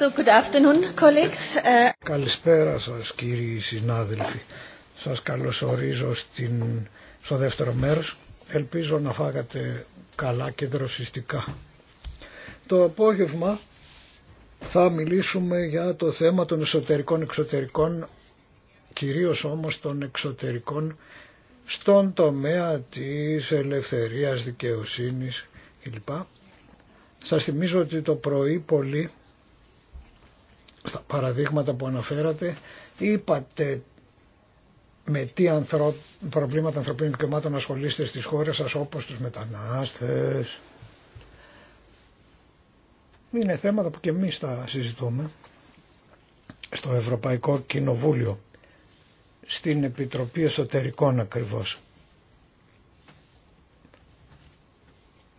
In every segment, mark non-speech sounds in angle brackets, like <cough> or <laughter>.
So uh, Καλησπέρα σας κύριοι συνάδελφοι. Σας καλωσορίζω στην, στο δεύτερο μέρος. Ελπίζω να φάγατε καλά και δροσιστικά. Το απόγευμα θα μιλήσουμε για το θέμα των εσωτερικών-εξωτερικών, κυρίως όμως των εξωτερικών, στον τομέα της ελευθερίας, δικαιοσύνης κλπ. Σας θυμίζω ότι το πρωί πολύ στα παραδείγματα που αναφέρατε, είπατε με τι ανθρω... προβλήματα ανθρωπίνων δικαιωμάτων ασχολείστε στις χώρες σας όπως τους μετανάστες. Είναι θέματα που και εμείς τα συζητούμε στο Ευρωπαϊκό Κοινοβούλιο, στην Επιτροπή Εσωτερικών ακριβώς.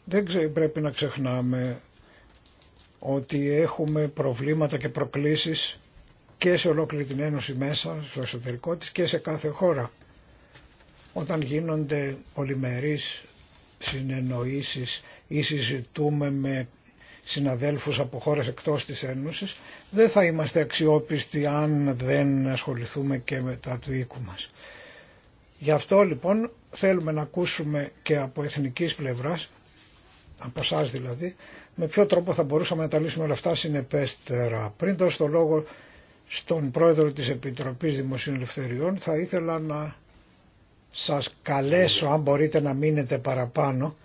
Δεν πρέπει να ξεχνάμε ότι έχουμε προβλήματα και προκλήσεις και σε ολόκληρη την Ένωση μέσα, στο εσωτερικό της και σε κάθε χώρα. Όταν γίνονται πολυμερείς συνεννοήσεις ή συζητούμε με συναδέλφους από χώρες εκτός της Ένωσης, δεν θα είμαστε αξιόπιστοι αν δεν ασχοληθούμε και με τα του οίκου μας. Γι' αυτό λοιπόν θέλουμε να ακούσουμε και από εθνικής πλευράς, από εσά δηλαδή, με ποιο τρόπο θα μπορούσαμε να τα λύσουμε όλα αυτά συνεπέστερα. Πριν δώσω το λόγο στον πρόεδρο της Επιτροπής Δημοσίων Ελευθεριών θα ήθελα να σας καλέσω αν μπορείτε να μείνετε παραπάνω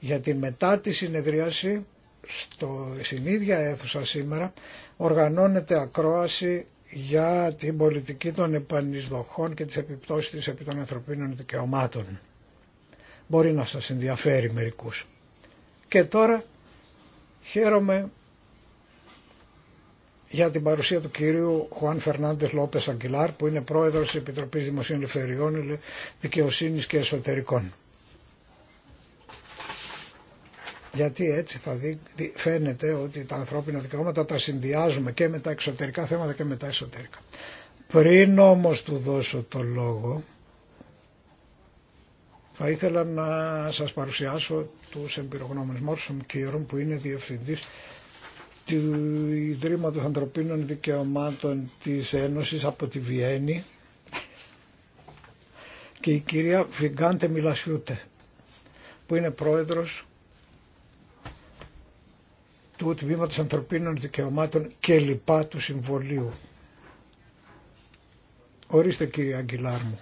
γιατί μετά τη συνεδρίαση στο, στην ίδια αίθουσα σήμερα οργανώνεται ακρόαση για την πολιτική των επανεισδοχών και τις επιπτώσεις της επί των ανθρωπίνων δικαιωμάτων. Μπορεί να σας ενδιαφέρει μερικούς. Και τώρα Χαίρομαι για την παρουσία του κυρίου Χουάν Φερνάντε Λόπε Αγγιλάρ που είναι πρόεδρος τη Επιτροπής Δημοσίων Ελευθεριών, δικαιοσύνη και Εσωτερικών. Γιατί έτσι θα δει, φαίνεται ότι τα ανθρώπινα δικαιώματα τα συνδυάζουμε και με τα εξωτερικά θέματα και με τα εσωτερικά. Πριν όμως του δώσω το λόγο, θα ήθελα να σας παρουσιάσω τους εμπειρογνώμενους Μόρσομ Κύρων που είναι διευθυντής του Ιδρύματος Ανθρωπίνων Δικαιωμάτων της Ένωσης από τη Βιέννη και η κυρία Φιγκάντε Μιλασιούτε που είναι πρόεδρος του Τμήματος Ανθρωπίνων Δικαιωμάτων και λοιπά του Συμβολίου. Ορίστε κύριε Αγγιλάρ μου.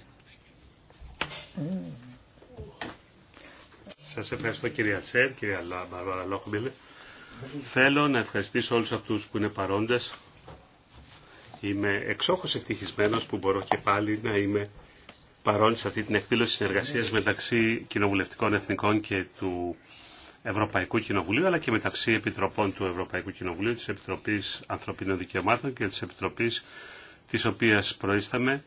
Σας ευχαριστώ κυρία Τσέρ, κυρία Μπαρβάρα Λόχμπιλε. Θέλω να ευχαριστήσω όλους αυτούς που είναι παρόντες. Είμαι εξόχως ευτυχισμένος που μπορώ και πάλι να είμαι παρόν σε αυτή την εκδήλωση συνεργασίας μεταξύ Κοινοβουλευτικών Εθνικών και του Ευρωπαϊκού Κοινοβουλίου, αλλά και μεταξύ Επιτροπών του Ευρωπαϊκού Κοινοβουλίου, της Επιτροπής Ανθρωπίνων Δικαιωμάτων και της Επιτροπής της οποίας προείσταμε,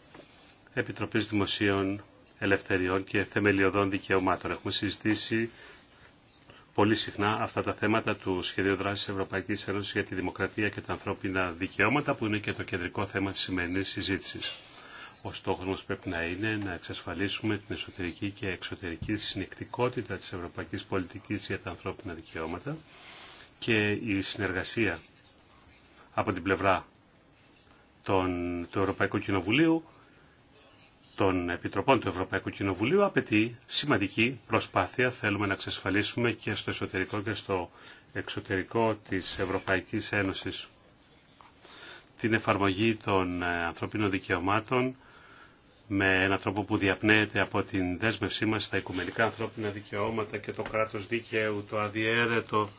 Επιτροπής Δημοσίων ελευθεριών και θεμελιωδών δικαιωμάτων. Έχουμε συζητήσει πολύ συχνά αυτά τα θέματα του σχεδίου δράσης Ευρωπαϊκής Ένωσης για τη δημοκρατία και τα ανθρώπινα δικαιώματα που είναι και το κεντρικό θέμα της σημερινής συζήτησης. Ο στόχος μας πρέπει να είναι να εξασφαλίσουμε την εσωτερική και εξωτερική συνεκτικότητα της ευρωπαϊκής πολιτικής για τα ανθρώπινα δικαιώματα και η συνεργασία από την πλευρά των, του Ευρωπαϊκού Κοινοβουλίου των Επιτροπών του Ευρωπαϊκού Κοινοβουλίου απαιτεί σημαντική προσπάθεια. Θέλουμε να εξασφαλίσουμε και στο εσωτερικό και στο εξωτερικό της Ευρωπαϊκής Ένωσης την εφαρμογή των ε, ανθρωπίνων δικαιωμάτων με έναν τρόπο που διαπνέεται από την δέσμευσή μας στα οικουμενικά ανθρώπινα δικαιώματα και το κράτος δίκαιου, το αδιέρετο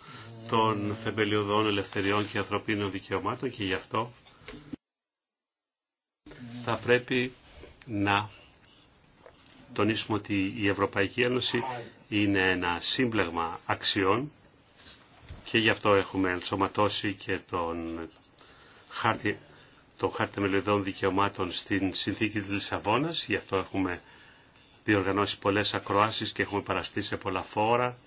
των θεμελιωδών ελευθεριών και ανθρωπίνων δικαιωμάτων και γι' αυτό θα πρέπει να τονίσουμε ότι η Ευρωπαϊκή Ένωση είναι ένα σύμπλεγμα αξιών και γι' αυτό έχουμε ενσωματώσει και τον χάρτη, τον χάρτη μελωδών δικαιωμάτων στην συνθήκη της Λισαβόνας, γι' αυτό έχουμε διοργανώσει πολλές ακροάσεις και έχουμε παραστεί σε πολλά φόρα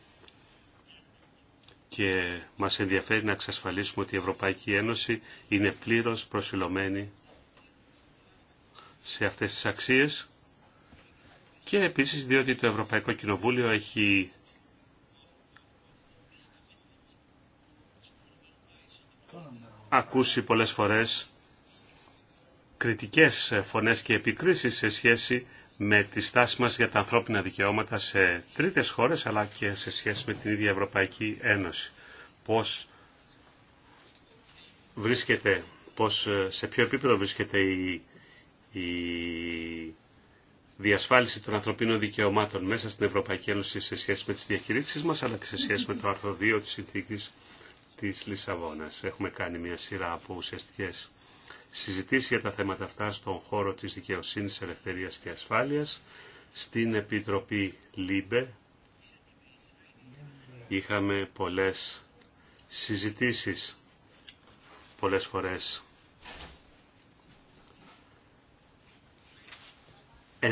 και μας ενδιαφέρει να εξασφαλίσουμε ότι η Ευρωπαϊκή Ένωση είναι πλήρως προσιλωμένη σε αυτές τις αξίες και επίσης διότι το Ευρωπαϊκό Κοινοβούλιο έχει ακούσει πολλές φορές κριτικές φωνές και επικρίσεις σε σχέση με τη στάση μας για τα ανθρώπινα δικαιώματα σε τρίτες χώρες αλλά και σε σχέση με την ίδια Ευρωπαϊκή Ένωση. Πώς βρίσκεται, πώς, σε ποιο επίπεδο βρίσκεται η η διασφάλιση των ανθρωπίνων δικαιωμάτων μέσα στην Ευρωπαϊκή Ένωση σε σχέση με τις διακηρύξεις μας, αλλά και σε σχέση με το άρθρο 2 της συνθήκης της Λισαβόνας. Έχουμε κάνει μια σειρά από ουσιαστικές συζητήσεις για τα θέματα αυτά στον χώρο της δικαιοσύνης, ελευθερίας και ασφάλειας, στην Επιτροπή ΛΥΜΠΕ. Είχαμε πολλές συζητήσεις, πολλές φορές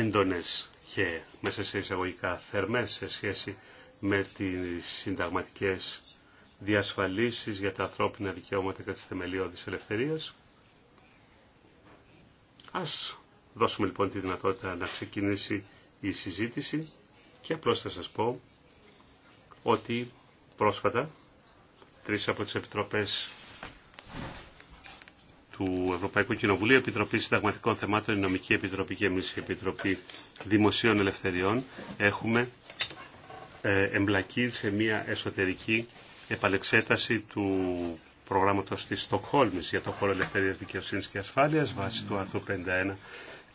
έντονες και μέσα σε εισαγωγικά θερμές σε σχέση με τις συνταγματικές διασφαλίσεις για τα ανθρώπινα δικαιώματα και τις θεμελιώδεις ελευθερίες. Ας δώσουμε λοιπόν τη δυνατότητα να ξεκινήσει η συζήτηση και απλώς θα σας πω ότι πρόσφατα τρεις από τις επιτροπές του Ευρωπαϊκού Κοινοβουλίου, Επιτροπή Συνταγματικών Θεμάτων, η Νομική Επιτροπή και εμείς η Επιτροπή Δημοσίων Ελευθεριών έχουμε ε, εμπλακεί σε μια εσωτερική επαλεξέταση του προγράμματος της Στοκχόλμης για το χώρο ελευθερίας δικαιοσύνης και ασφάλειας βάσει του άρθρου 51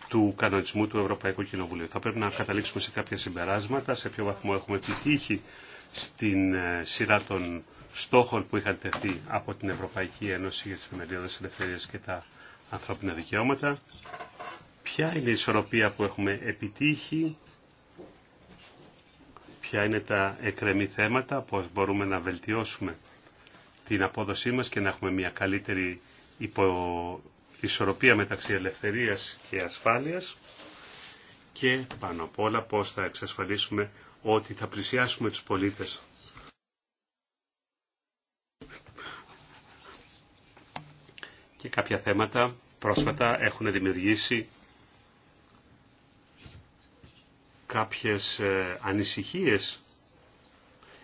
του κανονισμού του Ευρωπαϊκού Κοινοβουλίου. Θα πρέπει να καταλήξουμε σε κάποια συμπεράσματα, σε ποιο βαθμό έχουμε επιτύχει στην ε, σειρά των στόχων που είχαν τεθεί από την Ευρωπαϊκή Ένωση για τις θεμελιώδες ελευθερίες και τα ανθρώπινα δικαιώματα. Ποια είναι η ισορροπία που έχουμε επιτύχει, ποια είναι τα εκρεμή θέματα, πώς μπορούμε να βελτιώσουμε την απόδοσή μας και να έχουμε μια καλύτερη υπο... ισορροπία μεταξύ ελευθερίας και ασφάλειας και πάνω απ' όλα πώς θα εξασφαλίσουμε ότι θα πλησιάσουμε τους πολίτες και κάποια θέματα πρόσφατα έχουν δημιουργήσει κάποιες ε, ανησυχίες.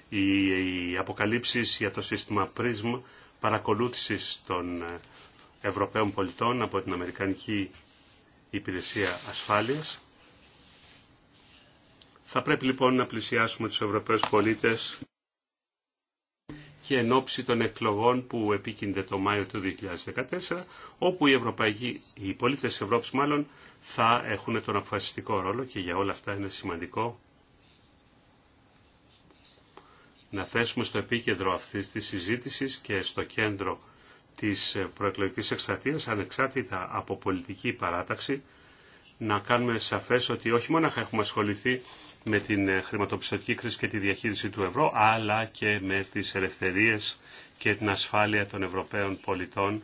Οι αποκαλύψεις για το σύστημα PRISM παρακολούθησης των ε, Ευρωπαίων πολιτών από την Αμερικανική Υπηρεσία Ασφάλειας. Θα πρέπει λοιπόν να πλησιάσουμε τους Ευρωπαίους πολίτες και εν ώψη των εκλογών που επίκυνται το Μάιο του 2014, όπου οι, Ευρωπαϊκοί, οι πολίτες της Ευρώπης μάλλον θα έχουν τον αποφασιστικό ρόλο και για όλα αυτά είναι σημαντικό να θέσουμε στο επίκεντρο αυτής της συζήτησης και στο κέντρο της προεκλογικής εκστρατείας ανεξάρτητα από πολιτική παράταξη να κάνουμε σαφές ότι όχι μόνο έχουμε ασχοληθεί με την ε, χρηματοπιστωτική κρίση και τη διαχείριση του ευρώ, αλλά και με τις ελευθερίες και την ασφάλεια των Ευρωπαίων πολιτών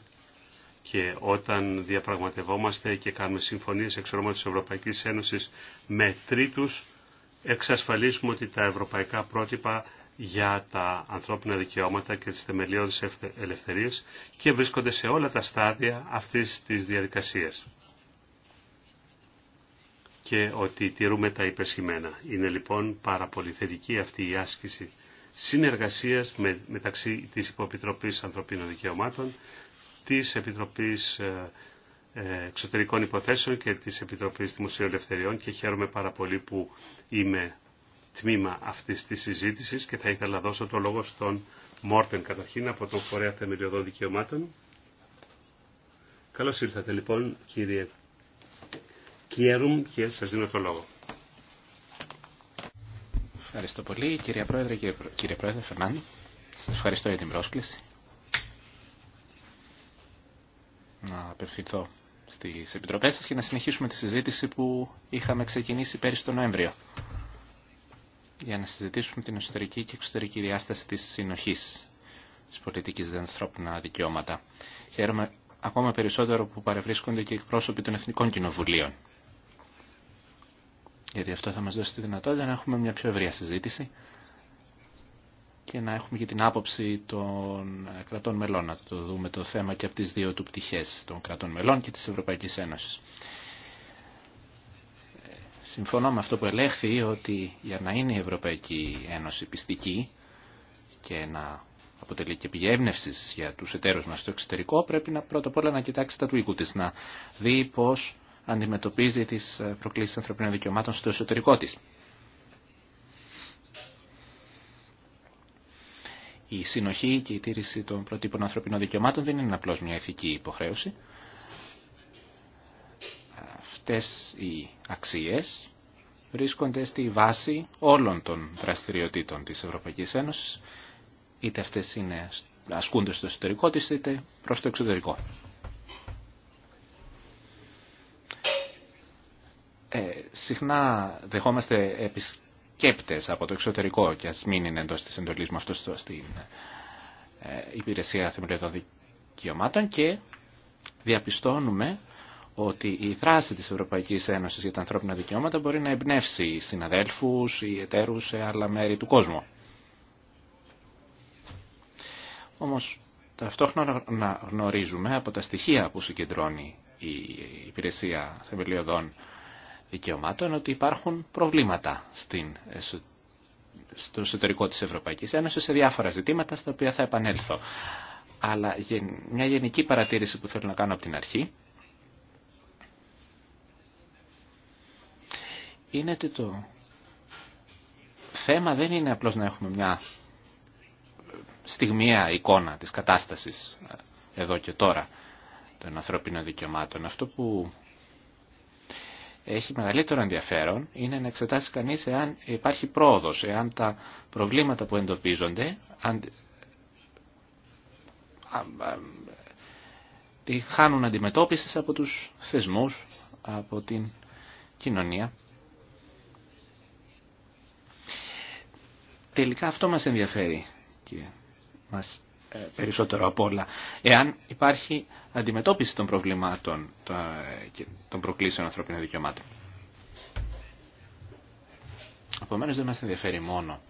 και όταν διαπραγματευόμαστε και κάνουμε συμφωνίες εξ ονόματος της Ευρωπαϊκής Ένωσης με τρίτους, εξασφαλίσουμε ότι τα ευρωπαϊκά πρότυπα για τα ανθρώπινα δικαιώματα και τις θεμελιώδεις ελευθερίες και βρίσκονται σε όλα τα στάδια αυτής της διαδικασίας και ότι τηρούμε τα υπεσχημένα. Είναι λοιπόν πάρα πολύ θετική αυτή η άσκηση συνεργασίας μεταξύ της Υποπιτροπής Ανθρωπίνων Δικαιωμάτων, της Επιτροπής ε, ε, Εξωτερικών Υποθέσεων και της Επιτροπής Δημοσίου Ελευθεριών και χαίρομαι πάρα πολύ που είμαι τμήμα αυτής της συζήτησης και θα ήθελα να δώσω το λόγο στον Μόρτεν καταρχήν από τον Φορέα Θεμελιωδών Δικαιωμάτων. Καλώς ήρθατε λοιπόν κύριε Κιέρουμ και σας δίνω το λόγο. Ευχαριστώ πολύ κυρία Πρόεδρε, κύριε, κύριε Πρόεδρε Φερνάνη. Σας ευχαριστώ για την πρόσκληση. Να απευθυνθώ στις επιτροπές σας και να συνεχίσουμε τη συζήτηση που είχαμε ξεκινήσει πέρυσι τον Νοέμβριο για να συζητήσουμε την εσωτερική και εξωτερική διάσταση της συνοχής της πολιτικής δεν ανθρώπινα δικαιώματα. Χαίρομαι ακόμα περισσότερο που παρευρίσκονται και εκπρόσωποι των Εθνικών Κοινοβουλίων γιατί αυτό θα μας δώσει τη δυνατότητα να έχουμε μια πιο ευρεία συζήτηση και να έχουμε και την άποψη των κρατών μελών, να το δούμε το θέμα και από τις δύο του πτυχές των κρατών μελών και της Ευρωπαϊκής Ένωσης. Συμφωνώ με αυτό που ελέγχθη ότι για να είναι η Ευρωπαϊκή Ένωση πιστική και να αποτελεί και πηγή έμπνευση για τους εταίρους μας στο εξωτερικό, πρέπει να, πρώτα απ' όλα να κοιτάξει τα του οίκου της, να δει πώς αντιμετωπίζει τις ε, προκλήσεις ανθρωπίνων δικαιωμάτων στο εσωτερικό της. Η συνοχή και η τήρηση των προτύπων ανθρωπίνων δικαιωμάτων δεν είναι απλώς μια ηθική υποχρέωση. Αυτές οι αξίες βρίσκονται στη βάση όλων των δραστηριοτήτων της Ευρωπαϊκής Ένωσης, είτε αυτές είναι ασκούνται στο εσωτερικό της, είτε προς το εξωτερικό. συχνά δεχόμαστε επισκέπτες από το εξωτερικό και ας μην είναι εντός της εντολής μου αυτό στην ε, Υπηρεσία Θεμελιωδών Δικαιωμάτων και διαπιστώνουμε ότι η δράση της Ευρωπαϊκής Ένωσης για τα ανθρώπινα δικαιώματα μπορεί να εμπνεύσει συναδέλφους ή εταίρους σε άλλα μέρη του κόσμου. Όμως ταυτόχρονα γνωρίζουμε από τα στοιχεία που συγκεντρώνει η Υπηρεσία Θεμελιωδών δικαιωμάτων ότι υπάρχουν προβλήματα στην, στο εσωτερικό της Ευρωπαϊκής Ένωσης σε διάφορα ζητήματα στα οποία θα επανέλθω. Αλλά μια γενική παρατήρηση που θέλω να κάνω από την αρχή είναι ότι το θέμα δεν είναι απλώς να έχουμε μια στιγμιαία εικόνα της κατάστασης ε, εδώ και τώρα των ανθρώπινων δικαιωμάτων. Αυτό που έχει μεγαλύτερο ενδιαφέρον είναι να εξετάσει κανείς εάν υπάρχει πρόοδος, εάν τα προβλήματα που εντοπίζονται αν... χάνουν αντιμετώπιση από τους θεσμούς, από την κοινωνία. Τελικά αυτό μας ενδιαφέρει και μας περισσότερο απ' όλα. Εάν υπάρχει αντιμετώπιση των προβλημάτων και των προκλήσεων ανθρωπίνων δικαιωμάτων. Επομένω δεν μας ενδιαφέρει μόνο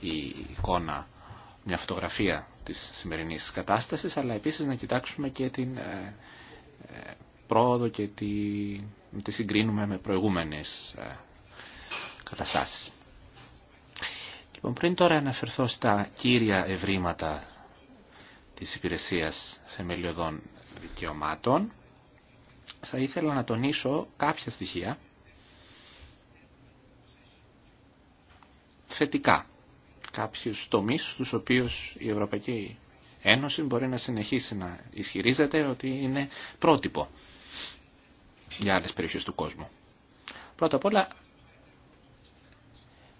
η εικόνα, μια φωτογραφία της σημερινής κατάστασης, αλλά επίσης να κοιτάξουμε και την ε, ε, πρόοδο και τη, τη συγκρίνουμε με προηγούμενες ε, καταστάσεις. Λοιπόν, πριν τώρα αναφερθώ στα κύρια ευρήματα της Υπηρεσίας Θεμελιωδών Δικαιωμάτων. Θα ήθελα να τονίσω κάποια στοιχεία θετικά, κάποιους τομείς στους οποίους η Ευρωπαϊκή Ένωση μπορεί να συνεχίσει να ισχυρίζεται ότι είναι πρότυπο για άλλες περιοχές του κόσμου. Πρώτα απ' όλα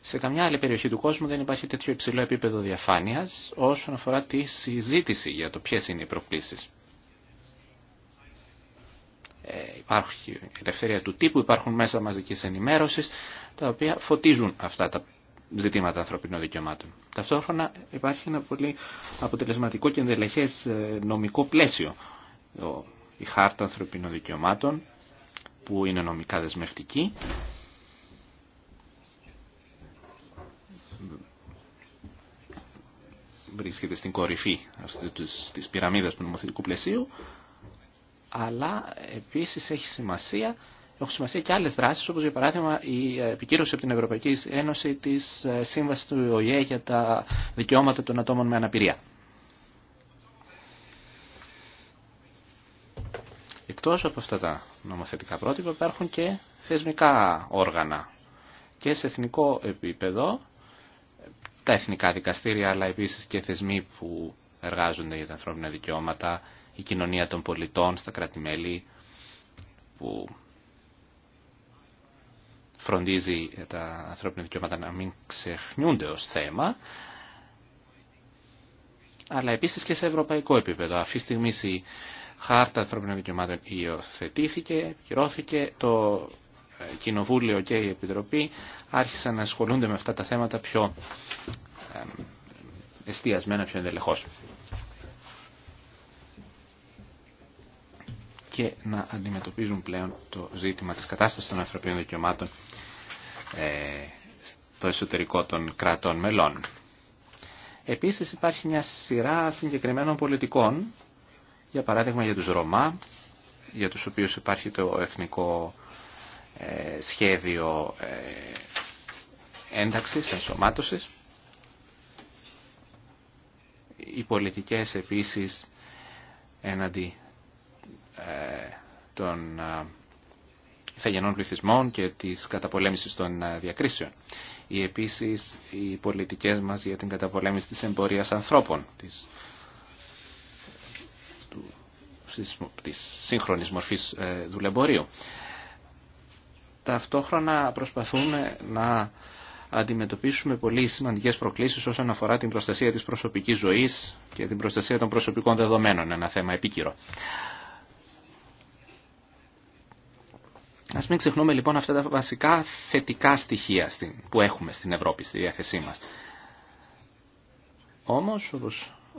σε καμιά άλλη περιοχή του κόσμου δεν υπάρχει τέτοιο υψηλό επίπεδο διαφάνειας όσον αφορά τη συζήτηση για το ποιες είναι οι προκλήσεις. Ε, υπάρχει ελευθερία του τύπου, υπάρχουν μέσα μαζικής ενημέρωσης τα οποία φωτίζουν αυτά τα ζητήματα ανθρωπινών δικαιωμάτων. Ταυτόχρονα υπάρχει ένα πολύ αποτελεσματικό και ενδελεχές ε, νομικό πλαίσιο. Η Χάρτα Ανθρωπινών Δικαιωμάτων που είναι νομικά δεσμευτική βρίσκεται στην κορυφή αυτή της πυραμίδας του νομοθετικού πλαισίου, αλλά επίσης έχει σημασία, έχουν σημασία και άλλες δράσεις, όπως για παράδειγμα η επικύρωση από την Ευρωπαϊκή Ένωση της ε, Σύμβασης του ΟΗΕ για τα δικαιώματα των ατόμων με αναπηρία. Εκτός από αυτά τα νομοθετικά πρότυπα υπάρχουν και θεσμικά όργανα και σε εθνικό επίπεδο τα εθνικά δικαστήρια, αλλά επίσης και θεσμοί που εργάζονται για τα ανθρώπινα δικαιώματα, η κοινωνία των πολιτών στα κράτη-μέλη, που φροντίζει τα ανθρώπινα δικαιώματα να μην ξεχνιούνται ως θέμα, αλλά επίσης και σε ευρωπαϊκό επίπεδο. Αυτή τη στιγμή η Χάρτα Ανθρώπινων Δικαιωμάτων υιοθετήθηκε, κυρώθηκε, το Κοινοβούλιο και η Επιτροπή άρχισαν να ασχολούνται με αυτά τα θέματα πιο εστιασμένα, πιο εντελεχώς. και να αντιμετωπίζουν πλέον το ζήτημα της κατάστασης των ανθρωπίνων δικαιωμάτων ε, στο εσωτερικό των κρατών μελών. Επίσης υπάρχει μια σειρά συγκεκριμένων πολιτικών, για παράδειγμα για τους Ρωμά, για τους οποίους υπάρχει το Εθνικό ε, σχέδιο ε, ένταξης, ενσωμάτωσης. Οι πολιτικές επίσης έναντι ε, των θεγενών πληθυσμών και της καταπολέμησης των διακρίσεων. Οι επίσης οι πολιτικές μας για την καταπολέμηση της εμπορίας ανθρώπων, της, της σύγχρονης μορφής δουλεμπορίου ταυτόχρονα προσπαθούμε να αντιμετωπίσουμε πολύ σημαντικές προκλήσεις όσον αφορά την προστασία της προσωπικής ζωής και την προστασία των προσωπικών δεδομένων, ένα θέμα επίκυρο. Ας μην ξεχνούμε λοιπόν αυτά τα βασικά θετικά στοιχεία που έχουμε στην Ευρώπη, στη διάθεσή μας. Όμως, όπω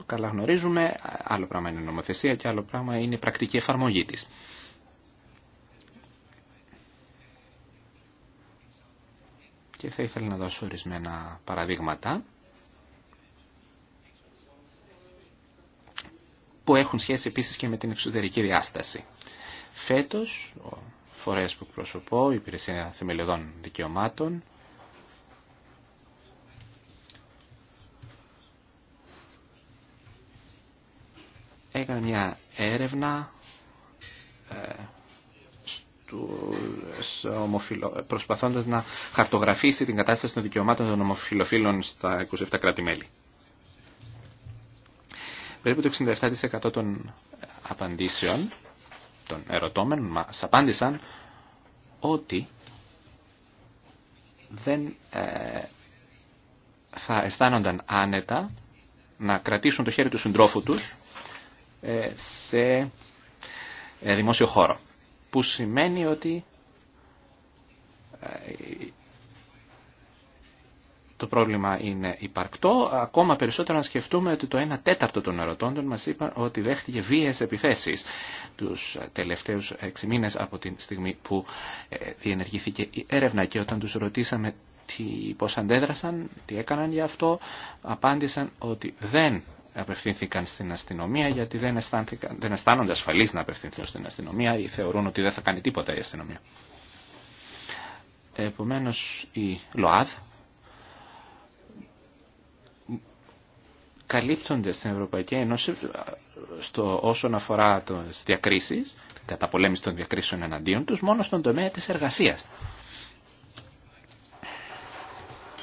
καλά γνωρίζουμε, άλλο πράγμα είναι νομοθεσία και άλλο πράγμα είναι η πρακτική εφαρμογή της. και θα ήθελα να δώσω ορισμένα παραδείγματα που έχουν σχέση επίσης και με την εξωτερική διάσταση. Φέτος, ο φορέας που προσωπώ, η Υπηρεσία Θεμελιωδών Δικαιωμάτων, έκανε μια έρευνα ε, ε, προσπαθώντας να χαρτογραφήσει την κατάσταση των δικαιωμάτων των ομοφιλοφίλων στα 27 κράτη-μέλη. Περίπου το 67% των απαντήσεων των ερωτώμενων μας απάντησαν ότι δεν ε, θα αισθάνονταν άνετα να κρατήσουν το χέρι του συντρόφου τους ε, σε δημόσιο χώρο που σημαίνει ότι ε, το πρόβλημα είναι υπαρκτό. Ακόμα περισσότερο να σκεφτούμε ότι το 1 τέταρτο των ερωτώντων μας είπαν ότι δέχτηκε βίαιες επιθέσεις τους τελευταίους 6 μήνες από την στιγμή που ε, διενεργήθηκε η έρευνα και όταν τους ρωτήσαμε τι, πώς αντέδρασαν, τι έκαναν για αυτό, απάντησαν ότι δεν απευθύνθηκαν στην αστυνομία γιατί δεν, δεν αισθάνονται ασφαλείς να απευθυνθούν στην αστυνομία ή θεωρούν ότι δεν θα κάνει τίποτα η αστυνομία. Επομένως η ΛΟΑΔ καλύπτονται στην Ευρωπαϊκή Ένωση ε, στο όσον αφορά τις διακρίσεις, την καταπολέμηση των διακρίσεων εναντίον τους, μόνο στον τομέα της εργασίας.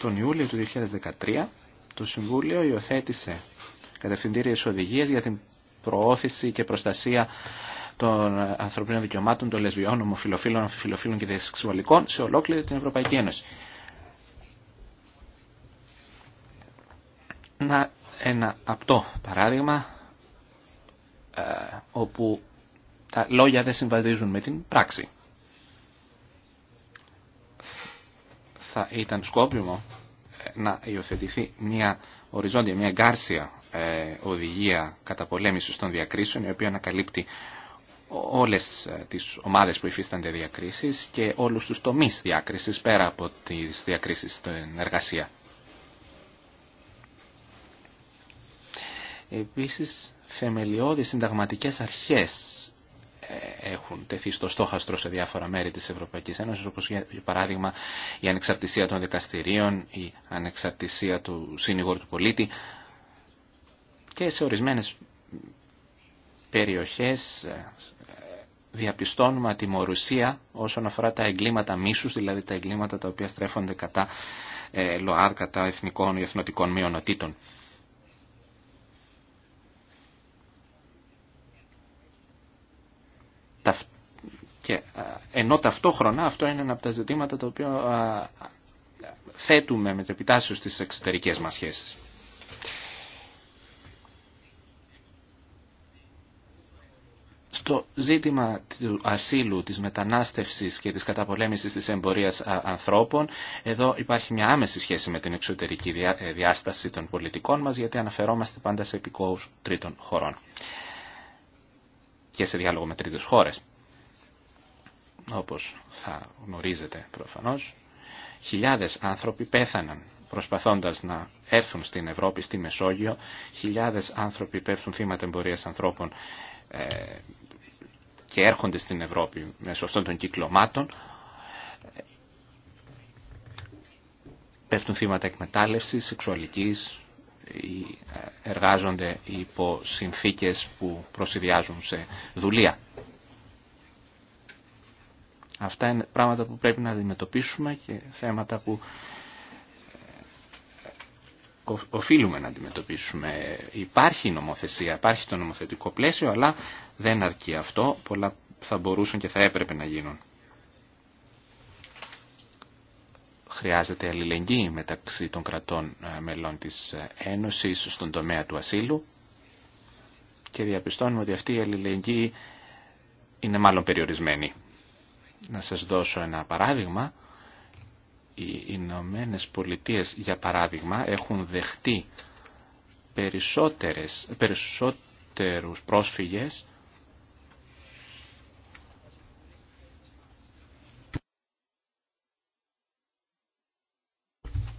Τον Ιούλιο του 2013 το Συμβούλιο υιοθέτησε της οδηγίε για την προώθηση και προστασία των ανθρωπίνων δικαιωμάτων των λεσβιών, ομοφιλοφίλων, αμφιφιλοφίλων και δεξουαλικών σε ολόκληρη την Ευρωπαϊκή Ένωση. Να, ένα απτό παράδειγμα ε, όπου τα λόγια δεν συμβαδίζουν με την πράξη. Θα ήταν σκόπιμο ε, να υιοθετηθεί μια οριζόντια, μια γκάρσια ε, οδηγία καταπολέμησης των διακρίσεων, η οποία ανακαλύπτει όλες ε, τις ομάδες που υφίστανται διακρίσεις και όλους τους τομείς διάκρισης πέρα από τις διακρίσεις στην εργασία. Επίσης, θεμελιώδεις συνταγματικές αρχές ε, έχουν τεθεί στο στόχαστρο σε διάφορα μέρη της Ευρωπαϊκής Ένωσης, όπως για παράδειγμα η ανεξαρτησία των δικαστηρίων, η ανεξαρτησία του συνηγόρου του πολίτη, και σε ορισμένες περιοχές ε, διαπιστώνουμε ατιμορουσία όσον αφορά τα εγκλήματα μίσους, δηλαδή τα εγκλήματα τα οποία στρέφονται κατά ε, ΛΟΑΔ, κατά εθνικών ή εθνοτικών μειονοτήτων. Και, ε, ενώ ταυτόχρονα αυτό είναι ένα από τα ζητήματα τα οποία ε, θέτουμε με το επιτάσσιο στις εξωτερικές μας σχέσεις. Το ζήτημα του ασύλου, της μετανάστευσης και της καταπολέμησης της εμπορίας ανθρώπων, εδώ υπάρχει μια άμεση σχέση με την εξωτερική ε, διάσταση των πολιτικών μας, γιατί αναφερόμαστε πάντα σε επικόους τρίτων χωρών και σε διάλογο με τρίτες χώρες. Όπως θα γνωρίζετε προφανώς, χιλιάδες άνθρωποι πέθαναν προσπαθώντας να έρθουν στην Ευρώπη, στη Μεσόγειο. Χιλιάδες άνθρωποι πέφτουν θύματα εμπορίας ανθρώπων ε, και έρχονται στην Ευρώπη μέσω αυτών των κυκλωμάτων πέφτουν θύματα εκμετάλλευσης, σεξουαλικής ή ε, εργάζονται υπό συνθήκες που προσυδειάζουν σε δουλεία. Αυτά είναι πράγματα που πρέπει να αντιμετωπίσουμε και θέματα που οφείλουμε να αντιμετωπίσουμε. Υπάρχει νομοθεσία, υπάρχει το νομοθετικό πλαίσιο, αλλά δεν αρκεί αυτό. Πολλά θα μπορούσαν και θα έπρεπε να γίνουν. Χρειάζεται αλληλεγγύη μεταξύ των κρατών ε, μελών της ε, Ένωσης στον τομέα του ασύλου και διαπιστώνουμε ότι αυτή η αλληλεγγύη είναι μάλλον περιορισμένη. Να σας δώσω ένα παράδειγμα οι Ηνωμένε Πολιτείε, για παράδειγμα, έχουν δεχτεί περισσότερες, περισσότερους πρόσφυγες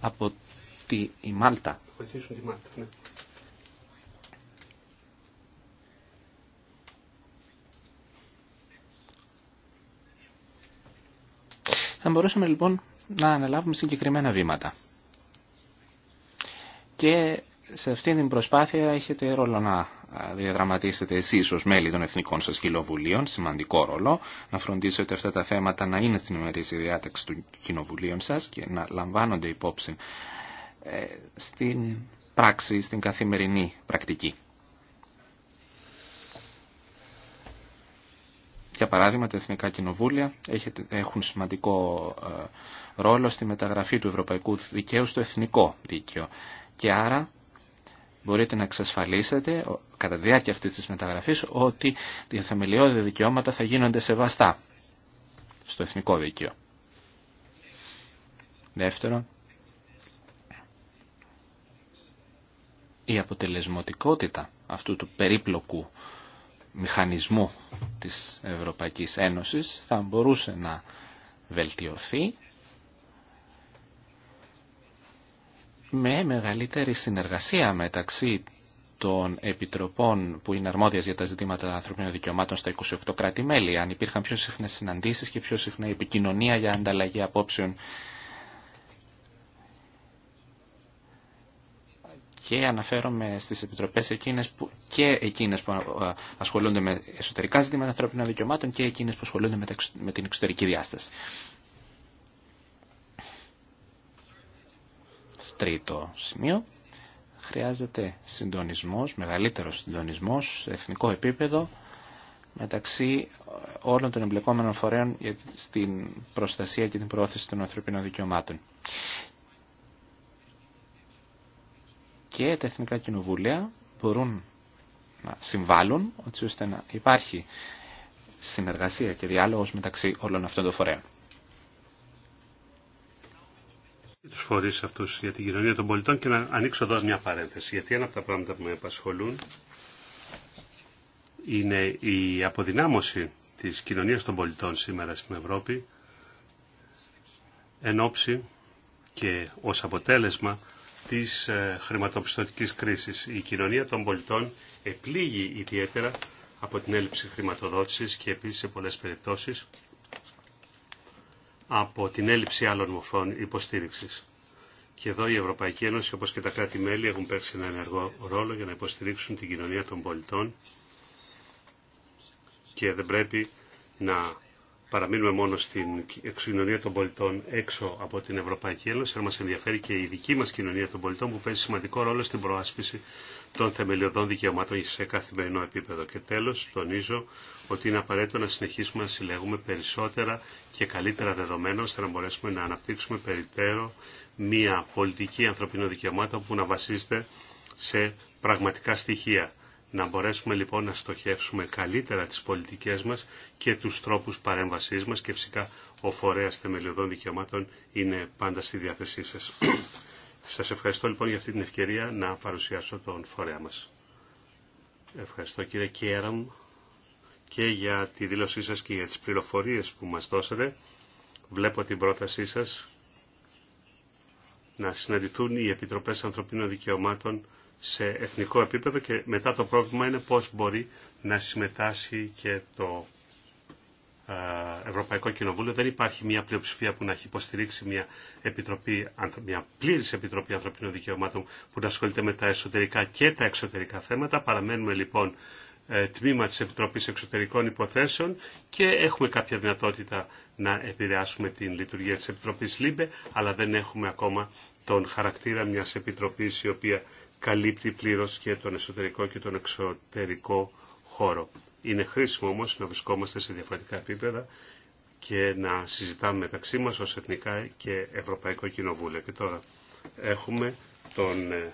από τη Μάλτα. Ναι. Θα μπορούσαμε λοιπόν να αναλάβουμε συγκεκριμένα βήματα. Και σε αυτή την προσπάθεια έχετε ρόλο να διαδραματίσετε εσείς ως μέλη των εθνικών σας κοινοβουλίων, σημαντικό ρόλο, να φροντίσετε αυτά τα θέματα να είναι στην ημερήσια διάταξη των κοινοβουλίων σας και να λαμβάνονται υπόψη ε, στην πράξη, στην καθημερινή πρακτική. Για παράδειγμα, τα Εθνικά Κοινοβούλια έχουν σημαντικό ε, ρόλο στη μεταγραφή του Ευρωπαϊκού Δικαίου στο Εθνικό Δίκαιο. Και άρα μπορείτε να εξασφαλίσετε κατά διάρκεια αυτής της μεταγραφής ότι οι θεμελιώδη δικαιώματα θα γίνονται σεβαστά στο Εθνικό Δίκαιο. Δεύτερον, η αποτελεσματικότητα αυτού του περίπλοκου μηχανισμού της Ευρωπαϊκής Ένωσης θα μπορούσε να βελτιωθεί με μεγαλύτερη συνεργασία μεταξύ των επιτροπών που είναι αρμόδια για τα ζητήματα ανθρωπίνων δικαιωμάτων στα 28 κράτη-μέλη, αν υπήρχαν πιο συχνές συναντήσεις και πιο συχνά επικοινωνία για ανταλλαγή απόψεων και αναφέρομαι στις επιτροπές εκείνες που, και εκείνες που ε, ασχολούνται με εσωτερικά ζητήματα ανθρώπινων δικαιωμάτων και εκείνες που ασχολούνται με, την εξωτερική διάσταση. Τρίτο σημείο. Χρειάζεται συντονισμός, μεγαλύτερο συντονισμός σε εθνικό επίπεδο μεταξύ όλων των εμπλεκόμενων φορέων στην προστασία και την προώθηση των ανθρωπίνων δικαιωμάτων. και τα εθνικά κοινοβούλια μπορούν να συμβάλλουν έτσι ώστε να υπάρχει συνεργασία και διάλογος μεταξύ όλων αυτών των φορέων. Τους φορείς αυτούς για την κοινωνία των πολιτών και να ανοίξω εδώ μια παρένθεση γιατί ένα από τα πράγματα που με απασχολούν είναι η αποδυνάμωση της κοινωνίας των πολιτών σήμερα στην Ευρώπη εν ώψη και ως αποτέλεσμα της ε, χρηματοπιστωτικής κρίσης. Η κοινωνία των πολιτών επλήγει ιδιαίτερα από την έλλειψη χρηματοδότησης και επίσης σε πολλές περιπτώσεις από την έλλειψη άλλων μορφών υποστήριξης. Και εδώ η Ευρωπαϊκή Ένωση όπως και τα κράτη-μέλη έχουν παίξει ένα ενεργό ρόλο για να υποστηρίξουν την κοινωνία των πολιτών και δεν πρέπει να παραμείνουμε μόνο στην κοινωνία των πολιτών έξω από την Ευρωπαϊκή Ένωση, αλλά μας ενδιαφέρει και η δική μας κοινωνία των πολιτών που παίζει σημαντικό ρόλο στην προάσπιση των θεμελιωδών δικαιωμάτων σε καθημερινό επίπεδο. Και τέλος, τονίζω ότι είναι απαραίτητο να συνεχίσουμε να συλλέγουμε περισσότερα και καλύτερα δεδομένα, ώστε να μπορέσουμε να αναπτύξουμε περιττέρω μια πολιτική ανθρωπινών δικαιωμάτων που να βασίζεται σε πραγματικά στοιχεία να μπορέσουμε λοιπόν να στοχεύσουμε καλύτερα τις πολιτικές μας και τους τρόπους παρέμβασής μας και φυσικά ο φορέας θεμελιωδών δικαιωμάτων είναι πάντα στη διάθεσή σας. <clears throat> σας ευχαριστώ λοιπόν για αυτή την ευκαιρία να παρουσιάσω τον φορέα μας. Ευχαριστώ κύριε Κέραμ και για τη δήλωσή σας και για τις πληροφορίες που μας δώσατε. Βλέπω την πρότασή σας να συναντηθούν οι Επιτροπές Ανθρωπίνων Δικαιωμάτων σε εθνικό επίπεδο και μετά το πρόβλημα είναι πώς μπορεί να συμμετάσχει και το ε, Ευρωπαϊκό Κοινοβούλιο. Δεν υπάρχει μια πλειοψηφία που να έχει υποστηρίξει μια, επιτροπή, μια πλήρης Επιτροπή Ανθρωπίνων Δικαιωμάτων που να ασχολείται με τα εσωτερικά και τα εξωτερικά θέματα. Παραμένουμε λοιπόν ε, τμήμα της Επιτροπής Εξωτερικών Υποθέσεων και έχουμε κάποια δυνατότητα να επηρεάσουμε την λειτουργία της Επιτροπής ΛΥΜΠΕ, αλλά δεν έχουμε ακόμα τον χαρακτήρα μιας Επιτροπής η οποία καλύπτει πλήρως και τον εσωτερικό και τον εξωτερικό χώρο. Είναι χρήσιμο όμως να βρισκόμαστε σε διαφορετικά επίπεδα και να συζητάμε μεταξύ μας ως Εθνικά και Ευρωπαϊκό Κοινοβούλιο. Και τώρα έχουμε τον ε,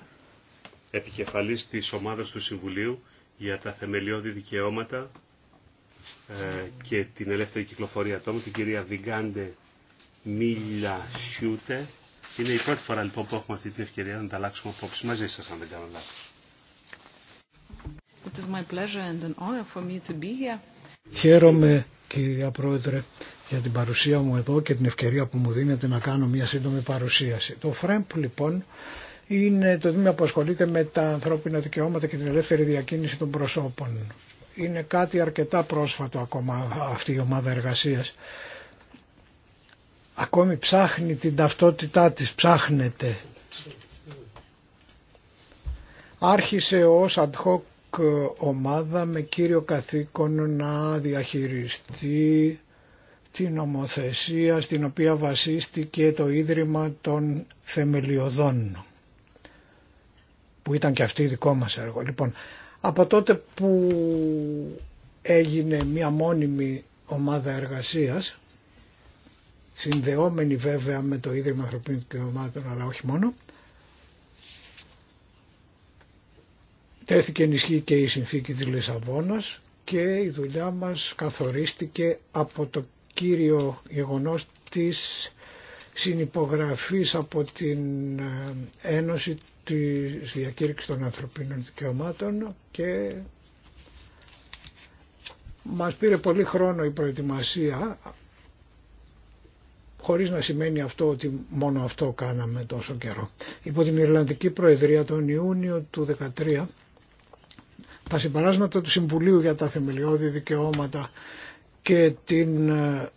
επικεφαλής της ομάδας του Συμβουλίου για τα θεμελιώδη δικαιώματα ε, και την ελεύθερη κυκλοφορία ατόμων, την κυρία Βιγκάντε Μίλια Σιούτε. Είναι η πρώτη φορά λοιπόν που έχουμε αυτή την ευκαιρία να ανταλλάξουμε αλλάξουμε μαζί σας, αν δεν κάνω λάθος. Χαίρομαι κυρία Πρόεδρε για την παρουσία μου εδώ και την ευκαιρία που μου δίνετε να κάνω μια σύντομη παρουσίαση. Το ΦΡΕΜΠ λοιπόν είναι το τμήμα που ασχολείται με τα ανθρώπινα δικαιώματα και την ελεύθερη διακίνηση των προσώπων. Είναι κάτι αρκετά πρόσφατο ακόμα αυτή η ομάδα εργασίας ακόμη ψάχνει την ταυτότητά της, ψάχνεται. Άρχισε ως ad hoc ε, ομάδα με κύριο καθήκον να διαχειριστεί την νομοθεσία στην οποία βασίστηκε το Ίδρυμα των Θεμελιωδών που ήταν και αυτή δικό μας έργο. Λοιπόν, από τότε που έγινε μια μόνιμη ομάδα εργασίας συνδεόμενη βέβαια με το Ίδρυμα Ανθρωπίνων Δικαιωμάτων αλλά όχι μόνο. Τέθηκε ενισχύ και η συνθήκη της Λισαβόνας και η δουλειά μας καθορίστηκε από το κύριο γεγονός της συνυπογραφής από την ε, Ένωση της Διακήρυξης των Ανθρωπίνων Δικαιωμάτων και μας πήρε πολύ χρόνο η προετοιμασία χωρίς να σημαίνει αυτό ότι μόνο αυτό κάναμε τόσο καιρό. Υπό την Ιρλανδική Προεδρία τον Ιούνιο του 2013 τα συμπαράσματα του Συμβουλίου για τα Θεμελιώδη Δικαιώματα και την, ε,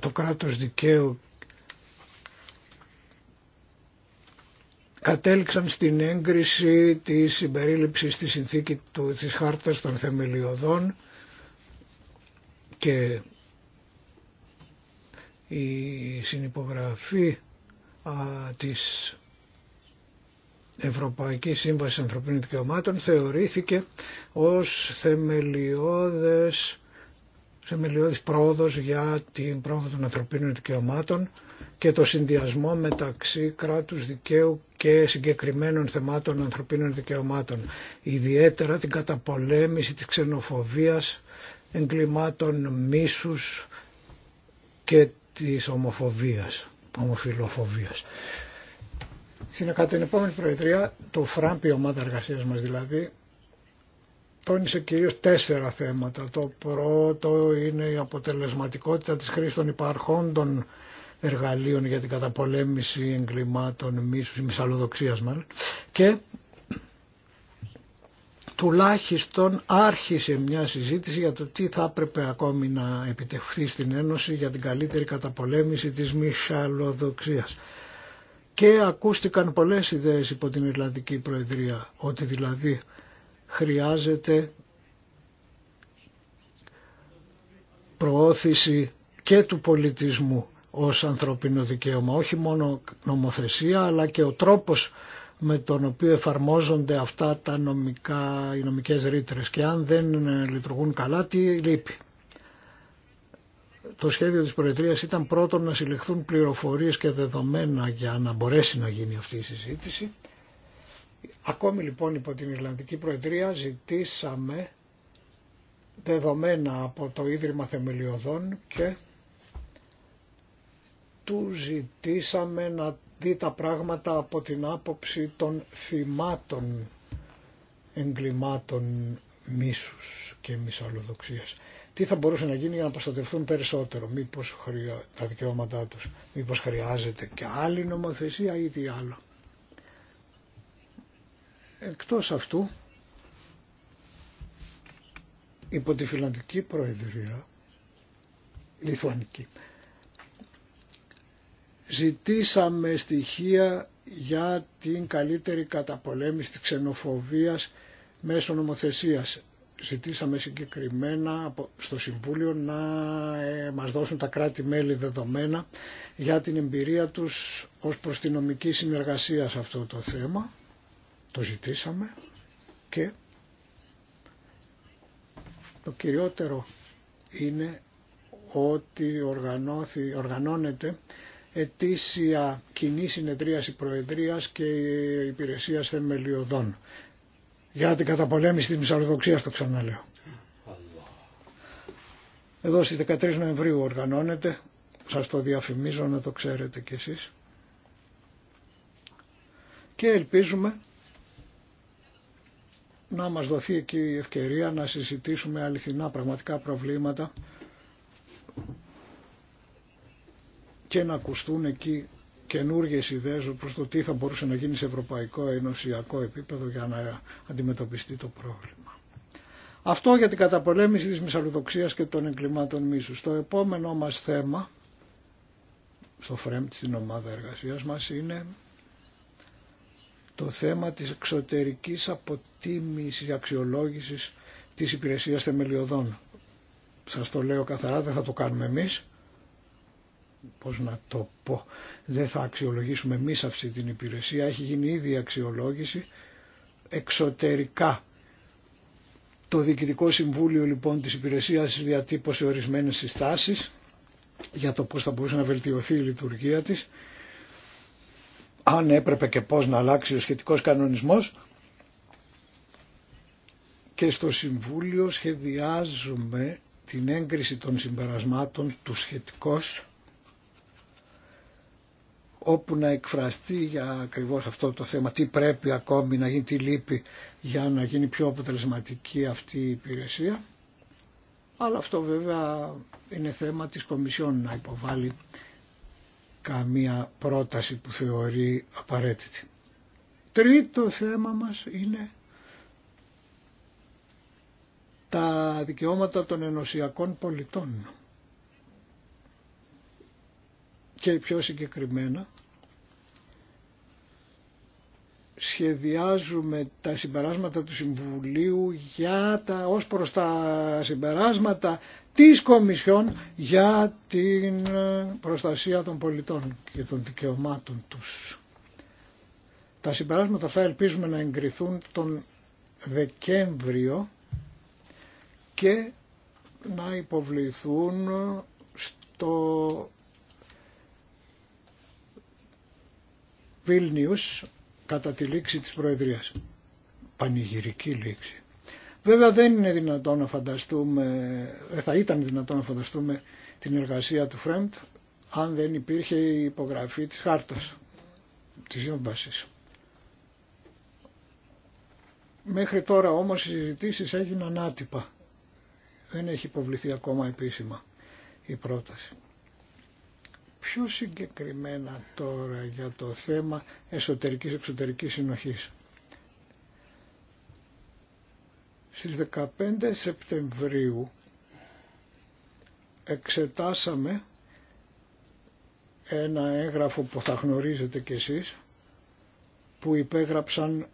το κράτος δικαίου κατέληξαν στην έγκριση της συμπερίληψης της συνθήκη του, της Χάρτας των Θεμελιωδών και η συνυπογραφή α, της Ευρωπαϊκής Σύμβασης Ανθρωπίνων Δικαιωμάτων θεωρήθηκε ως θεμελιώδες, θεμελιώδης πρόοδος για την πρόοδο των ανθρωπίνων δικαιωμάτων και το συνδυασμό μεταξύ κράτους δικαίου και συγκεκριμένων θεμάτων ανθρωπίνων δικαιωμάτων. Ιδιαίτερα την καταπολέμηση της ξενοφοβίας, εγκλημάτων μίσους και της ομοφοβίας, ομοφιλοφοβίας. Στην την επόμενη προεδρία, το ΦΡΑΜΠ, η ομάδα εργασία μας δηλαδή, τόνισε κυρίως τέσσερα θέματα. Το πρώτο είναι η αποτελεσματικότητα της χρήσης των υπαρχόντων εργαλείων για την καταπολέμηση εγκλημάτων μίσους ή μισαλοδοξίας μάλλον και τουλάχιστον άρχισε μια συζήτηση για το τι θα έπρεπε ακόμη να επιτευχθεί στην Ένωση για την καλύτερη καταπολέμηση της μιχαλοδοξίας. Και ακούστηκαν πολλές ιδέες υπό την Ιρλανδική Προεδρία, ότι δηλαδή χρειάζεται προώθηση και του πολιτισμού ως ανθρωπίνο δικαίωμα, όχι μόνο νομοθεσία αλλά και ο τρόπος με τον οποίο εφαρμόζονται αυτά τα νομικά, οι νομικές ρήτρες και αν δεν ε, λειτουργούν καλά τι λείπει. Το σχέδιο της Προεδρίας ήταν πρώτον να συλλεχθούν πληροφορίες και δεδομένα για να μπορέσει να γίνει αυτή η συζήτηση. Ακόμη λοιπόν υπό την Ιρλανδική Προεδρία ζητήσαμε δεδομένα από το Ίδρυμα Θεμελιωδών και του ζητήσαμε να δει τα πράγματα από την άποψη των θυμάτων εγκλημάτων μίσους και μισολοδοξίας. Τι θα μπορούσε να γίνει για να προστατευτούν περισσότερο, μήπως χρειά, τα δικαιώματά τους, μήπως χρειάζεται και άλλη νομοθεσία ή τι άλλο. Εκτός αυτού, υπό τη Φιλανδική Προεδρία, Λιθουανική, ζητήσαμε στοιχεία για την καλύτερη καταπολέμηση της ξενοφοβίας μέσω νομοθεσίας. Ζητήσαμε συγκεκριμένα στο Συμβούλιο να ε, μας δώσουν τα κράτη-μέλη δεδομένα για την εμπειρία τους ως προς τη νομική συνεργασία σε αυτό το θέμα. Το ζητήσαμε και το κυριότερο είναι ότι οργανώνεται ετήσια κοινή συνεδρίαση Προεδρίας και Υπηρεσίας Θεμελιωδών για την καταπολέμηση της μυσαλλοδοξίας το ξαναλέω. Εδώ στις 13 Νοεμβρίου οργανώνεται, σας το διαφημίζω να το ξέρετε κι εσείς. Και ελπίζουμε να μας δοθεί εκεί η ευκαιρία να συζητήσουμε αληθινά πραγματικά προβλήματα και να ακουστούν εκεί καινούργιε ιδέε προ το τι θα μπορούσε να γίνει σε ευρωπαϊκό ενωσιακό επίπεδο για να αντιμετωπιστεί το πρόβλημα. Αυτό για την καταπολέμηση της μυσαλλοδοξία και των εγκλημάτων μίσου. Το επόμενο μας θέμα στο ΦΡΕΜΤ στην ομάδα εργασίας μας είναι το θέμα της εξωτερικής αποτίμησης, αξιολόγησης της υπηρεσίας θεμελιωδών. Σας το λέω καθαρά, δεν θα το κάνουμε εμείς πώς να το πω, δεν θα αξιολογήσουμε εμεί αυτή την υπηρεσία, έχει γίνει ήδη αξιολόγηση εξωτερικά. Το Διοικητικό Συμβούλιο λοιπόν της υπηρεσίας διατύπωσε ορισμένες συστάσεις για το πώς θα μπορούσε να βελτιωθεί η λειτουργία της, αν έπρεπε και πώς να αλλάξει ο σχετικός κανονισμός και στο Συμβούλιο σχεδιάζουμε την έγκριση των συμπερασμάτων του σχετικός όπου να εκφραστεί για ακριβώς αυτό το θέμα, τι πρέπει ακόμη να γίνει, τι λείπει για να γίνει πιο αποτελεσματική αυτή η υπηρεσία. Αλλά αυτό βέβαια είναι θέμα της Κομισιόν να υποβάλει καμία πρόταση που θεωρεί απαραίτητη. Τρίτο θέμα μας είναι τα δικαιώματα των ενωσιακών πολιτών και πιο συγκεκριμένα σχεδιάζουμε τα συμπεράσματα του Συμβουλίου για τα, ως προς τα συμπεράσματα της Κομισιόν για την ε, προστασία των πολιτών και των δικαιωμάτων τους. Τα συμπεράσματα θα ελπίζουμε να εγκριθούν τον Δεκέμβριο και να υποβληθούν στο Βίλνιους κατά τη λήξη της Προεδρίας. Πανηγυρική λήξη. Βέβαια δεν είναι δυνατόν να φανταστούμε, ε, θα ήταν δυνατόν να φανταστούμε την εργασία του Φρέμπτ αν δεν υπήρχε η υπογραφή της χάρτας, της σύμβασης. Μέχρι τώρα όμως οι συζητήσεις έγιναν άτυπα. Δεν έχει υποβληθεί ακόμα επίσημα η πρόταση. Πιο συγκεκριμένα τώρα για το θέμα εσωτερικής-εξωτερικής συνοχής. Στις 15 Σεπτεμβρίου εξετάσαμε ένα έγγραφο που θα γνωρίζετε κι εσείς που υπέγραψαν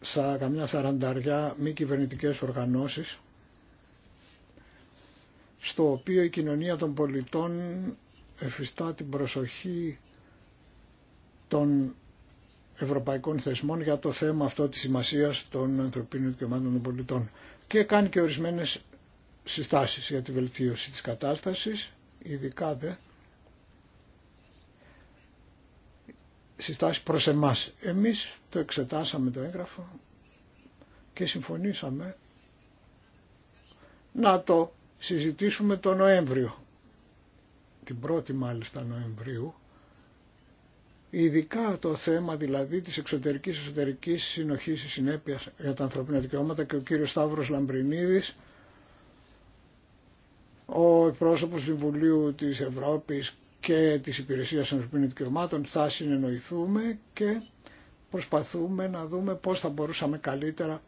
σα, καμιά σαρανταριά μη κυβερνητικέ οργανώσεις στο οποίο η κοινωνία των πολιτών εφιστά την προσοχή των ευρωπαϊκών θεσμών για το θέμα αυτό της σημασίας των ανθρωπίνων δικαιωμάτων των πολιτών και κάνει και ορισμένες συστάσεις για τη βελτίωση της κατάστασης, ειδικά δε συστάσεις προς εμάς. Εμείς το εξετάσαμε το έγγραφο και συμφωνήσαμε να το συζητήσουμε το Νοέμβριο την 1η μάλιστα Νοεμβρίου, ειδικά το θέμα δηλαδή της εξωτερικής εσωτερικής συνοχής και συνέπειας για τα ανθρωπίνα δικαιώματα και ο κύριος Σταύρος Λαμπρινίδης, ο πρόσωπος του Συμβουλίου της Ευρώπης και της Υπηρεσίας Ανθρωπίνων Δικαιωμάτων θα συνεννοηθούμε και προσπαθούμε να δούμε πώς θα μπορούσαμε καλύτερα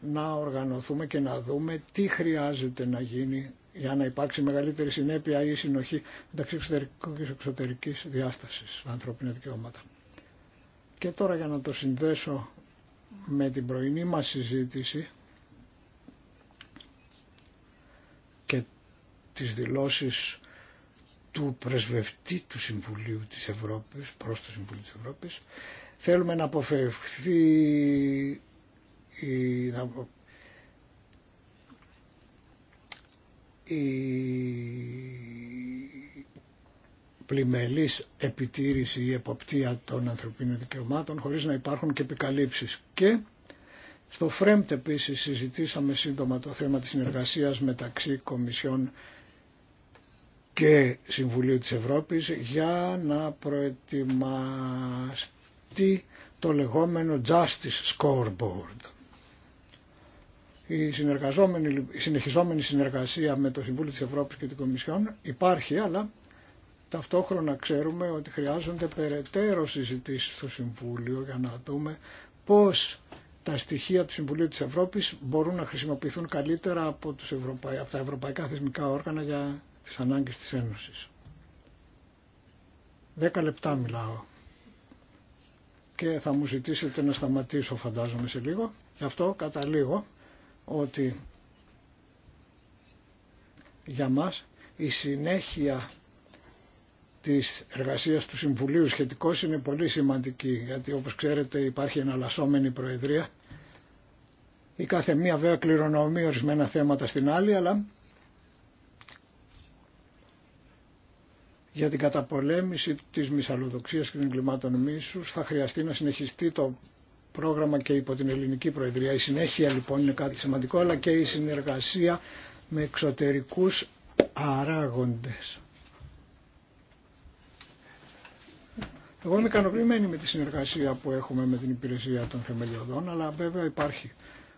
να οργανωθούμε και να δούμε τι χρειάζεται να γίνει για να υπάρξει μεγαλύτερη συνέπεια ή συνοχή μεταξύ εξωτερικού και εξωτερικής διάσταση στα ανθρώπινα δικαιώματα. Και τώρα για να το συνδέσω με την πρωινή μας συζήτηση και τις δηλώσεις του πρεσβευτή του Συμβουλίου της Ευρώπης, προς το Συμβουλίο της Ευρώπης, θέλουμε να αποφευχθεί, να η πλημελής επιτήρηση ή εποπτεία των ανθρωπίνων δικαιωμάτων χωρίς να υπάρχουν και επικαλύψεις. Και στο ΦΡΕΜΤ επίση συζητήσαμε σύντομα το θέμα της συνεργασίας μεταξύ Κομισιών και Συμβουλίου της Ευρώπης για να προετοιμαστεί το λεγόμενο Justice Scoreboard η, συνεργαζόμενη, συνεχιζόμενη συνεργασία με το Συμβούλιο της Ευρώπης και την Κομισιόν υπάρχει, αλλά ταυτόχρονα ξέρουμε ότι χρειάζονται περαιτέρω συζητήσεις στο Συμβούλιο για να δούμε πώς τα στοιχεία του Συμβουλίου της Ευρώπης μπορούν να χρησιμοποιηθούν καλύτερα από, τους τα ευρωπαϊκά θεσμικά όργανα για τις ανάγκες της Ένωσης. Δέκα λεπτά μιλάω και θα μου ζητήσετε να σταματήσω φαντάζομαι σε λίγο. Γι' αυτό καταλήγω ότι για μας η συνέχεια της εργασίας του Συμβουλίου σχετικώς είναι πολύ σημαντική γιατί όπως ξέρετε υπάρχει εναλλασσόμενη προεδρία η κάθε μία βέβαια κληρονομεί ορισμένα θέματα στην άλλη αλλά για την καταπολέμηση της μυσαλλοδοξίας και των εγκλημάτων μίσους θα χρειαστεί να συνεχιστεί το πρόγραμμα και υπό την ελληνική προεδρία. Η συνέχεια λοιπόν είναι κάτι σημαντικό αλλά και η συνεργασία με εξωτερικούς αράγοντες. Εγώ είμαι ικανοποιημένη με τη συνεργασία που έχουμε με την υπηρεσία των θεμελιωδών, αλλά βέβαια υπάρχει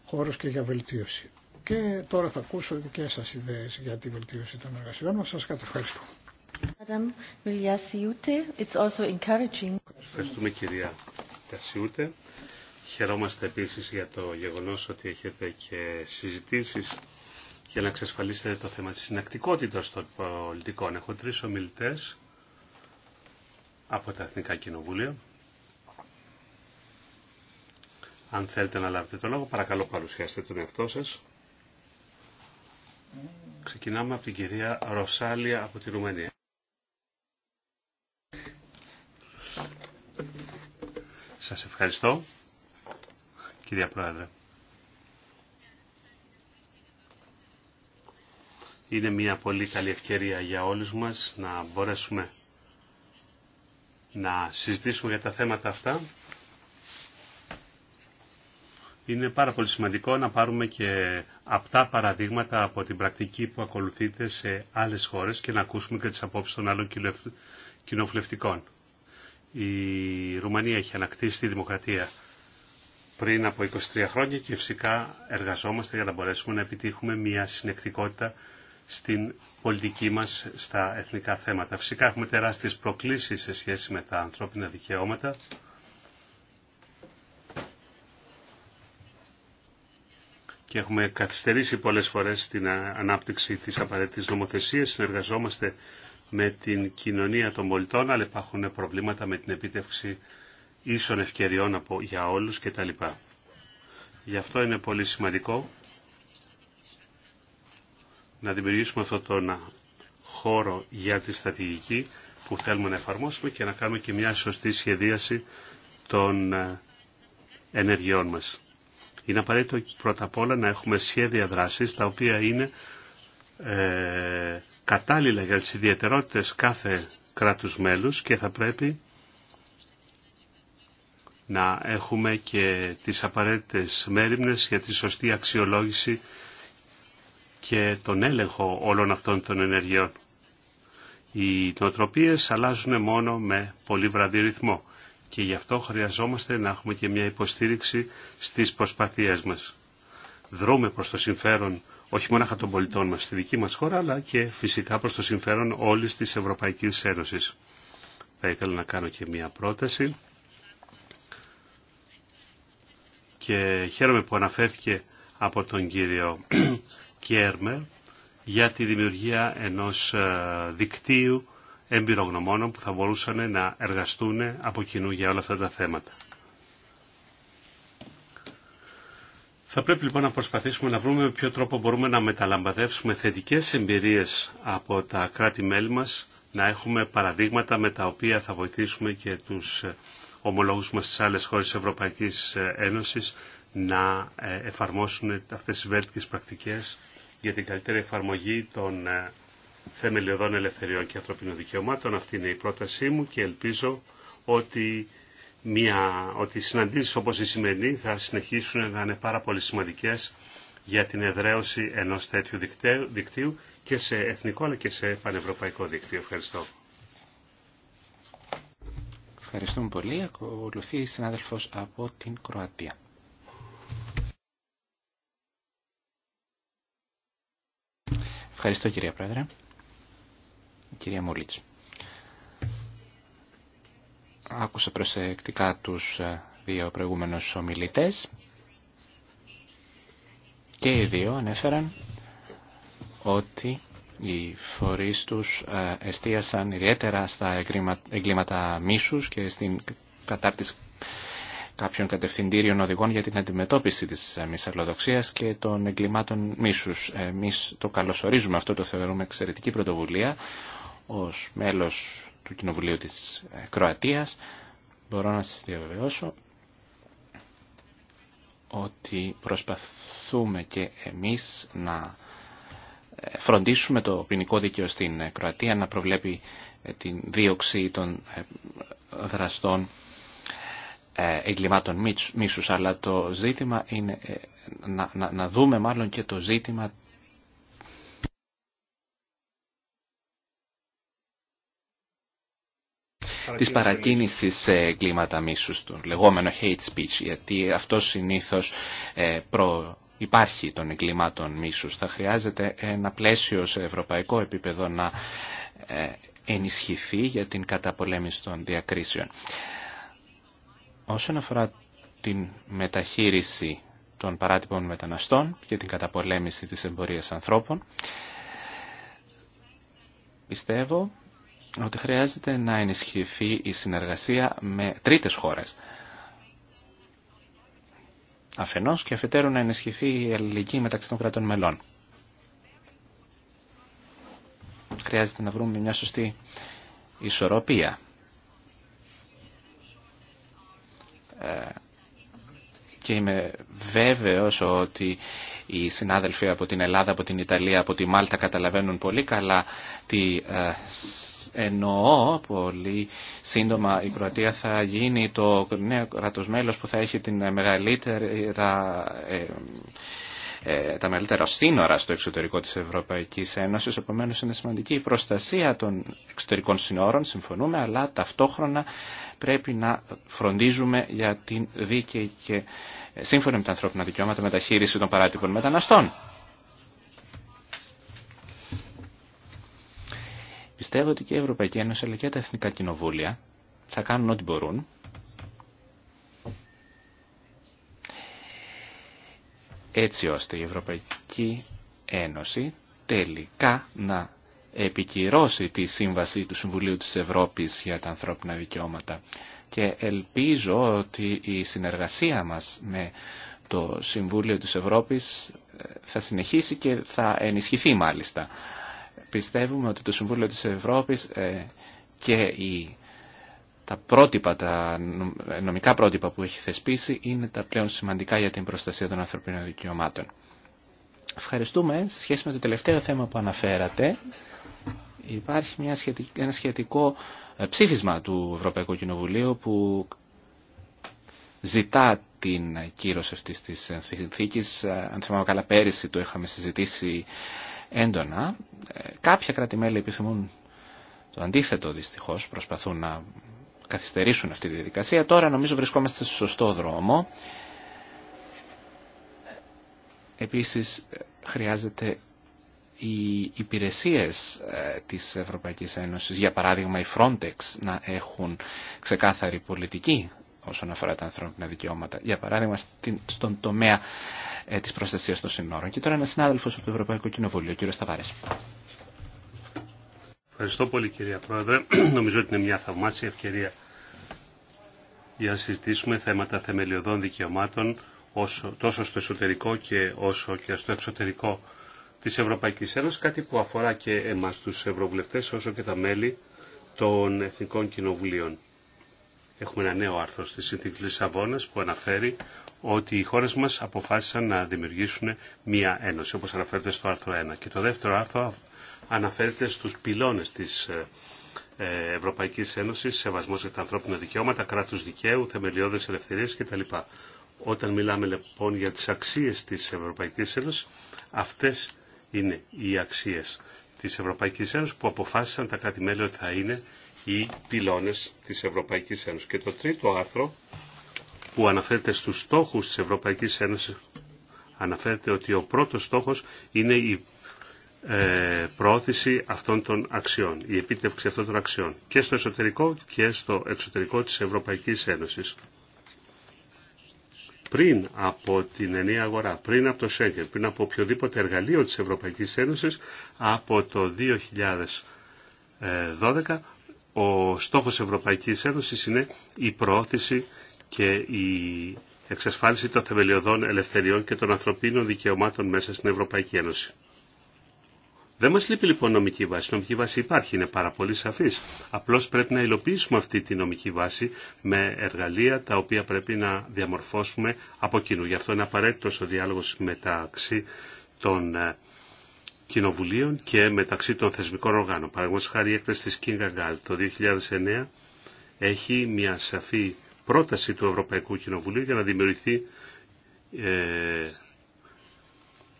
χώρος και για βελτίωση. Και τώρα θα ακούσω δικέ σα ιδέε για τη βελτίωση των εργασιών μας. Σας κατευχαριστώ. Ευχαριστούμε κυρία Τασιούτε. Χαιρόμαστε επίσης για το γεγονός ότι έχετε και συζητήσεις για να εξασφαλίσετε το θέμα της συνακτικότητας των πολιτικών. Έχω τρεις ομιλητές από τα Εθνικά Κοινοβούλια. Αν θέλετε να λάβετε το λόγο, παρακαλώ παρουσιάστε τον εαυτό σας. Ξεκινάμε από την κυρία Ροσάλια από τη Ρουμανία. Σας ευχαριστώ κυρία Πρόεδρε. Είναι μια πολύ καλή ευκαιρία για όλους μας να μπορέσουμε να συζητήσουμε για τα θέματα αυτά. Είναι πάρα πολύ σημαντικό να πάρουμε και απτά παραδείγματα από την πρακτική που ακολουθείται σε άλλες χώρες και να ακούσουμε και τις απόψεις των άλλων κοινοβουλευτικών. Η Ρουμανία έχει ανακτήσει τη δημοκρατία πριν από 23 χρόνια και φυσικά εργαζόμαστε για να μπορέσουμε να επιτύχουμε μια συνεκτικότητα στην πολιτική μας στα εθνικά θέματα. Φυσικά έχουμε τεράστιες προκλήσεις σε σχέση με τα ανθρώπινα δικαιώματα. και έχουμε καθυστερήσει πολλές φορές την ανάπτυξη της απαραίτητης νομοθεσίας. Συνεργαζόμαστε με την κοινωνία των πολιτών, αλλά υπάρχουν προβλήματα με την επίτευξη ίσων ευκαιριών από, για όλους λοιπά. Γι' αυτό είναι πολύ σημαντικό να δημιουργήσουμε αυτόν τον χώρο για τη στρατηγική που θέλουμε να εφαρμόσουμε και να κάνουμε και μια σωστή σχεδίαση των ε, ενεργειών μας. Είναι απαραίτητο πρώτα απ' όλα να έχουμε σχέδια δράσης τα οποία είναι ε, κατάλληλα για τις ιδιαιτερότητες κάθε κράτους μέλους και θα πρέπει να έχουμε και τις απαραίτητες μέρημνες για τη σωστή αξιολόγηση και τον έλεγχο όλων αυτών των ενεργειών. Οι νοοτροπίες αλλάζουν μόνο με πολύ βραδύ ρυθμό και γι' αυτό χρειαζόμαστε να έχουμε και μια υποστήριξη στις προσπαθίες μας. Δρούμε προς το συμφέρον όχι μόνο των πολιτών μας στη δική μας χώρα, αλλά και φυσικά προς το συμφέρον όλης της Ευρωπαϊκής Ένωσης. Θα ήθελα να κάνω και μια πρόταση. και χαίρομαι που αναφέρθηκε από τον κύριο <clears throat> κέρμε, για τη δημιουργία ενός ε, δικτύου εμπειρογνωμόνων που θα μπορούσαν να εργαστούν από κοινού για όλα αυτά τα θέματα. Θα πρέπει λοιπόν να προσπαθήσουμε να βρούμε με ποιο τρόπο μπορούμε να μεταλαμπαδεύσουμε θετικές εμπειρίες από τα κράτη-μέλη μας, να έχουμε παραδείγματα με τα οποία θα βοηθήσουμε και τους ε, ομολόγους μας στις άλλες χώρες της Ευρωπαϊκής ε, Ένωσης να ε, εφαρμόσουν αυτές τις βέλτικες πρακτικές για την καλύτερη εφαρμογή των ε, θεμελιωδών ελευθεριών και ανθρωπίνων δικαιωμάτων. Αυτή είναι η πρότασή μου και ελπίζω ότι, μια, ότι οι συναντήσεις όπως η σημερινή θα συνεχίσουν να είναι πάρα πολύ σημαντικές για την εδραίωση ενός τέτοιου δικτύου και σε εθνικό αλλά και σε πανευρωπαϊκό δίκτυο. Ευχαριστώ. Ευχαριστούμε πολύ. Ακολουθεί η συνάδελφος από την Κροατία. Ευχαριστώ κυρία Πρόεδρε. Κυρία Μούλιτς. Άκουσα προσεκτικά τους ε, δύο προηγούμενους ομιλητές και οι δύο ανέφεραν ότι οι φορείς τους ε, εστίασαν ιδιαίτερα στα εγκλήματα μίσους και στην κατάρτιση κάποιων κατευθυντήριων οδηγών για την αντιμετώπιση της ε, μυσαλλοδοξίας και των εγκλημάτων μίσους. Εμείς το καλωσορίζουμε αυτό, το θεωρούμε εξαιρετική πρωτοβουλία ως μέλος του Κοινοβουλίου της ε, Κροατίας. Μπορώ να σας διαβεβαιώσω ότι προσπαθούμε και εμείς να φροντίσουμε το ποινικό δίκαιο στην Κροατία να προβλέπει ε, την δίωξη των ε, δραστών ε, εγκλημάτων μίσους, αλλά το ζήτημα είναι να, δούμε μάλλον και το ζήτημα της παρακίνησης σε εγκλήματα μίσους, το λεγόμενο hate speech, γιατί αυτό συνήθως προ υπάρχει των εγκλημάτων μίσους. Θα χρειάζεται ένα πλαίσιο σε ευρωπαϊκό επίπεδο να ε, ενισχυθεί για την καταπολέμηση των διακρίσεων. Όσον αφορά την μεταχείριση των παράτυπων μεταναστών και την καταπολέμηση της εμπορίας ανθρώπων, πιστεύω ότι χρειάζεται να ενισχυθεί η συνεργασία με τρίτες χώρες αφενός και αφετέρου να ενισχυθεί η αλληλεγγύη μεταξύ των κρατών μελών. Χρειάζεται να βρούμε μια σωστή ισορροπία ε, και είμαι βέβαιος ότι οι συνάδελφοι από την Ελλάδα, από την Ιταλία, από τη Μάλτα καταλαβαίνουν πολύ καλά τι ε, εννοώ. Πολύ σύντομα η Κροατία θα γίνει το νέο κράτος μέλος που θα έχει την μεγαλύτερη ε, ε, τα μεγαλύτερα σύνορα στο εξωτερικό της Ευρωπαϊκής Ένωσης, επομένως είναι σημαντική η προστασία των εξωτερικών σύνορων, συμφωνούμε, αλλά ταυτόχρονα πρέπει να φροντίζουμε για την δίκαιη και σύμφωνα με τα ανθρώπινα δικαιώματα μεταχείριση των παράτυπων μεταναστών. Πιστεύω ότι και η Ευρωπαϊκή Ένωση αλλά και τα Εθνικά Κοινοβούλια θα κάνουν ό,τι μπορούν έτσι ώστε η Ευρωπαϊκή Ένωση τελικά να επικυρώσει τη σύμβαση του Συμβουλίου της Ευρώπης για τα ανθρώπινα δικαιώματα και ελπίζω ότι η συνεργασία μας με το Συμβούλιο της Ευρώπης ε, θα συνεχίσει και θα ενισχυθεί μάλιστα. Πιστεύουμε ότι το Συμβούλιο της Ευρώπης ε, και η τα πρότυπα, τα νομικά πρότυπα που έχει θεσπίσει είναι τα πλέον σημαντικά για την προστασία των ανθρωπίνων δικαιωμάτων. Ευχαριστούμε. Σε σχέση με το τελευταίο θέμα που αναφέρατε, υπάρχει μια ένα σχετικό ε, ψήφισμα του Ευρωπαϊκού Κοινοβουλίου που ζητά την κύρωση αυτή τη συνθήκη. Ε, αν θυμάμαι καλά πέρυσι το είχαμε συζητήσει έντονα. Ε, κάποια κράτη-μέλη επιθυμούν το αντίθετο δυστυχώς, προσπαθούν να καθυστερήσουν αυτή τη διαδικασία. Τώρα νομίζω βρισκόμαστε στο σωστό δρόμο. Επίσης χρειάζεται οι υπηρεσίες ε, της Ευρωπαϊκής Ένωσης, για παράδειγμα η Frontex, να έχουν ξεκάθαρη πολιτική όσον αφορά τα ανθρώπινα δικαιώματα, για παράδειγμα στον τομέα ε, της προστασίας των συνόρων. Και τώρα ένα συνάδελφος από το Ευρωπαϊκό Κοινοβούλιο, ο κύριος Σταβάρης. Ευχαριστώ πολύ κυρία Πρόεδρε. <clears throat> Νομίζω ότι είναι μια θαυμάσια ευκαιρία για να συζητήσουμε θέματα θεμελιωδών δικαιωμάτων όσο, τόσο στο εσωτερικό και όσο και στο εξωτερικό της Ευρωπαϊκής Ένωσης, κάτι που αφορά και εμάς τους ευρωβουλευτές όσο και τα μέλη των Εθνικών Κοινοβουλίων. Έχουμε ένα νέο άρθρο στη Συνθήκη Λισαβόνα που αναφέρει ότι οι χώρες μας αποφάσισαν να δημιουργήσουν μία ένωση, όπως αναφέρεται στο άρθρο 1. Και το δεύτερο άρθρο αναφέρεται στους πυλώνες της ε, ε, Ευρωπαϊκή Ένωση, σεβασμός για τα ανθρώπινα δικαιώματα, κράτους δικαίου, θεμελιώδε ελευθερίες κτλ. Όταν μιλάμε λοιπόν για τις αξίες της Ευρωπαϊκής Ένωσης, αυτές είναι οι αξίες της Ευρωπαϊκής Ένωσης που αποφάσισαν τα κράτη-μέλη ότι θα είναι οι πυλώνες της Ευρωπαϊκής Ένωσης. Και το τρίτο άρθρο που αναφέρεται στους στόχους της Ευρωπαϊκής Ένωσης αναφέρεται ότι ο πρώτος στόχος είναι η ε, προώθηση αυτών των αξιών, η επίτευξη αυτών των αξιών και στο εσωτερικό και στο εξωτερικό της Ευρωπαϊκής Ένωσης. Πριν από την ενία αγορά, πριν από το Σέγγεν, πριν από οποιοδήποτε εργαλείο της Ευρωπαϊκής Ένωσης, από το 2012 ο στόχος Ευρωπαϊκής Ένωσης είναι η προώθηση και η εξασφάλιση των θεμελιωδών ελευθεριών και των ανθρωπίνων δικαιωμάτων μέσα στην Ευρωπαϊκή Ένωση. Δεν μας λείπει λοιπόν νομική βάση. Η νομική βάση υπάρχει, είναι πάρα πολύ σαφής. Απλώς πρέπει να υλοποιήσουμε αυτή τη νομική βάση με εργαλεία τα οποία πρέπει να διαμορφώσουμε από κοινού. Γι' αυτό είναι απαραίτητος ο διάλογος μεταξύ των ε, κοινοβουλίων και μεταξύ των θεσμικών οργάνων. Παραγωγός χάρη η έκθεση της Κίνγκα Γκάλ το 2009 έχει μια σαφή πρόταση του Ευρωπαϊκού Κοινοβουλίου για να δημιουργηθεί ε,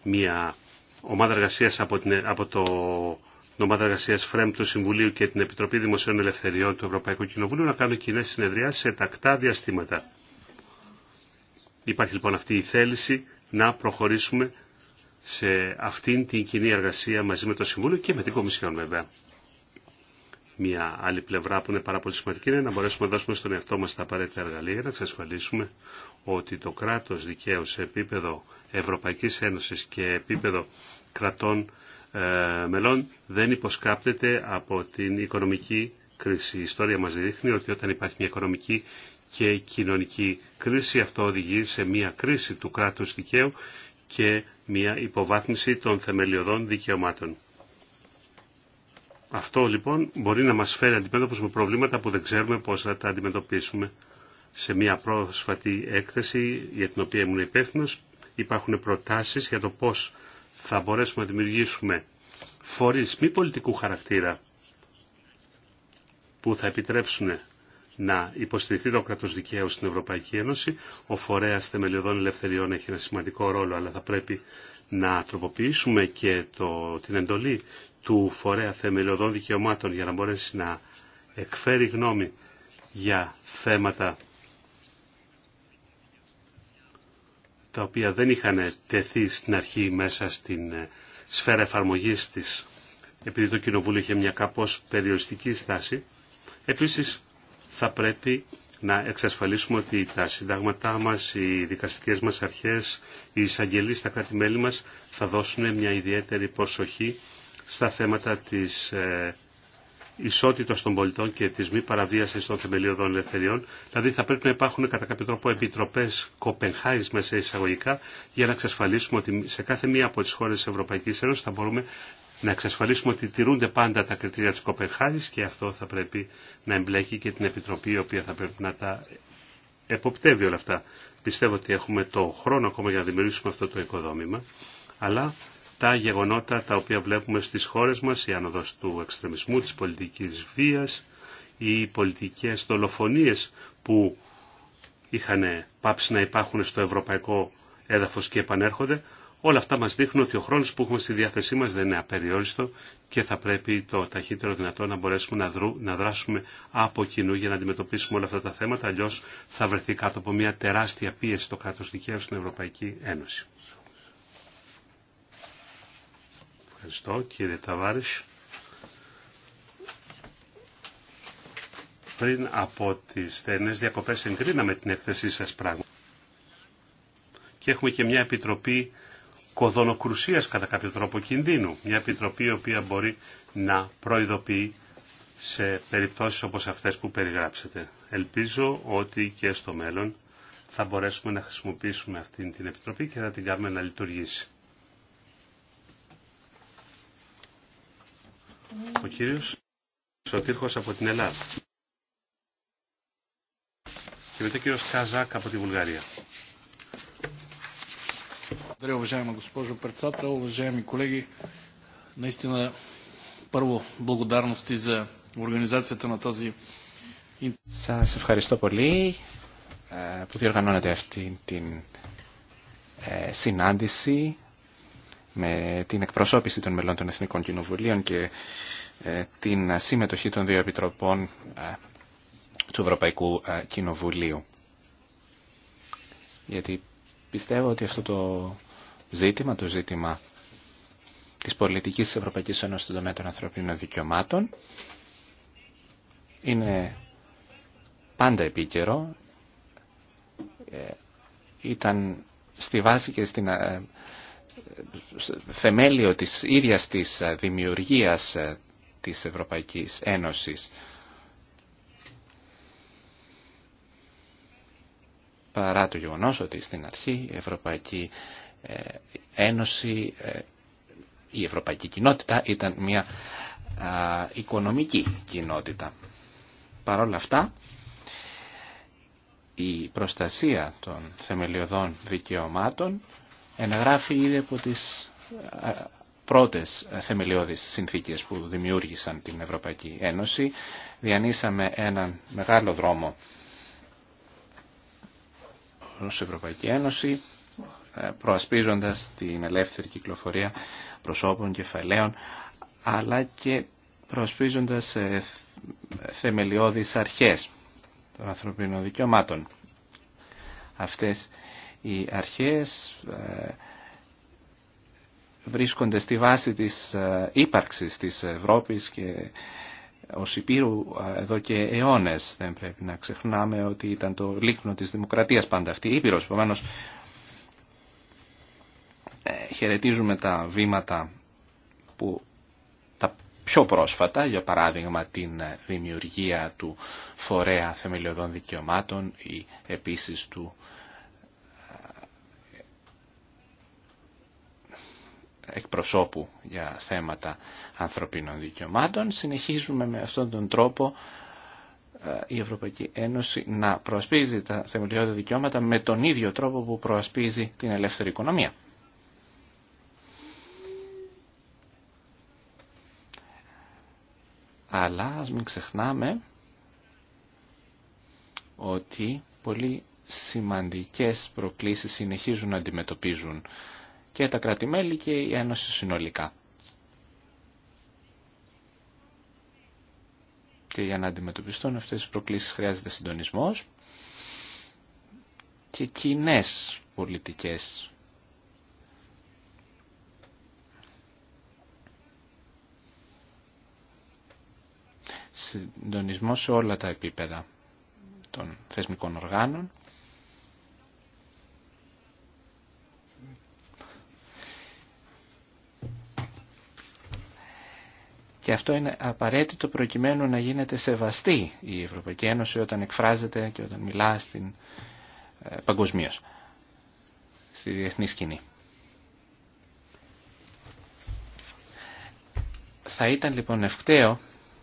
μια ομάδα εργασίας από, την, από το ομάδα εργασία ΦΡΕΜ του Συμβουλίου και την Επιτροπή Δημοσίων Ελευθεριών του Ευρωπαϊκού Κοινοβουλίου να κάνουν κοινέ συνεδριάσει σε τακτά διαστήματα. Υπάρχει λοιπόν αυτή η θέληση να προχωρήσουμε σε αυτήν την κοινή εργασία μαζί με το Συμβούλιο και με την Κομισιόν βέβαια. Μια άλλη πλευρά που είναι πάρα πολύ σημαντική είναι να μπορέσουμε να δώσουμε στον εαυτό μας τα απαραίτητα εργαλεία για να εξασφαλίσουμε ότι το κράτος δικαίου σε επίπεδο Ευρωπαϊκής Ένωσης και επίπεδο κρατών ε, μελών δεν υποσκάπτεται από την οικονομική κρίση. Η ιστορία μας δείχνει ότι όταν υπάρχει μια οικονομική και κοινωνική κρίση αυτό οδηγεί σε μια κρίση του κράτους δικαίου και μια υποβάθμιση των θεμελιωδών δικαιωμάτων. Αυτό λοιπόν μπορεί να μας φέρει αντιμέτωπους με προβλήματα που δεν ξέρουμε πώς θα τα αντιμετωπίσουμε. Σε μια πρόσφατη έκθεση για την οποία ήμουν υπεύθυνο, υπάρχουν προτάσεις για το πώς θα μπορέσουμε να δημιουργήσουμε φορείς μη πολιτικού χαρακτήρα που θα επιτρέψουν να υποστηριχθεί το κράτο δικαίου στην Ευρωπαϊκή Ένωση. Ο φορέα θεμελιωδών ελευθεριών έχει ένα σημαντικό ρόλο, αλλά θα πρέπει να τροποποιήσουμε και το, την εντολή του φορέα θεμελιωδών δικαιωμάτων για να μπορέσει να εκφέρει γνώμη για θέματα τα οποία δεν είχαν τεθεί στην αρχή μέσα στην ε, σφαίρα εφαρμογής της, επειδή το Κοινοβούλιο είχε μια κάπως περιοριστική στάση. Επίσης, θα πρέπει να εξασφαλίσουμε ότι τα συντάγματά μας, οι δικαστικές μας αρχές, οι εισαγγελίες στα κράτη-μέλη μας θα δώσουν μια ιδιαίτερη προσοχή στα θέματα της ε, ισότητας των πολιτών και της μη παραβίασης των θεμελιωδών ελευθεριών. Δηλαδή θα πρέπει να υπάρχουν κατά κάποιο τρόπο επιτροπές Κοπενχάης μέσα εισαγωγικά για να εξασφαλίσουμε ότι σε κάθε μία από τις χώρες της Ευρωπαϊκής Ένωσης θα μπορούμε να εξασφαλίσουμε ότι τηρούνται πάντα τα κριτήρια της Κοπενχάης. και αυτό θα πρέπει να εμπλέκει και την Επιτροπή η οποία θα πρέπει να τα εποπτεύει όλα αυτά. Πιστεύω ότι έχουμε το χρόνο ακόμα για να δημιουργήσουμε αυτό το οικοδόμημα, αλλά τα γεγονότα τα οποία βλέπουμε στις χώρες μας, η άνοδος του εξτρεμισμού, της πολιτικής βίας, οι πολιτικές δολοφονίες που είχαν πάψει να υπάρχουν στο ευρωπαϊκό έδαφος και επανέρχονται, όλα αυτά μας δείχνουν ότι ο χρόνος που έχουμε στη διάθεσή μας δεν είναι απεριόριστο και θα πρέπει το ταχύτερο δυνατό να μπορέσουμε να, να δράσουμε από κοινού για να αντιμετωπίσουμε όλα αυτά τα θέματα, αλλιώς θα βρεθεί κάτω από μια τεράστια πίεση το κράτος δικαίου στην Ευρωπαϊκή Ένωση. Ευχαριστώ κύριε Ταβάρης. Πριν από τις στενές διακοπές εγκρίναμε την έκθεσή σας πράγμα. Και έχουμε και μια επιτροπή κοδονοκρουσίας κατά κάποιο τρόπο κινδύνου. Μια επιτροπή η οποία μπορεί να προειδοποιεί σε περιπτώσεις όπως αυτές που περιγράψετε. Ελπίζω ότι και στο μέλλον θα μπορέσουμε να χρησιμοποιήσουμε αυτή την επιτροπή και θα την κάνουμε να λειτουργήσει. ο κύριος Σωτήρχος από την Ελλάδα και μετά ο κύριος Καζάκ από τη Βουλγαρία. Благодаря, госпожо председател, уважаеми колеги. Наистина, първо, благодарности за организацията на тази... Σας ευχαριστώ πολύ ε, που διοργανώνετε αυτή την ε, συνάντηση με την εκπροσώπηση των μελών των Εθνικών Κοινοβουλίων και ε, την συμμετοχή των δύο επιτροπών ε, του Ευρωπαϊκού ε, Κοινοβουλίου. Γιατί πιστεύω ότι αυτό το ζήτημα, το ζήτημα της πολιτικής της Ευρωπαϊκής Ένωσης στον τομέα των ανθρωπίνων δικαιωμάτων είναι πάντα επίκαιρο. Ήταν στη βάση και στην θεμέλιο της ίδιας της ε, δημιουργίας ε, της Ευρωπαϊκής Ένωσης. Παρά το γεγονός ότι στην αρχή η Ευρωπαϊκή ε, Ένωση, η Ευρωπαϊκή Κοινότητα ήταν μια οικονομική κοινότητα. Παρ' όλα αυτά, η προστασία των θεμελιωδών δικαιωμάτων Εναγράφει ήδη από τις ε, πρώτες θεμελιώδεις συνθήκες που δημιούργησαν την Ευρωπαϊκή Ένωση. Διανύσαμε έναν μεγάλο δρόμο ως Ευρωπαϊκή Ένωση ε, προασπίζοντας την ελεύθερη κυκλοφορία προσώπων κεφαλαίων αλλά και προασπίζοντας ε, θεμελιώδεις αρχές των ανθρωπίνων δικαιωμάτων. Αυτές οι αρχές ε, βρίσκονται στη βάση της ε, ύπαρξης της Ευρώπης και ως Υπήρου ε, εδώ και αιώνες δεν πρέπει να ξεχνάμε ότι ήταν το λίκνο της δημοκρατίας πάντα αυτή η Ήπειρος. επομένως, χαιρετίζουμε τα βήματα που τα πιο πρόσφατα, για παράδειγμα την δημιουργία του φορέα θεμελιωδών δικαιωμάτων ή επίσης του εκπροσώπου για θέματα ανθρωπίνων δικαιωμάτων. Συνεχίζουμε με αυτόν τον τρόπο ε, η Ευρωπαϊκή Ένωση να προασπίζει τα θεμελιώδη δικαιώματα με τον ίδιο τρόπο που προασπίζει την ελεύθερη οικονομία. Αλλά ας μην ξεχνάμε ότι πολύ σημαντικές προκλήσεις συνεχίζουν να αντιμετωπίζουν και τα κράτη-μέλη και η Ένωση συνολικά. Και για να αντιμετωπιστούν αυτές τις προκλήσεις χρειάζεται συντονισμός και κοινέ πολιτικές συντονισμό σε όλα τα επίπεδα των θεσμικών οργάνων Και αυτό είναι απαραίτητο προκειμένου να γίνεται σεβαστή η Ευρωπαϊκή Ένωση όταν εκφράζεται και όταν μιλά στην ε, παγκοσμίω στη διεθνή σκηνή. Θα ήταν λοιπόν ευκταίο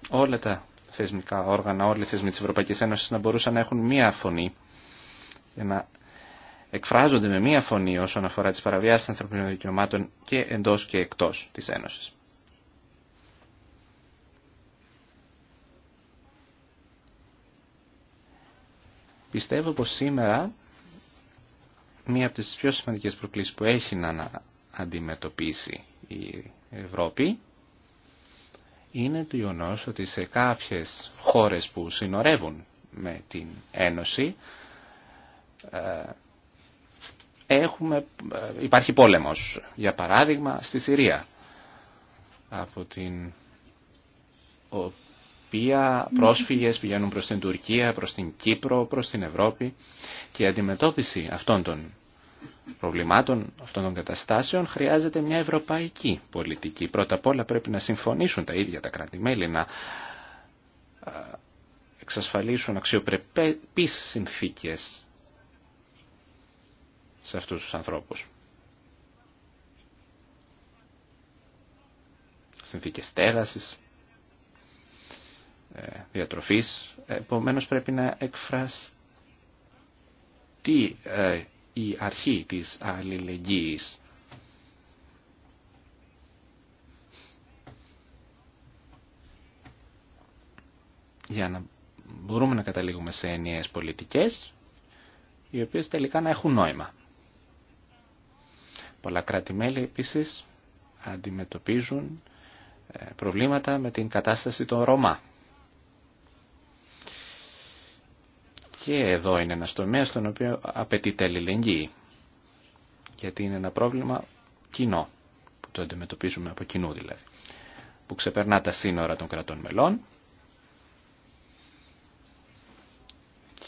όλα τα θεσμικά όργανα, όλοι οι θεσμοί της Ευρωπαϊκής Ένωσης να μπορούσαν να έχουν μία φωνή για να εκφράζονται με μία φωνή όσον αφορά τις παραβιάσεις ανθρωπινών δικαιωμάτων και εντός και εκτός της Ένωσης. Πιστεύω πως σήμερα μία από τις πιο σημαντικές προκλήσεις που έχει να αντιμετωπίσει η Ευρώπη είναι το γεγονό ότι σε κάποιες χώρες που συνορεύουν με την Ένωση ε, έχουμε, ε, υπάρχει πόλεμος. Για παράδειγμα στη Συρία από την οποία πρόσφυγες πηγαίνουν προ την Τουρκία, προ την Κύπρο, προς την Ευρώπη και η αντιμετώπιση αυτών των προβλημάτων, αυτών των καταστάσεων χρειάζεται μια ευρωπαϊκή πολιτική. Πρώτα απ' όλα πρέπει να συμφωνήσουν τα ίδια τα κράτη-μέλη, να εξασφαλίσουν αξιοπρεπείς συνθήκες σε αυτούς τους ανθρώπους. Συνθήκες στέγασης, διατροφής. Επομένως πρέπει να εκφραστεί ε, η αρχή της αλληλεγγύης. Για να μπορούμε να καταλήγουμε σε ενιαίες πολιτικές, οι οποίες τελικά να έχουν νόημα. Πολλά κράτη-μέλη επίσης αντιμετωπίζουν ε, προβλήματα με την κατάσταση των Ρωμά. Και εδώ είναι ένα τομέας στον οποίο απαιτείται αλληλεγγύη. Γιατί είναι ένα πρόβλημα κοινό, που το αντιμετωπίζουμε από κοινού δηλαδή, που ξεπερνά τα σύνορα των κρατών μελών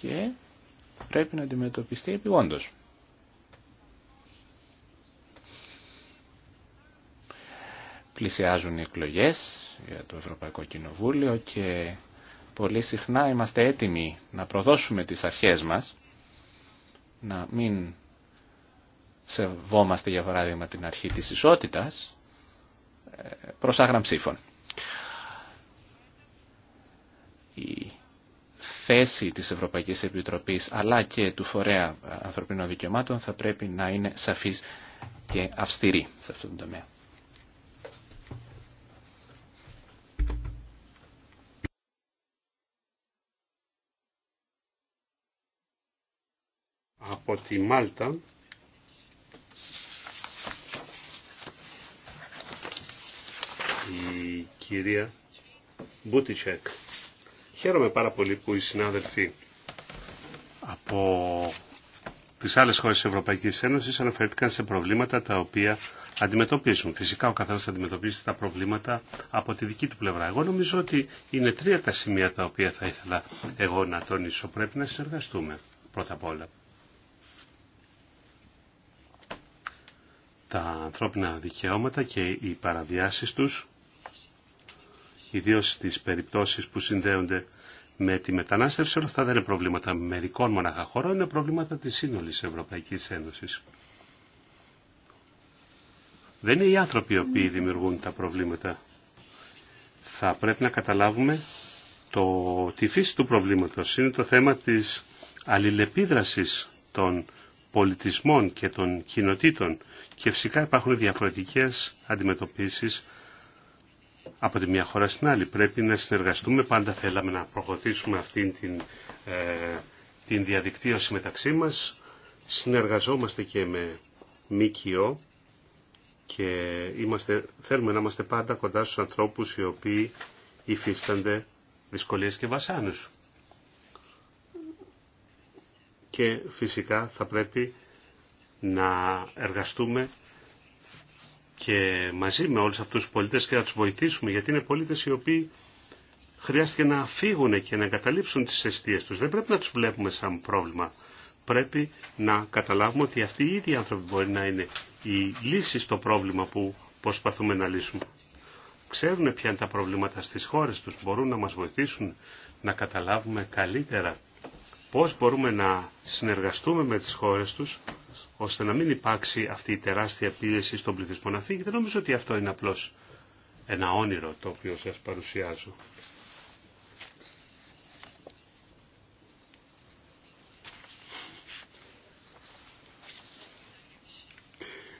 και πρέπει να αντιμετωπιστεί επιγόντως. Πλησιάζουν οι εκλογές για το Ευρωπαϊκό Κοινοβούλιο και Πολύ συχνά είμαστε έτοιμοι να προδώσουμε τις αρχές μας, να μην σεβόμαστε για παράδειγμα την αρχή της ισότητας, ε, προς άγραμ ψήφων. Η θέση της Ευρωπαϊκής Επιτροπής αλλά και του Φορέα Ανθρωπίνων Δικαιωμάτων θα πρέπει να είναι σαφής και αυστηρή σε αυτόν τον τομέα. ότι η Μάλτα η κυρία Μπούτιτσεκ χαίρομαι πάρα πολύ που οι συνάδελφοι από τις άλλες χώρες της Ευρωπαϊκής Ένωσης αναφέρθηκαν σε προβλήματα τα οποία αντιμετωπίζουν. Φυσικά ο καθένας αντιμετωπίζει τα προβλήματα από τη δική του πλευρά. Εγώ νομίζω ότι είναι τρία τα σημεία τα οποία θα ήθελα εγώ να τονίσω. Πρέπει να συνεργαστούμε πρώτα απ' όλα. τα ανθρώπινα δικαιώματα και οι παραβιάσεις τους, ιδίως στις περιπτώσεις που συνδέονται με τη μετανάστευση, όλα αυτά δεν είναι προβλήματα μερικών μοναχα χωρών, είναι προβλήματα της σύνολης Ευρωπαϊκής Ένωσης. Δεν είναι οι άνθρωποι οι οποίοι δημιουργούν τα προβλήματα. Θα πρέπει να καταλάβουμε το, τη φύση του προβλήματος. Είναι το θέμα της αλληλεπίδρασης των πολιτισμών και των κοινοτήτων και φυσικά υπάρχουν διαφορετικές αντιμετωπίσεις από τη μια χώρα στην άλλη. Πρέπει να συνεργαστούμε, πάντα θέλαμε να προχωρήσουμε αυτήν την, ε, την διαδικτύωση μεταξύ μας. Συνεργαζόμαστε και με ΜΚΟ και είμαστε, θέλουμε να είμαστε πάντα κοντά στους ανθρώπους οι οποίοι υφίστανται δυσκολίες και βασάνους και φυσικά θα πρέπει να εργαστούμε και μαζί με όλους αυτούς τους πολίτες και να τους βοηθήσουμε γιατί είναι πολίτες οι οποίοι χρειάστηκε να φύγουν και να εγκαταλείψουν τις αιστείες τους. Δεν πρέπει να τους βλέπουμε σαν πρόβλημα. Πρέπει να καταλάβουμε ότι αυτοί οι ίδιοι άνθρωποι μπορεί να είναι η λύση στο πρόβλημα που προσπαθούμε να λύσουμε. Ξέρουν ποια είναι τα προβλήματα στις χώρες τους, μπορούν να μας βοηθήσουν να καταλάβουμε καλύτερα πώς μπορούμε να συνεργαστούμε με τις χώρες τους, ώστε να μην υπάρξει αυτή η τεράστια πίεση στον πληθυσμό να φύγει. Δεν νομίζω ότι αυτό είναι απλώς ένα όνειρο το οποίο σας παρουσιάζω.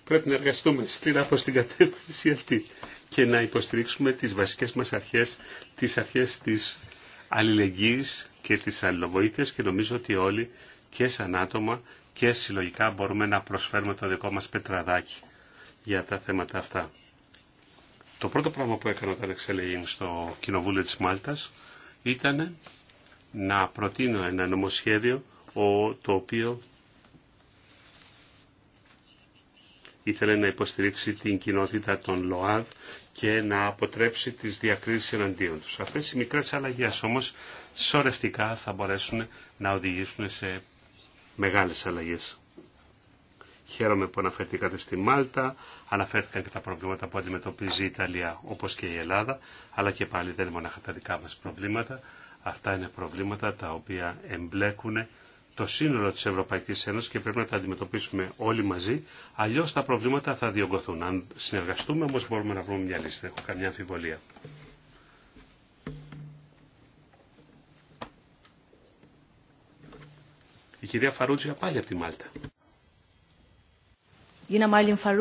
Πρέπει να εργαστούμε σκληρά προς την κατεύθυνση αυτή και να υποστηρίξουμε τις βασικές μας αρχές, τις αρχές της αλληλεγγύης και της αλληλοβοήθειας και νομίζω ότι όλοι και σαν άτομα και συλλογικά μπορούμε να προσφέρουμε το δικό μας πετραδάκι για τα θέματα αυτά. Το πρώτο πράγμα που έκανα όταν εξελεγήμουν στο Κοινοβούλιο της Μάλτας ήταν να προτείνω ένα νομοσχέδιο το οποίο ήθελε να υποστηρίξει την κοινότητα των ΛΟΑΔ και να αποτρέψει τις διακρίσεις εναντίον τους. Αυτές οι μικρές αλλαγές όμως σωρευτικά θα μπορέσουν να οδηγήσουν σε μεγάλες αλλαγές. Χαίρομαι που αναφερθήκατε στη Μάλτα, αναφέρθηκαν και τα προβλήματα που αντιμετωπίζει η Ιταλία όπως και η Ελλάδα, αλλά και πάλι δεν είναι μόνο τα δικά μας προβλήματα. Αυτά είναι προβλήματα τα οποία εμπλέκουν το σύνολο της Ευρωπαϊκής Ένωσης και πρέπει να τα αντιμετωπίσουμε όλοι μαζί, αλλιώς τα προβλήματα θα διωγγωθούν. Αν συνεργαστούμε όμως μπορούμε να βρούμε μια λύση, δεν έχω καμιά αμφιβολία. Η κυρία Φαρούτζια πάλι από τη Μάλτα. Εγώ Μαλτά.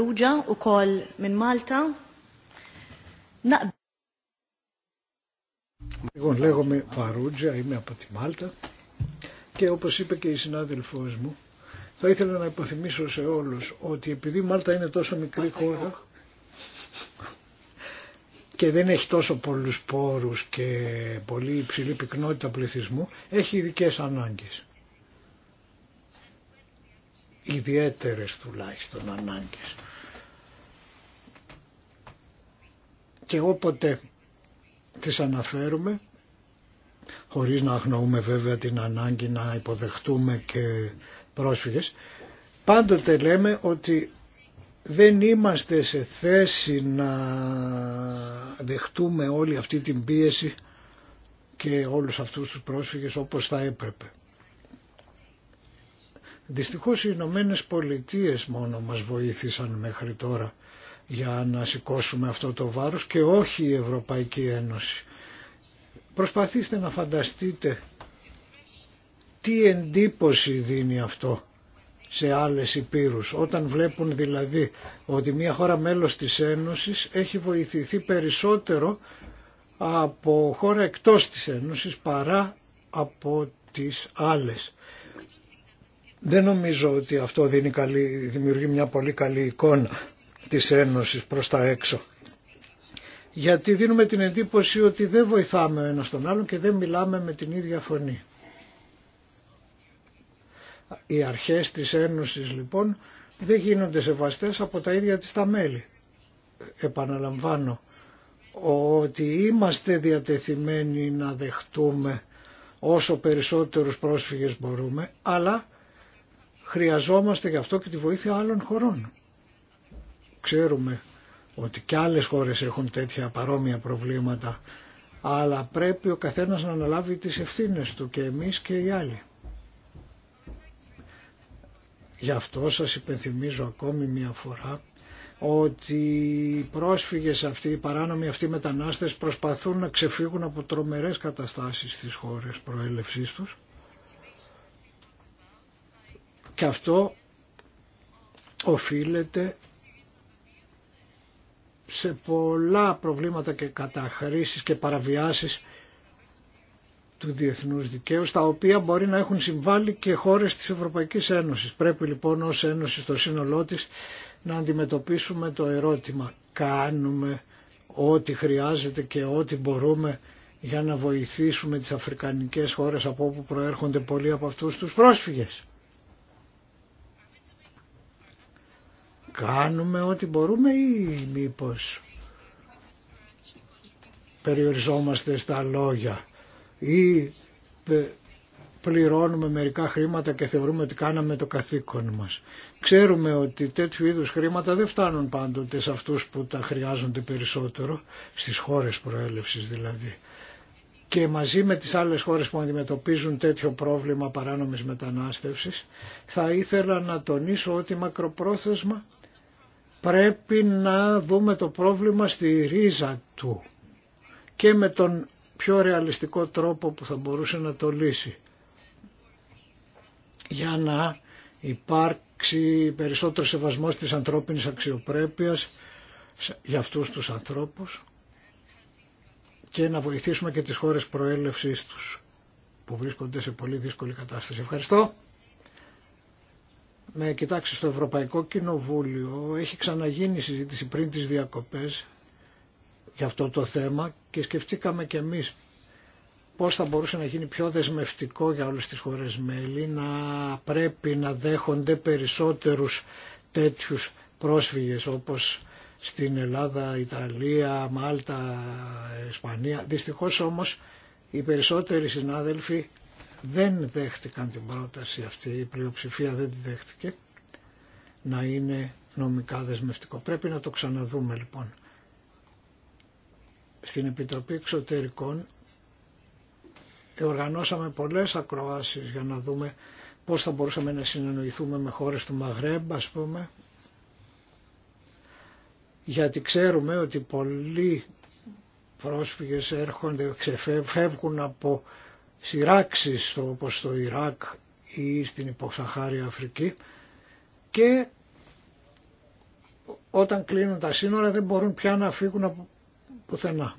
λέγομαι Φαρούτζια, είμαι από τη Μάλτα και όπως είπε και η συνάδελφός μου, θα ήθελα να υποθυμίσω σε όλους ότι επειδή η Μάλτα είναι τόσο μικρή χώρα και δεν έχει τόσο πολλούς πόρους και πολύ υψηλή πυκνότητα πληθυσμού, έχει ειδικέ ανάγκες. Ιδιαίτερες τουλάχιστον ανάγκες. Και όποτε τις αναφέρουμε χωρίς να αγνοούμε βέβαια την ανάγκη να υποδεχτούμε και πρόσφυγες, πάντοτε λέμε ότι δεν είμαστε σε θέση να δεχτούμε όλη αυτή την πίεση και όλους αυτούς τους πρόσφυγες όπως θα έπρεπε. Δυστυχώς οι Ηνωμένε Πολιτείε μόνο μας βοήθησαν μέχρι τώρα για να σηκώσουμε αυτό το βάρος και όχι η Ευρωπαϊκή Ένωση. Προσπαθήστε να φανταστείτε τι εντύπωση δίνει αυτό σε άλλες υπήρους. Όταν βλέπουν δηλαδή ότι μια χώρα μέλος της Ένωσης έχει βοηθηθεί περισσότερο από χώρα εκτός της Ένωσης παρά από τις άλλες. Δεν νομίζω ότι αυτό δίνει καλή, δημιουργεί μια πολύ καλή εικόνα της Ένωσης προς τα έξω γιατί δίνουμε την εντύπωση ότι δεν βοηθάμε ο ένας τον άλλον και δεν μιλάμε με την ίδια φωνή. Οι αρχές της Ένωσης λοιπόν δεν γίνονται σεβαστές από τα ίδια της τα μέλη. Επαναλαμβάνω ότι είμαστε διατεθειμένοι να δεχτούμε όσο περισσότερους πρόσφυγες μπορούμε, αλλά χρειαζόμαστε γι' αυτό και τη βοήθεια άλλων χωρών. Ξέρουμε ότι και άλλες χώρες έχουν τέτοια παρόμοια προβλήματα αλλά πρέπει ο καθένας να αναλάβει τις ευθύνες του και εμείς και οι άλλοι. Γι' αυτό σας υπενθυμίζω ακόμη μια φορά ότι οι πρόσφυγες αυτοί, οι παράνομοι αυτοί μετανάστες προσπαθούν να ξεφύγουν από τρομερές καταστάσεις στις χώρες προέλευσής τους και αυτό οφείλεται σε πολλά προβλήματα και καταχρήσεις και παραβιάσεις του διεθνούς δικαίου, τα οποία μπορεί να έχουν συμβάλει και χώρες της Ευρωπαϊκής Ένωσης. Πρέπει λοιπόν ως Ένωση στο σύνολό της να αντιμετωπίσουμε το ερώτημα κάνουμε ό,τι χρειάζεται και ό,τι μπορούμε για να βοηθήσουμε τις αφρικανικές χώρες από όπου προέρχονται πολλοί από αυτούς τους πρόσφυγες. κάνουμε ό,τι μπορούμε ή μήπως περιοριζόμαστε στα λόγια ή πληρώνουμε μερικά χρήματα και θεωρούμε ότι κάναμε το καθήκον μας. Ξέρουμε ότι τέτοιου είδους χρήματα δεν φτάνουν πάντοτε σε αυτούς που τα χρειάζονται περισσότερο, στις χώρες προέλευσης δηλαδή. Και μαζί με τις άλλες χώρες που αντιμετωπίζουν τέτοιο πρόβλημα παράνομης μετανάστευσης, θα ήθελα να τονίσω ότι μακροπρόθεσμα πρέπει να δούμε το πρόβλημα στη ρίζα του και με τον πιο ρεαλιστικό τρόπο που θα μπορούσε να το λύσει για να υπάρξει περισσότερο σεβασμός της ανθρώπινης αξιοπρέπειας για αυτούς τους ανθρώπους και να βοηθήσουμε και τις χώρες προέλευσής τους που βρίσκονται σε πολύ δύσκολη κατάσταση. Ευχαριστώ με κοιτάξτε στο Ευρωπαϊκό Κοινοβούλιο έχει ξαναγίνει συζήτηση πριν τις διακοπές για αυτό το θέμα και σκεφτήκαμε και εμείς πώς θα μπορούσε να γίνει πιο δεσμευτικό για όλες τις χώρες μέλη να πρέπει να δέχονται περισσότερους τέτοιους πρόσφυγες όπως στην Ελλάδα, Ιταλία, Μάλτα, Ισπανία. Δυστυχώς όμως οι περισσότεροι συνάδελφοι δεν δέχτηκαν την πρόταση αυτή, η πλειοψηφία δεν τη δέχτηκε να είναι νομικά δεσμευτικό. Πρέπει να το ξαναδούμε λοιπόν. Στην Επιτροπή Εξωτερικών οργανώσαμε πολλές ακροάσεις για να δούμε πώς θα μπορούσαμε να συνεννοηθούμε με χώρες του Μαγρέμπ ας πούμε γιατί ξέρουμε ότι πολλοί πρόσφυγες έρχονται, ξεφεύγουν από σειράξεις όπως στο Ιράκ ή στην Υποξαχάρια Αφρική και όταν κλείνουν τα σύνορα δεν μπορούν πια να φύγουν από πουθενά.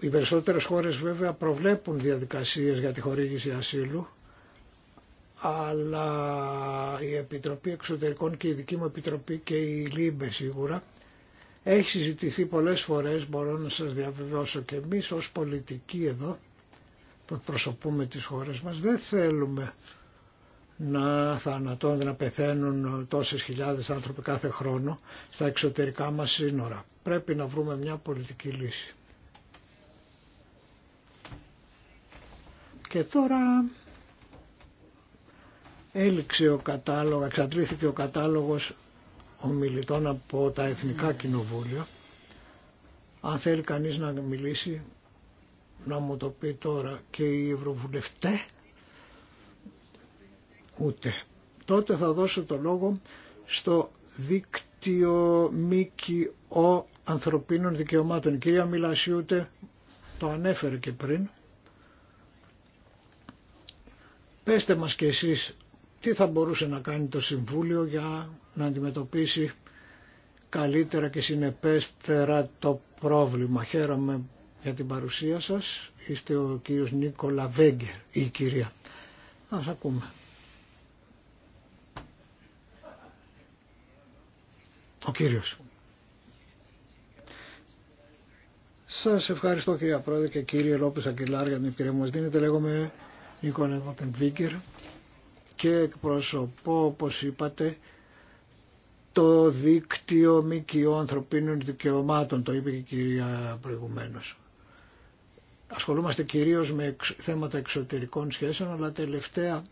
Οι περισσότερες χώρες βέβαια προβλέπουν διαδικασίες για τη χορήγηση ασύλου αλλά η Επιτροπή Εξωτερικών και η δική μου Επιτροπή και η ΛΥΜΠΕ σίγουρα έχει συζητηθεί πολλές φορές, μπορώ να σας διαβεβαιώσω και εμείς ως πολιτικοί εδώ, που εκπροσωπούμε τις χώρες μας δεν θέλουμε να θανατώνται, να πεθαίνουν τόσες χιλιάδες άνθρωποι κάθε χρόνο στα εξωτερικά μας σύνορα. Πρέπει να βρούμε μια πολιτική λύση. Και τώρα έληξε ο κατάλογος, εξαντλήθηκε ο κατάλογος ομιλητών από τα Εθνικά Κοινοβούλια. Αν θέλει κανείς να μιλήσει να μου το πει τώρα και οι ευρωβουλευτέ ούτε. Τότε θα δώσω το λόγο στο δίκτυο ΜΚΟ ανθρωπίνων δικαιωμάτων. Η κυρία ούτε το ανέφερε και πριν. Πέστε μας και εσείς τι θα μπορούσε να κάνει το Συμβούλιο για να αντιμετωπίσει καλύτερα και συνεπέστερα το πρόβλημα. Χαίρομαι για την παρουσία σας. Είστε ο κύριος Νίκολα Βέγκερ, η κυρία. Ας ακούμε. Ο κύριος. Σας ευχαριστώ κύριε Πρόεδρε και κύριε Λόπες Αγγελάρ για την ευκαιρία μας δίνετε. Λέγομαι Νίκολα Βέγγερ και εκπροσωπώ όπως είπατε το δίκτυο κοιό ανθρωπίνων δικαιωμάτων, το είπε και η κυρία προηγουμένως ασχολούμαστε κυρίως με θέματα εξωτερικών σχέσεων, αλλά τελευταία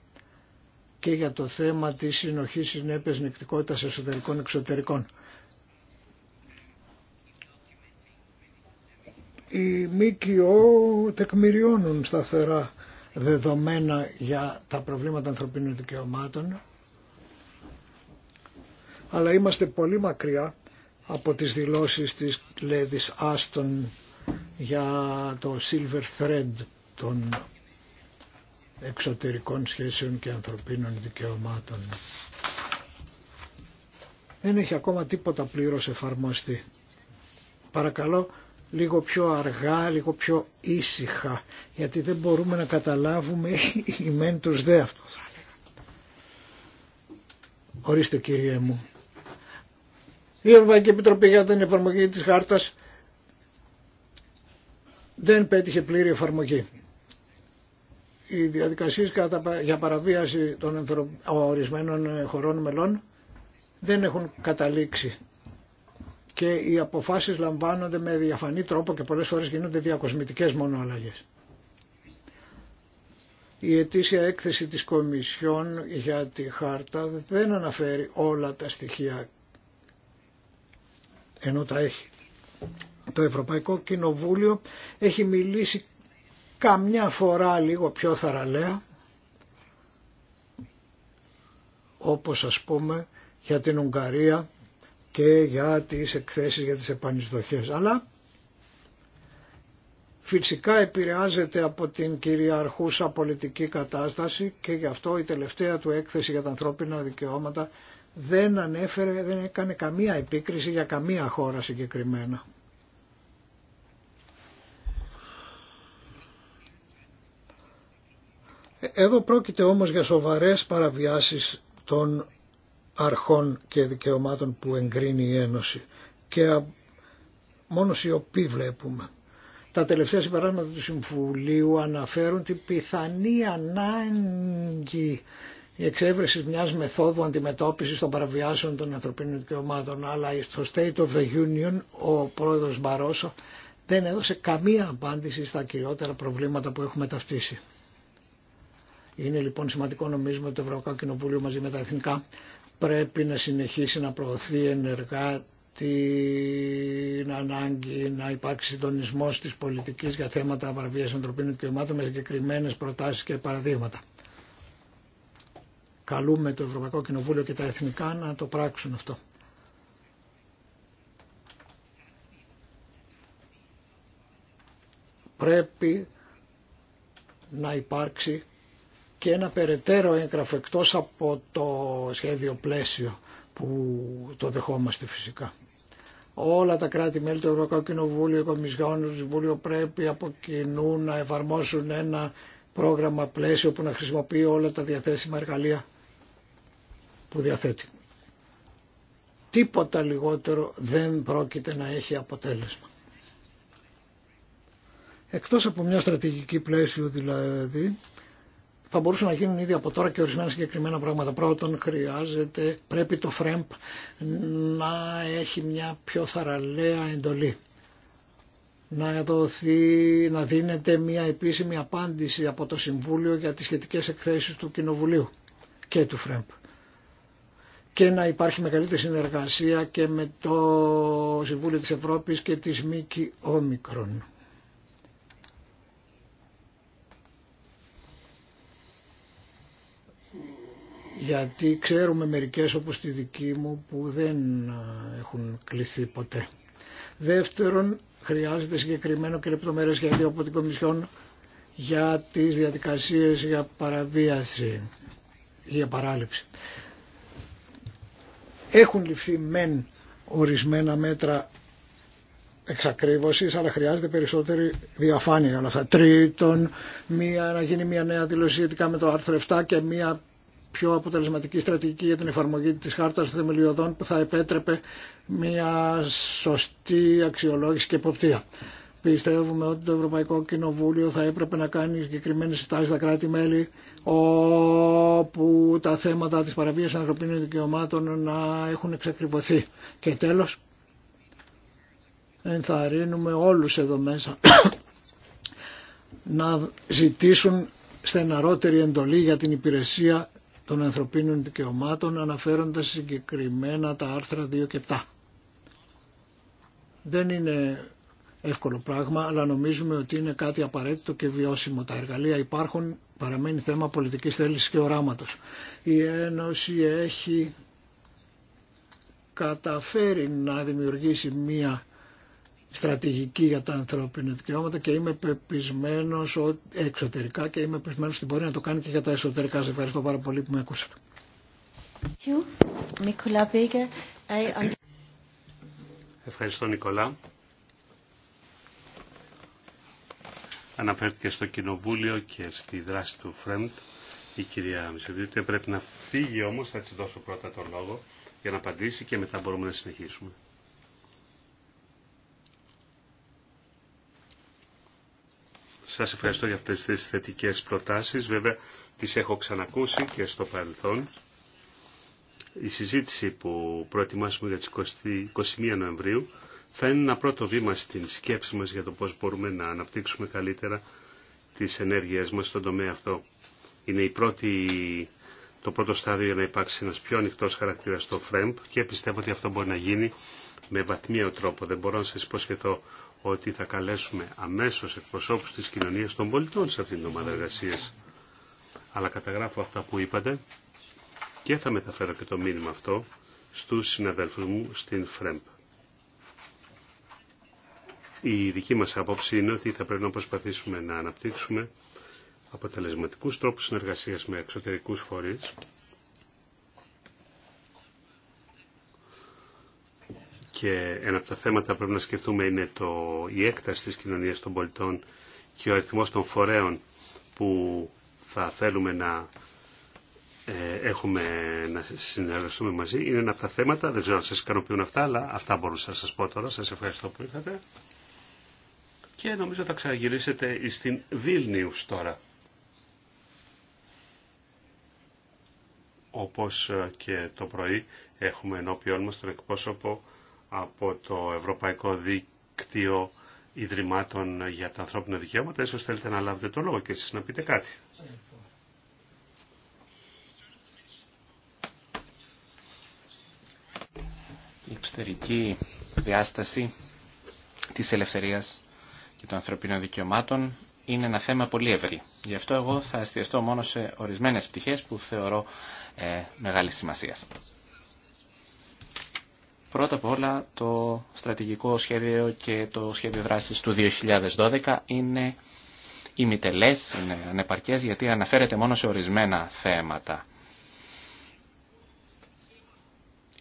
και για το θέμα της συνοχής συνέπειας νεκτικότητας εσωτερικών εξωτερικών. Οι ΜΚΟ τεκμηριώνουν σταθερά δεδομένα για τα προβλήματα ανθρωπίνων δικαιωμάτων, αλλά είμαστε πολύ μακριά από τις δηλώσεις της Λέδης Άστον για το Silver Thread των εξωτερικών σχέσεων και ανθρωπίνων δικαιωμάτων. Δεν έχει ακόμα τίποτα πλήρως εφαρμοστεί. Παρακαλώ λίγο πιο αργά, λίγο πιο ήσυχα, γιατί δεν μπορούμε να καταλάβουμε η <laughs> μεν δε αυτό Ορίστε κύριε μου. Η Ευρωπαϊκή Επιτροπή για την εφαρμογή της χάρτας δεν πέτυχε πλήρη εφαρμογή. Οι διαδικασίες για παραβίαση των ορισμένων ε, χωρών μελών δεν έχουν καταλήξει και οι αποφάσεις λαμβάνονται με διαφανή τρόπο και πολλές φορές γίνονται διακοσμητικές μόνο αλλαγές. Η ετήσια έκθεση της Κομισιόν για τη Χάρτα δεν αναφέρει όλα τα στοιχεία ενώ τα έχει. Το Ευρωπαϊκό Κοινοβούλιο έχει μιλήσει καμιά φορά λίγο πιο θαραλέα, όπως ας πούμε για την Ουγγαρία και για τις εκθέσεις για τις επανεισδοχές. Αλλά φυσικά επηρεάζεται από την κυριαρχούσα πολιτική κατάσταση και γι' αυτό η τελευταία του έκθεση για τα ανθρώπινα δικαιώματα δεν ανέφερε, δεν έκανε καμία επίκριση για καμία χώρα συγκεκριμένα. Εδώ πρόκειται όμως για σοβαρές παραβιάσεις των αρχών και δικαιωμάτων που εγκρίνει η Ένωση και μόνο οποίοι βλέπουμε. Τα τελευταία συμπεράσματα του Συμβουλίου αναφέρουν την πιθανή ανάγκη η εξέβρεση μιας μεθόδου αντιμετώπισης των παραβιάσεων των ανθρωπίνων δικαιωμάτων, αλλά στο State of the Union ο πρόεδρος Μπαρόσο δεν έδωσε καμία απάντηση στα κυριότερα προβλήματα που έχουμε ταυτίσει. Είναι λοιπόν σημαντικό νομίζουμε ότι το Ευρωπαϊκό Κοινοβούλιο μαζί με τα εθνικά πρέπει να συνεχίσει να προωθεί ενεργά την ανάγκη να υπάρξει συντονισμό τη πολιτική για θέματα βαρβία ανθρωπίνων δικαιωμάτων με συγκεκριμένε προτάσει και παραδείγματα. Καλούμε το Ευρωπαϊκό Κοινοβούλιο και τα εθνικά να το πράξουν αυτό. Πρέπει να υπάρξει και ένα περαιτέρω έγγραφο εκτός από το σχέδιο πλαίσιο που το δεχόμαστε φυσικά. Όλα τα κράτη-μέλη του Ευρωπαϊκού Κοινοβούλιο, του Συμβούλιο πρέπει από κοινού να εφαρμόσουν ένα πρόγραμμα πλαίσιο που να χρησιμοποιεί όλα τα διαθέσιμα εργαλεία που διαθέτει. Τίποτα λιγότερο δεν πρόκειται να έχει αποτέλεσμα. Εκτός από μια στρατηγική πλαίσιο δηλαδή, θα μπορούσαν να γίνουν ήδη από τώρα και ορισμένα συγκεκριμένα πράγματα. Πρώτον, χρειάζεται, πρέπει το ΦΡΕΜΠ να έχει μια πιο θαραλέα εντολή. Να, δοθεί, να δίνεται μια επίσημη απάντηση από το Συμβούλιο για τις σχετικές εκθέσεις του Κοινοβουλίου και του ΦΡΕΜΠ. Και να υπάρχει μεγαλύτερη συνεργασία και με το Συμβούλιο της Ευρώπης και της ΜΚΙ γιατί ξέρουμε μερικές όπως τη δική μου που δεν έχουν κληθεί ποτέ. Δεύτερον, χρειάζεται συγκεκριμένο και λεπτομέρειες σχέδιο από την Κομισιόν για τις διαδικασίες για παραβίαση, για παράληψη. Έχουν ληφθεί μεν ορισμένα μέτρα εξακρίβωσης, αλλά χρειάζεται περισσότερη διαφάνεια όλα αυτά. Αλλά θα να γίνει μια νέα δήλωση σχετικά με το άρθρο 7 και μία πιο αποτελεσματική στρατηγική για την εφαρμογή της χάρτας των θεμελιωδών που θα επέτρεπε μια σωστή αξιολόγηση και υποπτία. Πιστεύουμε ότι το Ευρωπαϊκό Κοινοβούλιο θα έπρεπε να κάνει συγκεκριμένε συστάσει στα κράτη-μέλη όπου τα θέματα της παραβίασης ανθρωπίνων δικαιωμάτων να έχουν εξακριβωθεί. Και τέλος, ενθαρρύνουμε όλους εδώ μέσα να ζητήσουν στεναρότερη εντολή για την υπηρεσία των ανθρωπίνων δικαιωμάτων αναφέροντας συγκεκριμένα τα άρθρα 2 και 7. Δεν είναι εύκολο πράγμα, αλλά νομίζουμε ότι είναι κάτι απαραίτητο και βιώσιμο. Τα εργαλεία υπάρχουν, παραμένει θέμα πολιτικής θέλησης και οράματος. Η Ένωση έχει καταφέρει να δημιουργήσει μία στρατηγική για τα ανθρώπινα δικαιώματα και είμαι πεπισμένο εξωτερικά και είμαι πεπισμένο ότι μπορεί να το κάνει και για τα εσωτερικά. Σα ευχαριστώ πάρα πολύ που με ακούσατε. Ευχαριστώ Νικολά. Αναφέρθηκε στο Κοινοβούλιο και στη δράση του ΦΡΕΜΤ η κυρία Μισελίτη. Πρέπει να φύγει όμως, θα της δώσω πρώτα τον λόγο για να απαντήσει και μετά μπορούμε να συνεχίσουμε. Σας ευχαριστώ για αυτές τις θετικές προτάσεις. Βέβαια, τις έχω ξανακούσει και στο παρελθόν. Η συζήτηση που προετοιμάσουμε για τις 21 Νοεμβρίου θα είναι ένα πρώτο βήμα στην σκέψη μας για το πώς μπορούμε να αναπτύξουμε καλύτερα τις ενέργειές μας στον τομέα αυτό. Είναι η πρώτη, το πρώτο στάδιο για να υπάρξει ένας πιο ανοιχτός χαρακτήρας στο ΦΡΕΜΠ e και πιστεύω ότι αυτό μπορεί να γίνει με βαθμίο τρόπο. Δεν μπορώ να σας υποσχεθώ ότι θα καλέσουμε αμέσως εκπροσώπους της κοινωνίας των πολιτών σε αυτήν την ομάδα εργασία. Αλλά καταγράφω αυτά που είπατε και θα μεταφέρω και το μήνυμα αυτό στους συναδέλφους μου στην ΦΡΕΜΠ. Η δική μας άποψη είναι ότι θα πρέπει να προσπαθήσουμε να αναπτύξουμε αποτελεσματικούς τρόπους συνεργασίας με εξωτερικούς φορείς και ένα από τα θέματα που πρέπει να σκεφτούμε είναι το, η έκταση της κοινωνίας των πολιτών και ο αριθμός των φορέων που θα θέλουμε να ε, έχουμε να συνεργαστούμε μαζί. Είναι ένα από τα θέματα, δεν ξέρω αν σας ικανοποιούν αυτά, αλλά αυτά μπορούσα να σας πω τώρα. Σας ευχαριστώ που ήρθατε. Και νομίζω θα ξαναγυρίσετε στην Βίλνιους τώρα. Όπως ε, και το πρωί έχουμε ενώπιόν μας τον εκπρόσωπο από το Ευρωπαϊκό Δίκτυο Ιδρυμάτων για τα Ανθρώπινα Δικαιώματα. Ίσως θέλετε να λάβετε το λόγο και εσείς να πείτε κάτι. Η εξωτερική διάσταση της ελευθερίας και των ανθρωπίνων δικαιωμάτων είναι ένα θέμα πολύ ευρύ. Γι' αυτό εγώ θα εστιαστώ μόνο σε ορισμένες πτυχές που θεωρώ ε, μεγάλη σημασία. Πρώτα απ' όλα το στρατηγικό σχέδιο και το σχέδιο δράσης του 2012 είναι ημιτελές, είναι ανεπαρκές γιατί αναφέρεται μόνο σε ορισμένα θέματα.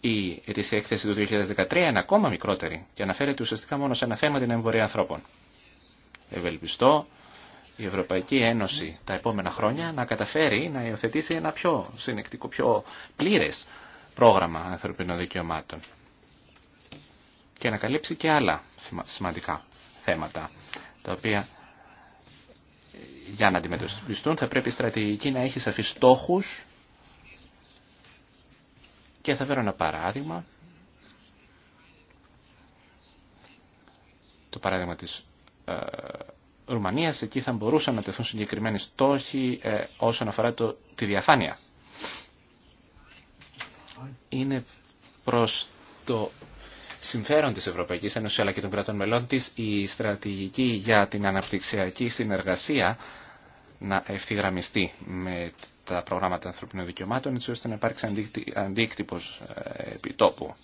Η ετήσια έκθεση του 2013 είναι ακόμα μικρότερη και αναφέρεται ουσιαστικά μόνο σε ένα θέμα την εμπορία ανθρώπων. Ευελπιστώ η Ευρωπαϊκή Ένωση τα επόμενα χρόνια να καταφέρει να υιοθετήσει ένα πιο συνεκτικό, πιο πλήρες πρόγραμμα ανθρωπινών δικαιωμάτων και να καλύψει και άλλα σημαντικά θέματα, τα οποία ε, για να αντιμετωπιστούν θα πρέπει η στρατηγική να έχει σαφείς στόχους και θα φέρω ένα παράδειγμα. Το παράδειγμα της ε, Ρουμανίας, εκεί θα μπορούσαν να τεθούν συγκεκριμένοι στόχοι ε, όσον αφορά το, τη διαφάνεια. Είναι προς το συμφέρον της Ευρωπαϊκής Ένωσης αλλά και των κρατών μελών της η στρατηγική για την αναπτυξιακή συνεργασία να ευθυγραμμιστεί με τα προγράμματα ανθρωπινών δικαιωμάτων έτσι ώστε να υπάρξει αντίκτυπος ε, επιτόπου.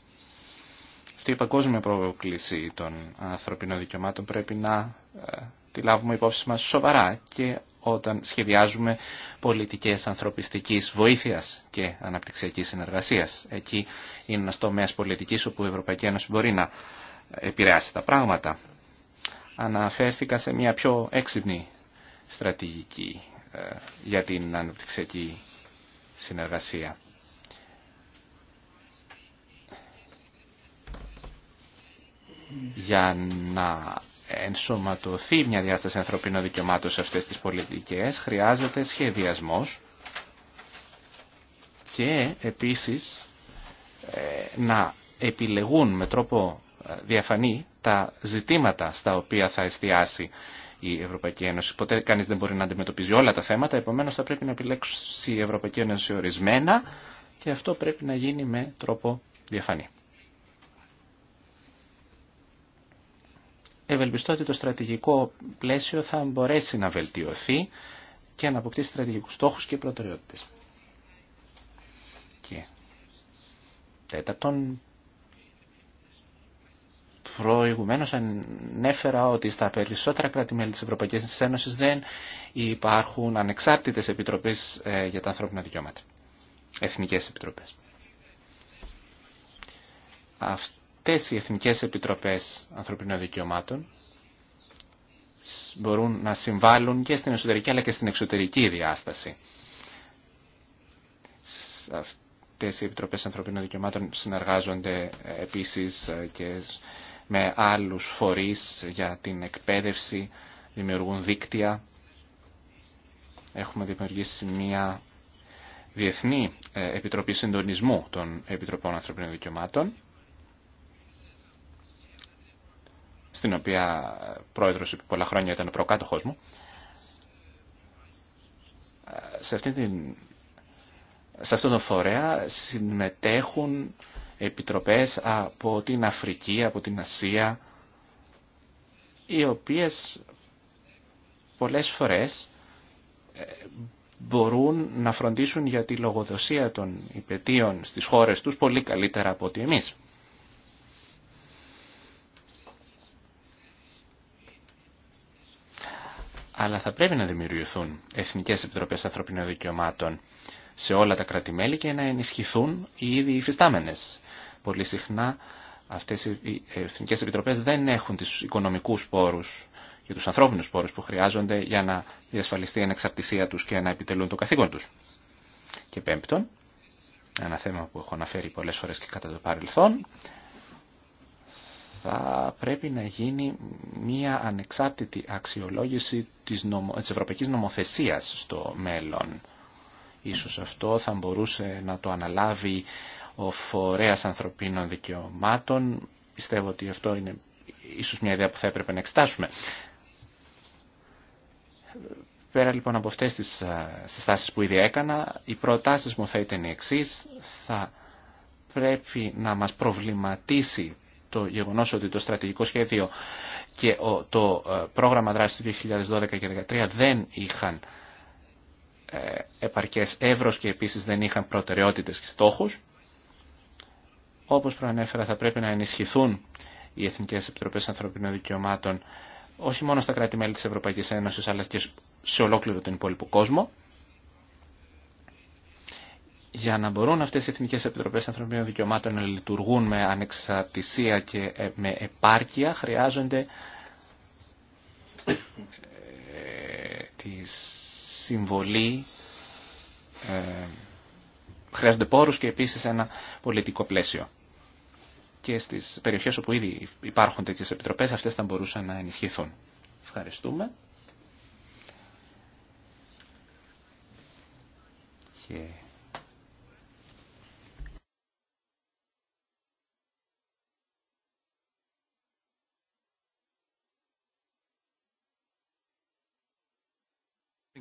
Αυτή η παγκόσμια πρόκληση των ανθρωπινών δικαιωμάτων πρέπει να ε, τη λάβουμε υπόψη μας σοβαρά και όταν σχεδιάζουμε πολιτικές ανθρωπιστικής βοήθειας και αναπτυξιακής συνεργασίας. Εκεί είναι ένας τομέας πολιτικής όπου η Ευρωπαϊκή Ένωση μπορεί να επηρεάσει τα πράγματα. Αναφέρθηκα σε μια πιο έξυπνη στρατηγική ε, για την αναπτυξιακή συνεργασία. Για να ενσωματωθεί μια διάσταση ανθρωπίνων δικαιωμάτων σε αυτές τις πολιτικές, χρειάζεται σχεδιασμός και επίσης ε, να επιλεγούν με τρόπο ε, διαφανή τα ζητήματα στα οποία θα εστιάσει η Ευρωπαϊκή Ένωση. Ποτέ κανείς δεν μπορεί να αντιμετωπίζει όλα τα θέματα, επομένως θα πρέπει να επιλέξει η Ευρωπαϊκή Ένωση ορισμένα και αυτό πρέπει να γίνει με τρόπο διαφανή. ευελπιστώ ότι το στρατηγικό πλαίσιο θα μπορέσει να βελτιωθεί και να αποκτήσει στρατηγικούς στόχους και προτεραιότητες. Και τέταρτον, προηγουμένως ανέφερα ότι στα περισσότερα κράτη-μέλη της Ευρωπαϊκής Ένωσης δεν υπάρχουν ανεξάρτητες επιτροπές ε, για τα ανθρώπινα δικαιώματα. Εθνικές επιτροπές αυτές οι Εθνικές Επιτροπές Ανθρωπινών Δικαιωμάτων μπορούν να συμβάλλουν και στην εσωτερική αλλά και στην εξωτερική διάσταση. Αυτές οι Επιτροπές Ανθρωπινών Δικαιωμάτων συνεργάζονται ε, επίσης ε, και με άλλους φορείς για την εκπαίδευση, δημιουργούν δίκτυα. Έχουμε δημιουργήσει μια Διεθνή ε, Επιτροπή Συντονισμού των Επιτροπών Ανθρωπίνων Δικαιωμάτων στην οποία πρόεδρος πολλά χρόνια ήταν ο προκάτοχός μου. Σε, αυτή την, σε αυτόν τον φορέα συμμετέχουν επιτροπές από την Αφρική, από την Ασία, οι οποίες πολλές φορές ε, μπορούν να φροντίσουν για τη λογοδοσία των υπετίων στις χώρες τους πολύ καλύτερα από ότι εμείς. αλλά θα πρέπει να δημιουργηθούν εθνικές επιτροπές ανθρωπινών δικαιωμάτων σε όλα τα κρατη και να ενισχυθούν οι ήδη υφιστάμενες. Πολύ συχνά αυτές οι εθνικές επιτροπές δεν έχουν τους οικονομικούς πόρους και τους ανθρώπινους πόρους που χρειάζονται για να διασφαλιστεί η ανεξαρτησία τους και να επιτελούν το καθήκον τους. Και πέμπτον, ένα θέμα που έχω αναφέρει πολλές φορές και κατά το παρελθόν, θα πρέπει να γίνει μία ανεξάρτητη αξιολόγηση της, νομο... της ευρωπαϊκής νομοθεσίας στο μέλλον. Ίσως αυτό θα μπορούσε να το αναλάβει ο Φορέας Ανθρωπίνων Δικαιωμάτων. Πιστεύω ότι αυτό είναι ίσως μια ιδέα που θα έπρεπε να εξετάσουμε. Πέρα λοιπόν από αυτές τις συστάσεις που ήδη έκανα, οι προτάσεις μου θα ήταν οι εξής. Θα πρέπει να μας προβληματίσει το γεγονός ότι το στρατηγικό σχέδιο και το ε, πρόγραμμα δράσης του 2012 και 2013 δεν είχαν ε, επαρκές εύρος και επίσης δεν είχαν προτεραιότητες και στόχους. Όπως προανέφερα θα πρέπει να ενισχυθούν οι Εθνικές Επιτροπές Ανθρωπινών Δικαιωμάτων όχι μόνο στα κράτη-μέλη της Ευρωπαϊκής Ένωσης αλλά και σε ολόκληρο τον υπόλοιπο κόσμο για να μπορούν αυτές οι Εθνικές Επιτροπές Ανθρωπίνων Δικαιωμάτων να λειτουργούν με ανεξαρτησία και ε, με επάρκεια, χρειάζονται ε, τη συμβολή, ε, χρειάζονται πόρους και επίσης ένα πολιτικό πλαίσιο. Και στις περιοχές όπου ήδη υπάρχουν τέτοιες επιτροπές, αυτές θα μπορούσαν να ενισχυθούν. Ευχαριστούμε.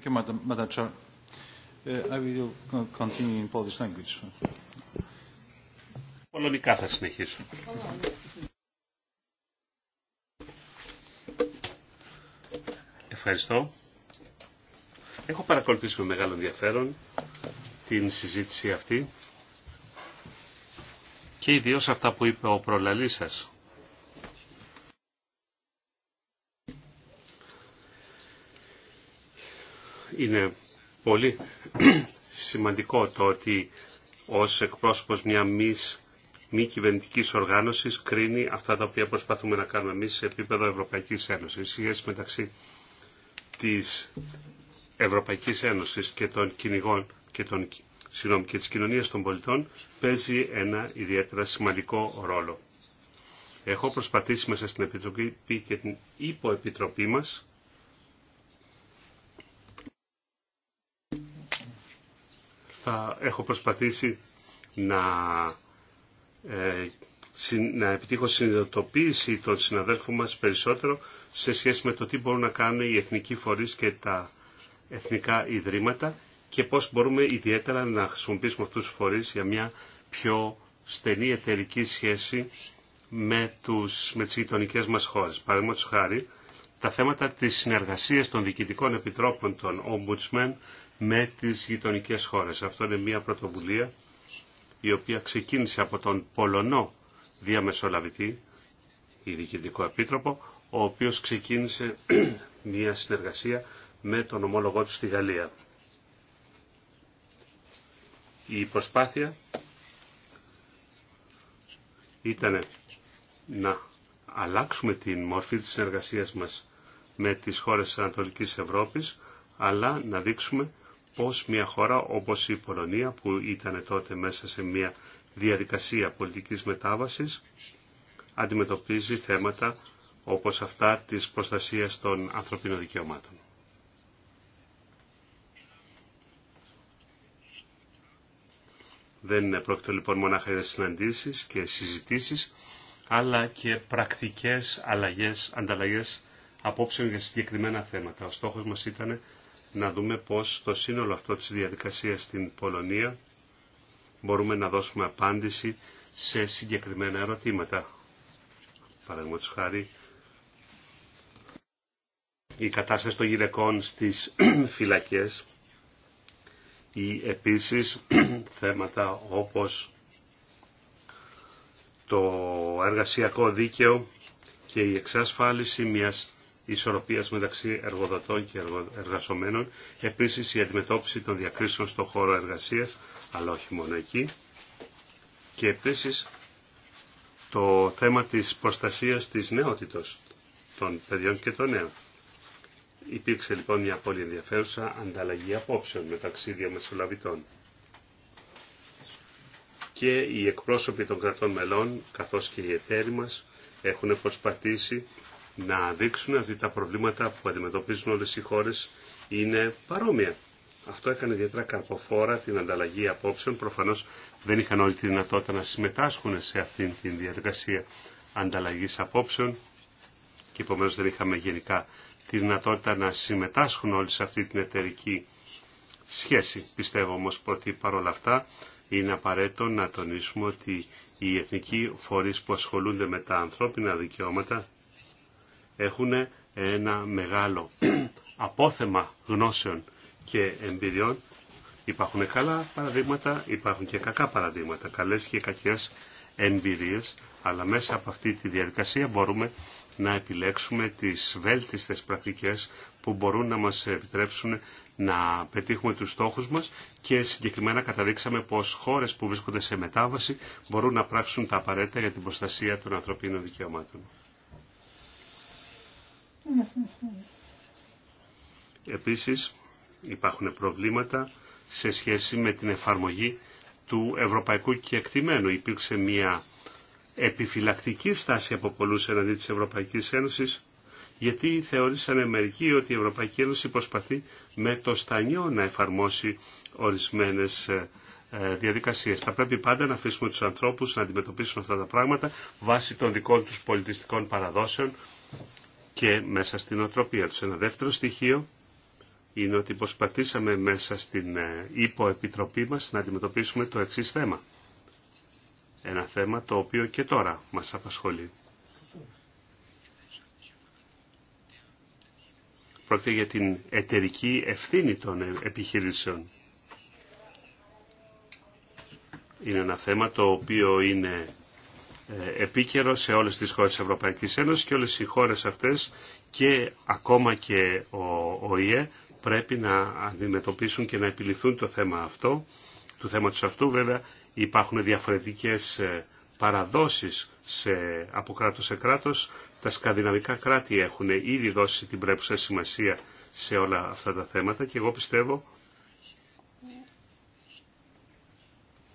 Thank you, Madam, Madam Chair. Uh, I will continue in Polish language. Πολωνικά θα συνεχίσω. Ευχαριστώ. Έχω παρακολουθήσει με μεγάλο ενδιαφέρον την συζήτηση αυτή και ιδίως αυτά που είπε ο προλαλής σας. είναι πολύ σημαντικό το ότι ως εκπρόσωπος μια μης μη κυβερνητική οργάνωση κρίνει αυτά τα οποία προσπαθούμε να κάνουμε εμεί σε επίπεδο Ευρωπαϊκή Ένωση. Η σχέση μεταξύ τη Ευρωπαϊκή Ένωση και των κυνηγών και, των, συγγνώμη, και της κοινωνίας των πολιτών παίζει ένα ιδιαίτερα σημαντικό ρόλο. Έχω προσπαθήσει μέσα στην Επιτροπή και την υποεπιτροπή μας θα έχω προσπαθήσει ε, να, επιτύχω συνειδητοποίηση των συναδέλφων μας περισσότερο σε σχέση με το τι μπορούν να κάνουν οι εθνικοί φορείς και τα εθνικά ιδρύματα και πώς μπορούμε ιδιαίτερα να χρησιμοποιήσουμε αυτούς τους φορείς για μια πιο στενή εταιρική σχέση με, τους, με τις γειτονικέ μας χώρες. Παραδείγματος χάρη, τα θέματα της συνεργασίας των διοικητικών επιτρόπων των Ombudsman με τις γειτονικέ χώρες. Αυτό είναι μια πρωτοβουλία η οποία ξεκίνησε από τον Πολωνό διαμεσολαβητή, η Διοικητικό Επίτροπο, ο οποίος ξεκίνησε <clears throat> μια συνεργασία με τον ομόλογό του στη Γαλλία. Η προσπάθεια ήταν να αλλάξουμε την μορφή της συνεργασίας μας με τις χώρες της Ανατολικής Ευρώπης, αλλά να δείξουμε πως μια χώρα όπως η Πολωνία που ήταν τότε μέσα σε μια διαδικασία πολιτικής μετάβασης αντιμετωπίζει θέματα όπως αυτά της προστασίας των ανθρωπίνων δικαιωμάτων. Δεν είναι λοιπόν μονάχα για συναντήσεις και συζητήσεις, αλλά και πρακτικές αλλαγές, ανταλλαγές απόψεων για συγκεκριμένα θέματα. Ο στόχος μας ήταν να δούμε πώς στο σύνολο αυτό της διαδικασίας στην Πολωνία μπορούμε να δώσουμε απάντηση σε συγκεκριμένα ερωτήματα. Παραδείγματος χάρη, η κατάσταση των γυναικών στις <clears throat> φυλακές ή επίσης <clears throat> θέματα όπως το εργασιακό δίκαιο και η εξασφάλιση μιας ισορροπίας μεταξύ εργοδοτών και εργασομένων επίσης η αντιμετώπιση των διακρίσεων στον χώρο εργασίας, αλλά όχι μόνο εκεί, και επίσης το θέμα της προστασίας της νεότητος των παιδιών και των νέων. Υπήρξε λοιπόν μια πολύ ενδιαφέρουσα ανταλλαγή απόψεων μεταξύ διαμεσολαβητών. Και οι εκπρόσωποι των κρατών μελών, καθώς και οι εταίροι μας, έχουν προσπαθήσει να δείξουν ότι τα προβλήματα που αντιμετωπίζουν όλες οι χώρες είναι παρόμοια. Αυτό έκανε ιδιαίτερα καρποφόρα την ανταλλαγή απόψεων. Προφανώς δεν είχαν όλη τη δυνατότητα να συμμετάσχουν σε αυτή την διαδικασία ανταλλαγής απόψεων και επομένως δεν είχαμε γενικά τη δυνατότητα να συμμετάσχουν όλοι σε αυτή την εταιρική σχέση. Πιστεύω όμως ότι παρόλα αυτά είναι απαραίτητο να τονίσουμε ότι οι εθνικοί φορείς που ασχολούνται με τα ανθρώπινα δικαιώματα έχουν ένα μεγάλο απόθεμα γνώσεων και εμπειριών. Υπάρχουν καλά παραδείγματα, υπάρχουν και κακά παραδείγματα, καλές και κακές εμπειρίες, αλλά μέσα από αυτή τη διαδικασία μπορούμε να επιλέξουμε τις βέλτιστες πρακτικές που μπορούν να μας επιτρέψουν να πετύχουμε τους στόχους μας και συγκεκριμένα καταδείξαμε πως χώρες που βρίσκονται σε μετάβαση μπορούν να πράξουν τα απαραίτητα για την προστασία των ανθρωπίνων δικαιωμάτων. Επίσης υπάρχουν προβλήματα σε σχέση με την εφαρμογή του ευρωπαϊκού κεκτημένου. Υπήρξε μια επιφυλακτική στάση από πολλούς εναντί της Ευρωπαϊκής Ένωσης γιατί θεωρήσανε μερικοί ότι η Ευρωπαϊκή Ένωση προσπαθεί με το στανιό να εφαρμόσει ορισμένες ε, ε, διαδικασίες. Θα πρέπει πάντα να αφήσουμε τους ανθρώπους να αντιμετωπίσουν αυτά τα πράγματα βάσει των δικών τους πολιτιστικών παραδόσεων και μέσα στην οτροπία Του Ένα δεύτερο στοιχείο είναι ότι προσπαθήσαμε μέσα στην ε, υποεπιτροπή μας να αντιμετωπίσουμε το εξής θέμα. Ένα θέμα το οποίο και τώρα μας απασχολεί. Πρόκειται για την εταιρική ευθύνη των ε, επιχειρήσεων. Είναι ένα θέμα το οποίο είναι ε, επίκαιρο σε όλες τις χώρες της Ευρωπαϊκής Ένωσης και όλες οι χώρες αυτές και ακόμα και ο ΙΕ πρέπει να αντιμετωπίσουν και να επιληθούν το θέμα αυτό. Του θέματος αυτού βέβαια υπάρχουν διαφορετικές ε, παραδόσεις σε, από κράτος σε κράτος. Τα σκανδιναβικά κράτη έχουν ήδη δώσει την πρέπουσα σημασία σε όλα αυτά τα θέματα και εγώ πιστεύω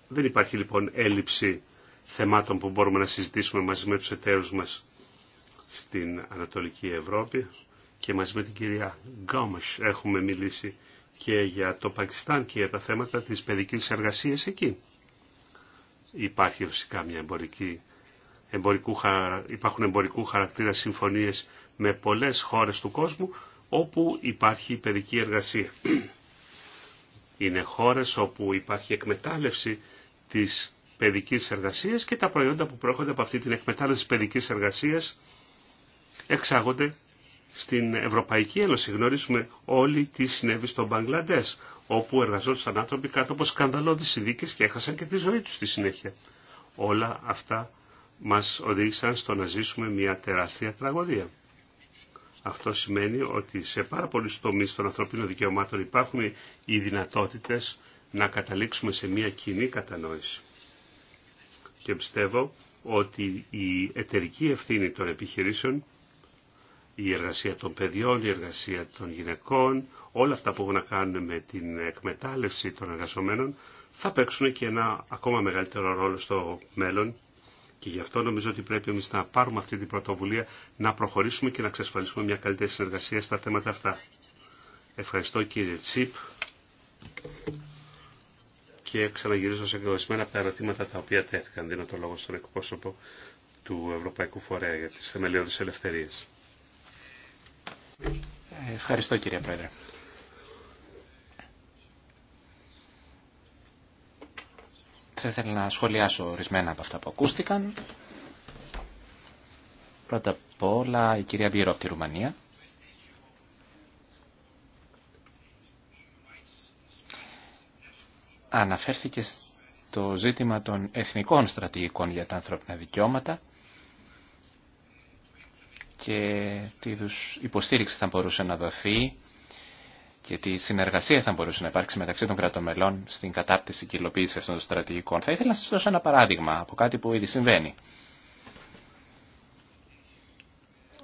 δεν υπάρχει λοιπόν έλλειψη θεμάτων που μπορούμε να συζητήσουμε μαζί με τους εταίρους μας στην Ανατολική Ευρώπη και μαζί με την κυρία Γκόμες έχουμε μιλήσει και για το Πακιστάν και για τα θέματα της παιδικής εργασίας εκεί. Υπάρχει φυσικά μια εμπορική, εμπορικού, υπάρχουν εμπορικού χαρακτήρα συμφωνίες με πολλές χώρες του κόσμου όπου υπάρχει παιδική εργασία. <clears throat> Είναι χώρες όπου υπάρχει εκμετάλλευση της παιδικής εργασίας και τα προϊόντα που προέρχονται από αυτή την εκμετάλλευση της παιδικής εργασίας εξάγονται στην Ευρωπαϊκή Ένωση. Γνωρίζουμε όλοι τι συνέβη στο Μπαγκλαντές, όπου εργαζόντουσαν άνθρωποι κάτω από σκανδαλώδεις συνδίκες και έχασαν και τη ζωή τους στη συνέχεια. Όλα αυτά μας οδήγησαν στο να ζήσουμε μια τεράστια τραγωδία. Αυτό σημαίνει ότι σε πάρα πολλού τομεί των ανθρωπίνων δικαιωμάτων υπάρχουν οι δυνατότητε να καταλήξουμε σε μια κοινή κατανόηση και πιστεύω ότι η εταιρική ευθύνη των επιχειρήσεων, η εργασία των παιδιών, η εργασία των γυναικών, όλα αυτά που έχουν να κάνουν με την εκμετάλλευση των εργαζομένων, θα παίξουν και ένα ακόμα μεγαλύτερο ρόλο στο μέλλον και γι' αυτό νομίζω ότι πρέπει εμεί να πάρουμε αυτή την πρωτοβουλία, να προχωρήσουμε και να εξασφαλίσουμε μια καλύτερη συνεργασία στα θέματα αυτά. Ευχαριστώ κύριε Τσίπ και ξαναγυρίζω σε ορισμένα από τα ερωτήματα τα οποία τέθηκαν. Δίνω το λόγο στον εκπρόσωπο του Ευρωπαϊκού Φορέα για τις θεμελιώδεις ελευθερίες. Ευχαριστώ κύριε Πρόεδρε. Θα ήθελα να σχολιάσω ορισμένα από αυτά που ακούστηκαν. Πρώτα απ' όλα η κυρία Μπύρο από Ρουμανία αναφέρθηκε στο ζήτημα των εθνικών στρατηγικών για τα ανθρώπινα δικαιώματα και τι είδου υποστήριξη θα μπορούσε να δοθεί και τι συνεργασία θα μπορούσε να υπάρξει μεταξύ των κρατομελών στην κατάπτυση και υλοποίηση αυτών των στρατηγικών. Θα ήθελα να σας δώσω ένα παράδειγμα από κάτι που ήδη συμβαίνει.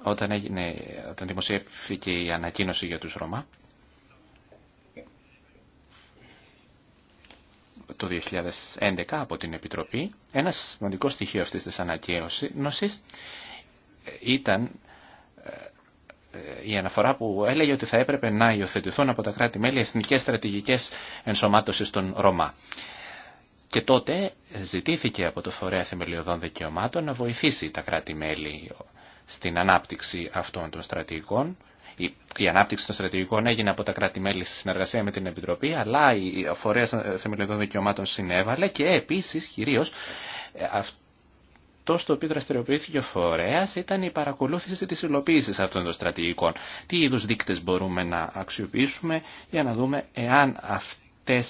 Όταν, έγινε, δημοσιεύθηκε η ανακοίνωση για τους Ρωμά, το 2011 από την Επιτροπή, ένα σημαντικό στοιχείο αυτής της ανακοίνωση ήταν ε, ε, η αναφορά που έλεγε ότι θα έπρεπε να υιοθετηθούν από τα κράτη-μέλη εθνικές στρατηγικές ενσωμάτωσης των Ρωμά. Και τότε ζητήθηκε από το Φορέα Θεμελιωδών Δικαιωμάτων να βοηθήσει τα κράτη-μέλη στην ανάπτυξη αυτών των στρατηγικών η ανάπτυξη των στρατηγικών έγινε από τα κράτη-μέλη στη συνεργασία με την Επιτροπή, αλλά η Φορέα Θεμελιωδών Δικαιωμάτων συνέβαλε και επίση κυρίω ε, αυτό στο οποίο δραστηριοποιήθηκε ο φορέα ήταν η παρακολούθηση τη υλοποίηση αυτών των στρατηγικών. Τι είδου δείκτε μπορούμε να αξιοποιήσουμε για να δούμε εάν αυτέ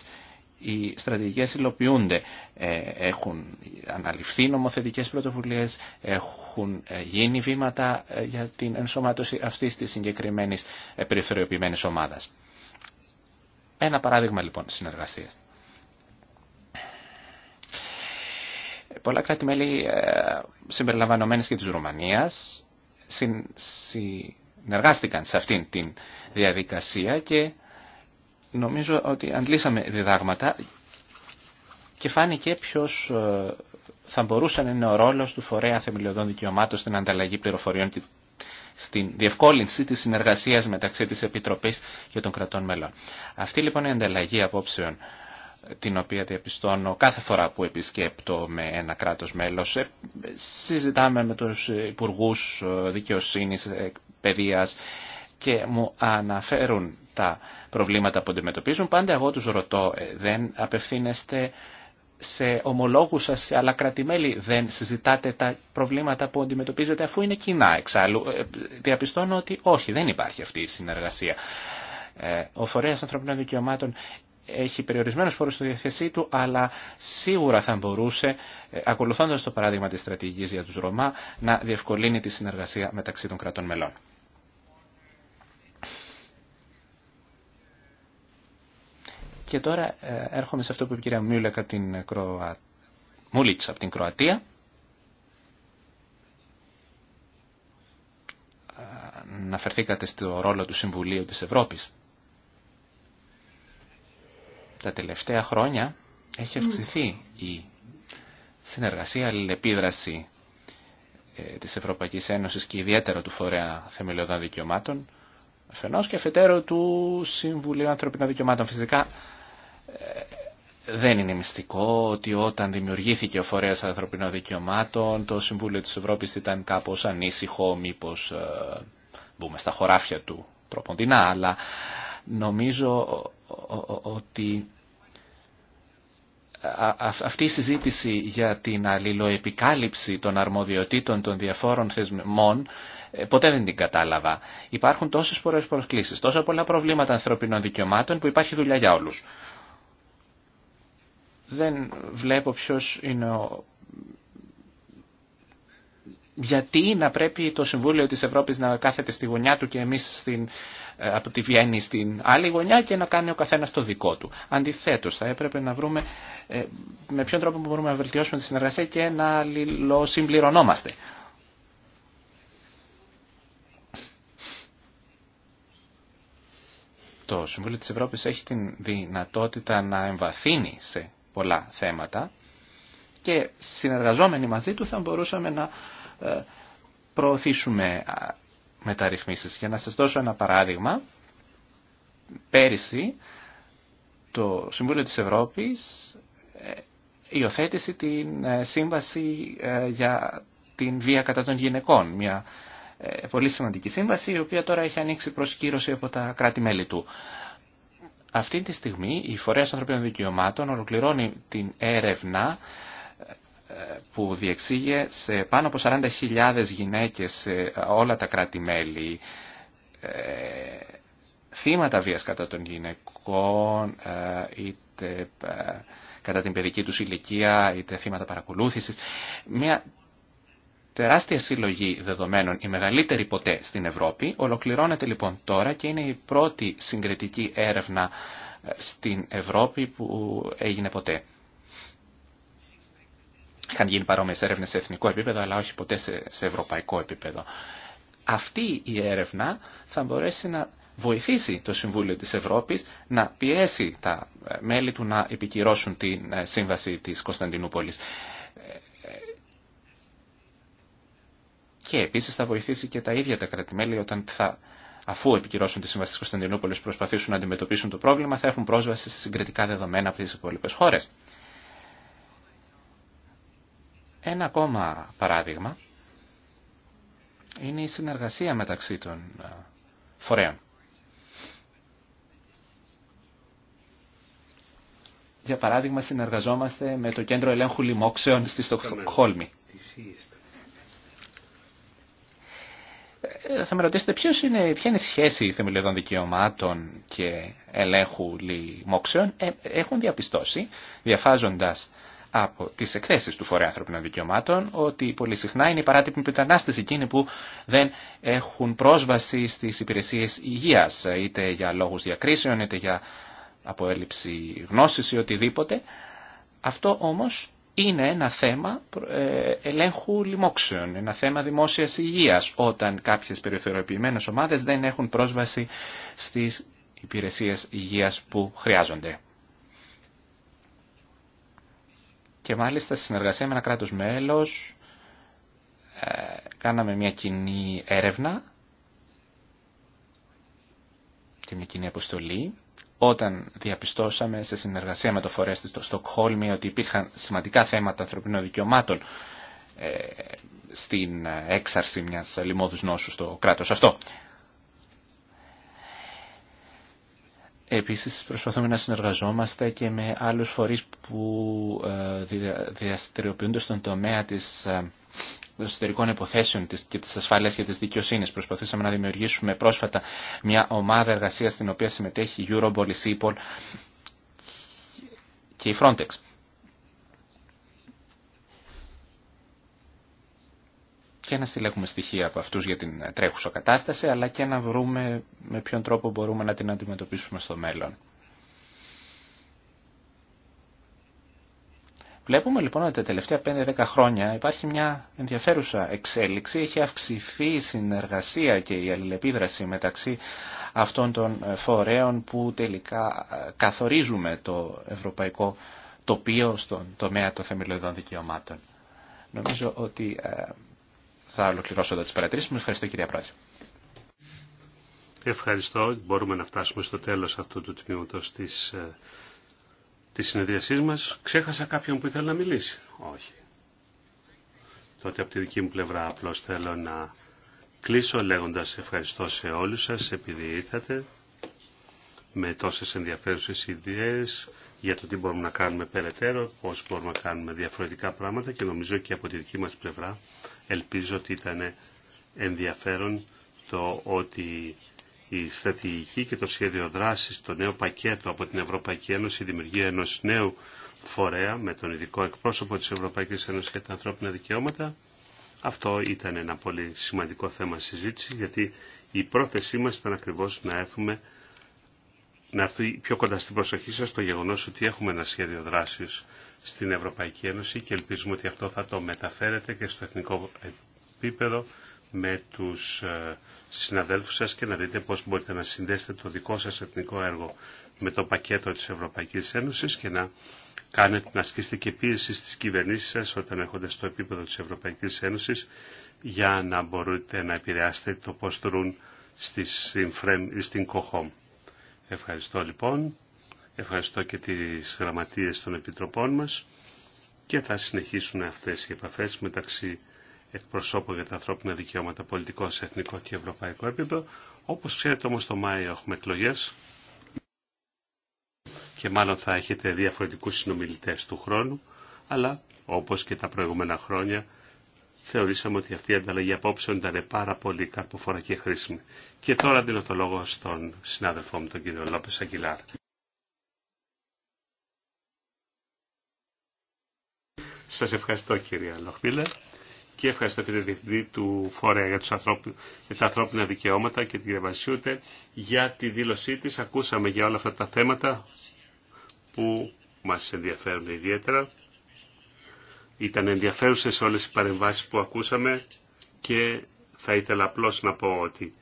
οι στρατηγικές υλοποιούνται. Ε, έχουν αναλυφθεί νομοθετικές πρωτοβουλίες, έχουν ε, γίνει βήματα ε, για την ενσωμάτωση αυτής της συγκεκριμένης περιθωριοποιημένης ομάδας. Ένα παράδειγμα λοιπόν συνεργασίας. Πολλά κράτη-μέλη συμπεριλαμβανομένες και της Ρουμανίας συνεργάστηκαν σε αυτήν την διαδικασία και νομίζω ότι αντλήσαμε διδάγματα και φάνηκε ποιο ε, θα μπορούσε να είναι ο ρόλος του Φορέα Θεμελιωδών Δικαιωμάτων στην ανταλλαγή πληροφοριών και στην διευκόλυνση της συνεργασίας μεταξύ της Επιτροπής και των κρατών μελών. Αυτή λοιπόν η ανταλλαγή απόψεων την οποία διαπιστώνω κάθε φορά που επισκέπτω με ένα κράτος μέλος. Ε, συζητάμε με τους υπουργούς ε, δικαιοσύνης, παιδείας, και μου αναφέρουν τα προβλήματα που αντιμετωπίζουν, πάντα εγώ τους ρωτώ, ε, δεν απευθύνεστε σε ομολόγους σας, σε άλλα κρατημέλη, δεν συζητάτε τα προβλήματα που αντιμετωπίζετε αφού είναι κοινά εξάλλου. Ε, διαπιστώνω ότι όχι, δεν υπάρχει αυτή η συνεργασία. Ε, ο Φορέας Ανθρωπινών Δικαιωμάτων έχει περιορισμένους πόρους στη διαθεσή του, αλλά σίγουρα θα μπορούσε, ακολουθώντας το παράδειγμα της στρατηγικής για τους Ρωμά, να διευκολύνει τη συνεργασία μεταξύ των κρατών μελών. Και τώρα ε, έρχομαι σε αυτό που είπε η κυρία Μιούλεκ από την, Κροα... Μούλιτς, από την Κροατία. Αναφερθήκατε στο ρόλο του Συμβουλίου της Ευρώπης. Τα τελευταία χρόνια έχει αυξηθεί η συνεργασία, η αλληλεπίδραση ε, της Ευρωπαϊκής Ένωσης και ιδιαίτερα του Φορέα Θεμελιωδών Δικαιωμάτων, φαινός και αφετέρου του Συμβουλίου Ανθρωπινών Δικαιωμάτων. Φυσικά ε, δεν είναι μυστικό ότι όταν δημιουργήθηκε ο Φορέας Ανθρωπινών Δικαιωμάτων το Συμβούλιο της Ευρώπης ήταν κάπως ανήσυχο μήπως ε, μπούμε στα χωράφια του τροποντινά αλλά νομίζω ότι αυτή η συζήτηση για την αλληλοεπικάλυψη των αρμοδιοτήτων των διαφόρων θεσμών ε, ποτέ δεν την κατάλαβα. Υπάρχουν τόσες πολλές προσκλήσεις, τόσα πολλά προβλήματα ανθρωπινών δικαιωμάτων που υπάρχει δουλειά για όλους. Δεν βλέπω ποιος είναι ο... Γιατί να πρέπει το Συμβούλιο της Ευρώπης να κάθεται στη γωνιά του και εμείς στην, ε, από τη Βιέννη στην άλλη γωνιά και να κάνει ο καθένας το δικό του. Αντιθέτως, θα έπρεπε να βρούμε ε, με ποιον τρόπο μπορούμε να βελτιώσουμε τη συνεργασία και να αλληλοσυμπληρωνόμαστε. Το Συμβούλιο της Ευρώπης έχει την δυνατότητα να εμβαθύνει σε πολλά θέματα και συνεργαζόμενοι μαζί του θα μπορούσαμε να ε, προωθήσουμε μεταρρυθμίσεις. Για να σας δώσω ένα παράδειγμα, πέρυσι το Συμβούλιο της Ευρώπης ε, υιοθέτησε την ε, σύμβαση για την βία κατά των γυναικών, μια πολύ σημαντική σύμβαση η οποία τώρα έχει ανοίξει προς από τα κράτη-μέλη του. Αυτή τη στιγμή η Φορέας Ανθρωπίνων Δικαιωμάτων ολοκληρώνει την έρευνα ε, που διεξήγε σε πάνω από 40.000 γυναίκες σε όλα τα κράτη-μέλη ε, θύματα βίας κατά των γυναικών, ε, είτε κατά την παιδική τους ηλικία, είτε θύματα παρακολούθησης. Μια τεράστια συλλογή δεδομένων, η μεγαλύτερη ποτέ στην Ευρώπη, ολοκληρώνεται λοιπόν τώρα και είναι η πρώτη συγκριτική έρευνα ε, στην Ευρώπη που έγινε ποτέ. Είχαν γίνει παρόμοιες έρευνες σε εθνικό επίπεδο, αλλά όχι ποτέ σε, ευρωπαϊκό επίπεδο. Αυτή η έρευνα θα μπορέσει να βοηθήσει το Συμβούλιο της Ευρώπης να πιέσει τα ε, μέλη του να επικυρώσουν την ε, σύμβαση της Κωνσταντινούπολης και επίσης θα βοηθήσει και τα ίδια τα κρατημέλη όταν θα αφού επικυρώσουν τη Σύμβαση τη Κωνσταντινούπολη, προσπαθήσουν να αντιμετωπίσουν το πρόβλημα, θα έχουν πρόσβαση σε συγκριτικά δεδομένα από τι υπόλοιπε χώρε. Ένα ακόμα παράδειγμα είναι η συνεργασία μεταξύ των φορέων. Για παράδειγμα, συνεργαζόμαστε με το Κέντρο Ελέγχου λιμόξεων στη Στοκχόλμη. Ε, θα με ρωτήσετε είναι, ποια είναι η σχέση θεμελιωδών δικαιωμάτων και ελέγχου λοιμόξεων. Ε, έχουν διαπιστώσει, διαφάζοντας από τις εκθέσεις του Φορέα Ανθρωπινών Δικαιωμάτων, ότι πολύ συχνά είναι η παράτυποι μετανάστες εκείνοι που δεν έχουν πρόσβαση στις υπηρεσίες υγείας, είτε για λόγους διακρίσεων, είτε για από έλλειψη γνώσης ή οτιδήποτε. Αυτό όμως είναι ένα θέμα ε, ελέγχου λοιμόξεων, ένα θέμα δημόσιας υγείας όταν κάποιες περιφερειοποιημένες ομάδες δεν έχουν πρόσβαση στις υπηρεσίες υγείας που χρειάζονται. Και μάλιστα στη συνεργασία με ένα κράτος μέλος ε, κάναμε μια κοινή έρευνα και μια κοινή αποστολή όταν διαπιστώσαμε σε συνεργασία με το φορέα στο Στοκχόλμη ότι υπήρχαν σημαντικά θέματα ανθρωπινών δικαιωμάτων ε, στην έξαρση μιας λοιμόδους νόσου στο κράτος αυτό. Επίσης προσπαθούμε να συνεργαζόμαστε και με άλλους φορείς που ε, διαστηριοποιούνται στον τομέα της ε, εσωτερικών υποθέσεων και της ασφάλειας και της δικαιοσύνη. Προσπαθήσαμε να δημιουργήσουμε πρόσφατα μια ομάδα εργασίας στην οποία συμμετέχει η Europol, η CIPOL και η Frontex. και να συλλέγουμε στοιχεία από αυτούς για την τρέχουσα κατάσταση, αλλά και να βρούμε με ποιον τρόπο μπορούμε να την αντιμετωπίσουμε στο μέλλον. Βλέπουμε λοιπόν ότι τα τελευταία 5-10 χρόνια υπάρχει μια ενδιαφέρουσα εξέλιξη. Έχει αυξηθεί η συνεργασία και η αλληλεπίδραση μεταξύ αυτών των ε, φορέων που τελικά ε, καθορίζουμε το ευρωπαϊκό τοπίο στον τομέα των θεμελιωδών δικαιωμάτων. Νομίζω ότι ε, θα ολοκληρώσω εδώ τις παρατηρήσεις μου. Ευχαριστώ κυρία Πρόεδρε. Ευχαριστώ. Μπορούμε να φτάσουμε στο τέλος αυτού του τμήματος της τη συνεδριασή μα ξέχασα κάποιον που ήθελε να μιλήσει. Όχι. Τότε από τη δική μου πλευρά απλώ θέλω να κλείσω λέγοντα ευχαριστώ σε όλου σα επειδή ήρθατε με τόσες ενδιαφέρουσες ιδέες για το τι μπορούμε να κάνουμε περαιτέρω, πώς μπορούμε να κάνουμε διαφορετικά πράγματα και νομίζω και από τη δική μας πλευρά ελπίζω ότι ήταν ενδιαφέρον το ότι η στρατηγική και το σχέδιο δράσης, το νέο πακέτο από την Ευρωπαϊκή Ένωση, η δημιουργία ενός νέου φορέα με τον ειδικό εκπρόσωπο της Ευρωπαϊκής Ένωσης για τα ανθρώπινα δικαιώματα. Αυτό ήταν ένα πολύ σημαντικό θέμα συζήτηση γιατί η πρόθεσή μας ήταν ακριβώς να έρθουμε να έρθει πιο κοντά στην προσοχή σας το γεγονός ότι έχουμε ένα σχέδιο δράσης στην Ευρωπαϊκή Ένωση και ελπίζουμε ότι αυτό θα το μεταφέρετε και στο εθνικό επίπεδο με τους ε, συναδέλφους σας και να δείτε πώς μπορείτε να συνδέσετε το δικό σας εθνικό έργο με το πακέτο της Ευρωπαϊκής Ένωσης και να κάνετε να ασκήσετε και πίεση στις κυβερνήσεις σας όταν έχονται στο επίπεδο της Ευρωπαϊκής Ένωσης για να μπορείτε να επηρεάσετε το πώς δρούν στην ΚΟΧΟΜ. Ευχαριστώ λοιπόν. Ευχαριστώ και τις γραμματείες των επιτροπών μας και θα συνεχίσουν αυτές οι επαφές μεταξύ εκπροσώπου για τα ανθρώπινα δικαιώματα πολιτικό σε εθνικό και ευρωπαϊκό επίπεδο. Όπως ξέρετε όμως το Μάιο έχουμε εκλογές και μάλλον θα έχετε διαφορετικούς συνομιλητές του χρόνου, αλλά όπως και τα προηγούμενα χρόνια θεωρήσαμε ότι αυτή η ανταλλαγή απόψεων ήταν πάρα πολύ καρποφόρα και χρήσιμη. Και τώρα δίνω το λόγο στον συνάδελφό μου, τον κύριο Λόπες Αγγιλάρ. Σας ευχαριστώ κύριε Λοχμίλερ και ευχαριστώ και Διευθυντή του Φορέα για, τα ανθρώπινα δικαιώματα και την κυρία Βασιούτε για τη δήλωσή της. Ακούσαμε για όλα αυτά τα θέματα που μας ενδιαφέρουν ιδιαίτερα. Ήταν ενδιαφέρουσες όλες οι παρεμβάσεις που ακούσαμε και θα ήθελα απλώς να πω ότι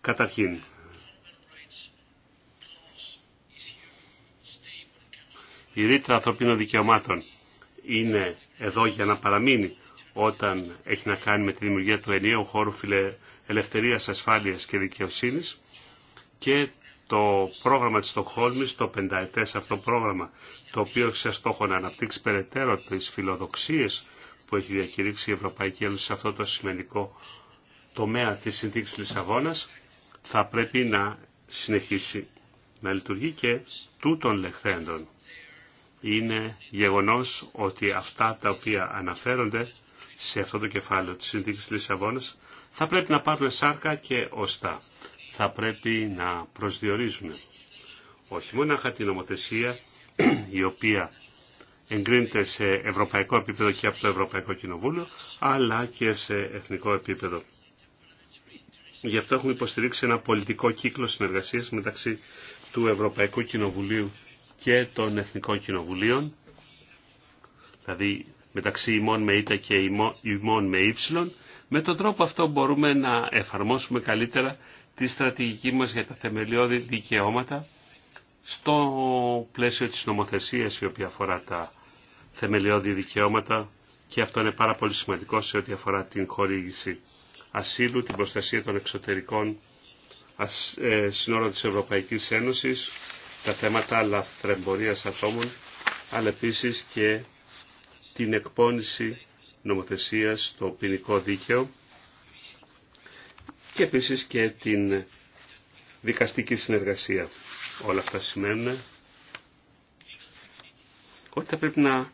καταρχήν η ρήτρα ανθρωπίνων δικαιωμάτων είναι εδώ για να παραμείνει όταν έχει να κάνει με τη δημιουργία του ενιαίου χώρου φιλε... ελευθερίας, ασφάλειας και δικαιοσύνης και το πρόγραμμα της Στοκχόλμης, το πενταετές αυτό πρόγραμμα, το οποίο έχει σε στόχο να αναπτύξει περαιτέρω τις φιλοδοξίες που έχει διακηρύξει η Ευρωπαϊκή Ένωση σε αυτό το σημαντικό τομέα της συνθήκης Λισαβόνας, θα πρέπει να συνεχίσει να λειτουργεί και τούτων λεχθέντων. Είναι γεγονός ότι αυτά τα οποία αναφέρονται σε αυτό το κεφάλαιο της Συνθήκης Λισαβόνας θα πρέπει να πάρουν σάρκα και οστά. Θα πρέπει να προσδιορίζουν όχι μόνο την νομοθεσία η οποία εγκρίνεται σε ευρωπαϊκό επίπεδο και από το Ευρωπαϊκό Κοινοβούλιο, αλλά και σε εθνικό επίπεδο. Γι' αυτό έχουμε υποστηρίξει ένα πολιτικό κύκλο συνεργασίας μεταξύ του Ευρωπαϊκού Κοινοβουλίου και των Εθνικών Κοινοβουλίων, δηλαδή μεταξύ ημών με ηττα και ημών με ύψιλον, με τον τρόπο αυτό μπορούμε να εφαρμόσουμε καλύτερα τη στρατηγική μας για τα θεμελιώδη δικαιώματα στο πλαίσιο της νομοθεσίας η οποία αφορά τα θεμελιώδη δικαιώματα και αυτό είναι πάρα πολύ σημαντικό σε ό,τι αφορά την χορήγηση ασύλου, την προστασία των εξωτερικών ε, σύνορων της Ευρωπαϊκής Ένωσης, τα θέματα λαθρεμπορίας ατόμων, αλλά επίσης και την εκπόνηση νομοθεσίας στο ποινικό δίκαιο και επίσης και την δικαστική συνεργασία. Όλα αυτά σημαίνουν ότι θα πρέπει να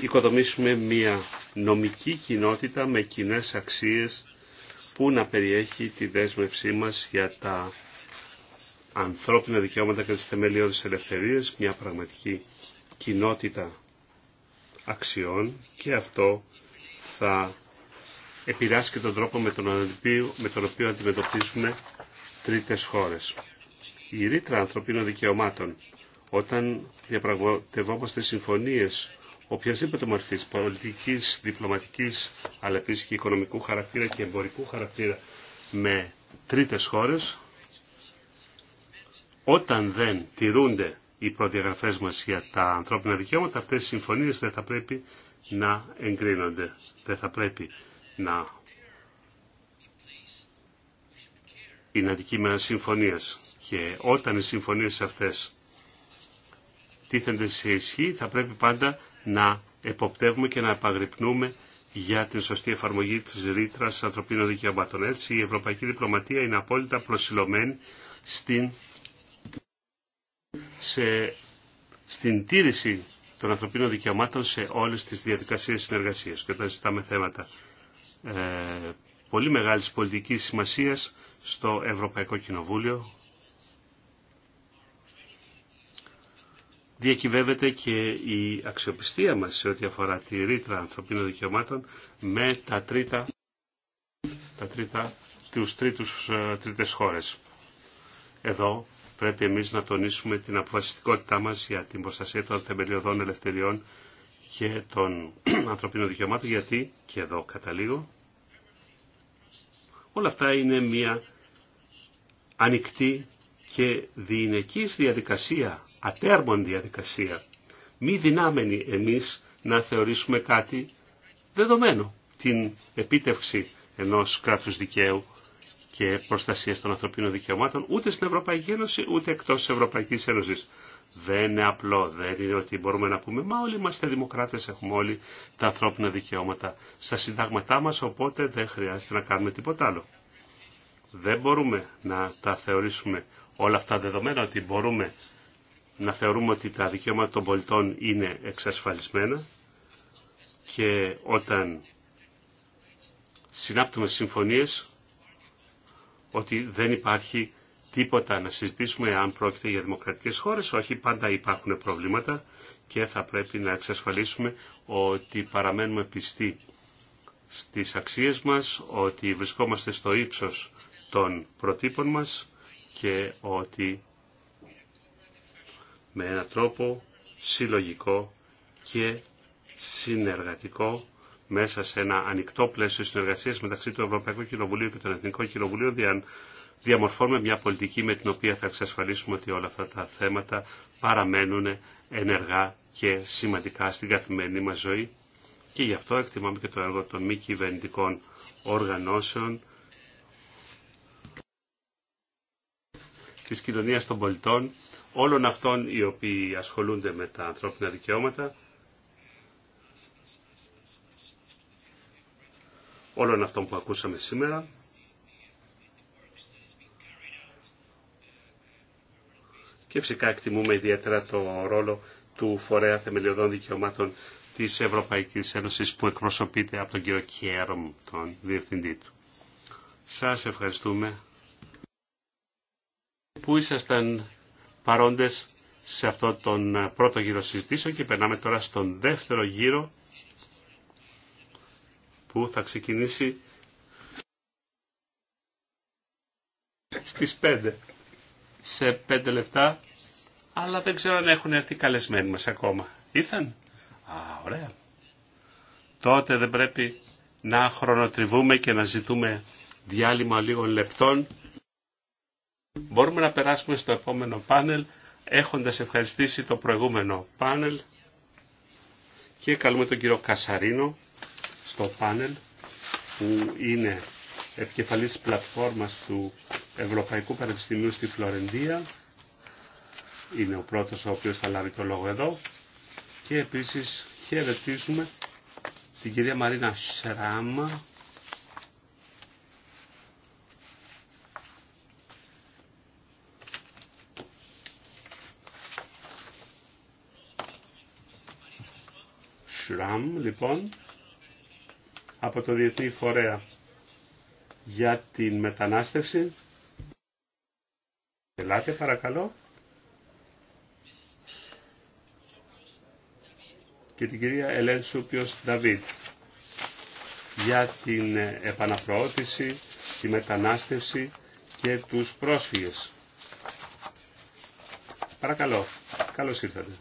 οικοδομήσουμε μια νομική κοινότητα με κοινέ αξίες που να περιέχει τη δέσμευσή μας για τα ανθρώπινα δικαιώματα και τις θεμελιώδεις ελευθερίες, μια πραγματική κοινότητα αξιών και αυτό θα επηρεάσει και τον τρόπο με τον οποίο, με τον οποίο αντιμετωπίζουμε τρίτες χώρες. Η ρήτρα ανθρωπίνων δικαιωμάτων όταν διαπραγματευόμαστε συμφωνίες οποιασδήποτε μορφής πολιτικής, διπλωματικής αλλά επίσης και οικονομικού χαρακτήρα και εμπορικού χαρακτήρα με τρίτες χώρες όταν δεν τηρούνται οι προδιαγραφές μας για τα ανθρώπινα δικαιώματα, αυτές οι συμφωνίες δεν θα πρέπει να εγκρίνονται. Δεν θα πρέπει να είναι αντικείμενα συμφωνίας. Και όταν οι συμφωνίες αυτές τίθενται σε ισχύ, θα πρέπει πάντα να εποπτεύουμε και να επαγρυπνούμε για την σωστή εφαρμογή της ρήτρας ανθρωπίνων δικαιωμάτων. Έτσι, η ευρωπαϊκή διπλωματία είναι απόλυτα προσιλωμένη στην σε, στην τήρηση των ανθρωπίνων δικαιωμάτων σε όλες τις διαδικασίες συνεργασίας. Και όταν ζητάμε θέματα ε, πολύ μεγάλης πολιτικής σημασίας στο Ευρωπαϊκό Κοινοβούλιο, διακυβεύεται και η αξιοπιστία μας σε ό,τι αφορά τη ρήτρα ανθρωπίνων δικαιωμάτων με τα τρίτα, τα τρίτα τους τρίτους, ε, τρίτες χώρες. Εδώ πρέπει εμείς να τονίσουμε την αποφασιστικότητά μας για την προστασία των θεμελιωδών ελευθεριών και των <clears throat> ανθρωπίνων δικαιωμάτων, γιατί, και εδώ καταλήγω, όλα αυτά είναι μια ανοιχτή και διηνεκής διαδικασία, ατέρμον διαδικασία, μη δυνάμενοι εμείς να θεωρήσουμε κάτι δεδομένο, την επίτευξη ενός κράτους δικαίου και προστασία των ανθρωπίνων δικαιωμάτων ούτε στην Ευρωπαϊκή Ένωση ούτε εκτό τη Ευρωπαϊκή Ένωση. Δεν είναι απλό, δεν είναι ότι μπορούμε να πούμε μα όλοι είμαστε δημοκράτε, έχουμε όλοι τα ανθρώπινα δικαιώματα στα συντάγματά μα οπότε δεν χρειάζεται να κάνουμε τίποτα άλλο. Δεν μπορούμε να τα θεωρήσουμε όλα αυτά δεδομένα ότι μπορούμε να θεωρούμε ότι τα δικαιώματα των πολιτών είναι εξασφαλισμένα και όταν συνάπτουμε συμφωνίες ότι δεν υπάρχει τίποτα να συζητήσουμε αν πρόκειται για δημοκρατικές χώρες. Όχι, πάντα υπάρχουν προβλήματα και θα πρέπει να εξασφαλίσουμε ότι παραμένουμε πιστοί στις αξίες μας, ότι βρισκόμαστε στο ύψος των προτύπων μας και ότι με έναν τρόπο συλλογικό και συνεργατικό μέσα σε ένα ανοιχτό πλαίσιο συνεργασία μεταξύ του Ευρωπαϊκού Κοινοβουλίου και των Εθνικών Κοινοβουλίων δια, διαμορφώνουμε μια πολιτική με την οποία θα εξασφαλίσουμε ότι όλα αυτά τα θέματα παραμένουν ενεργά και σημαντικά στην καθημερινή μας ζωή και γι' αυτό εκτιμάμε και το έργο των μη κυβερνητικών οργανώσεων της κοινωνίας των πολιτών, όλων αυτών οι οποίοι ασχολούνται με τα ανθρώπινα δικαιώματα όλων αυτών που ακούσαμε σήμερα. Και φυσικά εκτιμούμε ιδιαίτερα το ρόλο του Φορέα Θεμελιωδών Δικαιωμάτων της Ευρωπαϊκής Ένωσης που εκπροσωπείται από τον κύριο Κιέρομ, τον διευθυντή του. Σας ευχαριστούμε που ήσασταν παρόντες σε αυτό τον πρώτο γύρο συζητήσεων και περνάμε τώρα στον δεύτερο γύρο θα ξεκινήσει στις 5. Σε 5 λεπτά. Αλλά δεν ξέρω αν έχουν έρθει καλεσμένοι μας ακόμα. Ήρθαν. Α, ωραία. Τότε δεν πρέπει να χρονοτριβούμε και να ζητούμε διάλειμμα λίγων λεπτών. Μπορούμε να περάσουμε στο επόμενο πάνελ έχοντας ευχαριστήσει το προηγούμενο πάνελ και καλούμε τον κύριο Κασαρίνο το πάνελ που είναι επικεφαλής πλατφόρμας του Ευρωπαϊκού Πανεπιστημίου στη Φλωρεντία. Είναι ο πρώτος ο οποίος θα λάβει το λόγο εδώ. Και επίσης χαιρετίζουμε την κυρία Μαρίνα Σράμα, Σραμ, λοιπόν, από το Διεθνή Φορέα για την μετανάστευση. Ελάτε παρακαλώ. Και την κυρία Ελέν Σούπιος Νταβίτ για την επαναπροώθηση, τη μετανάστευση και τους πρόσφυγες. Παρακαλώ. Καλώς ήρθατε.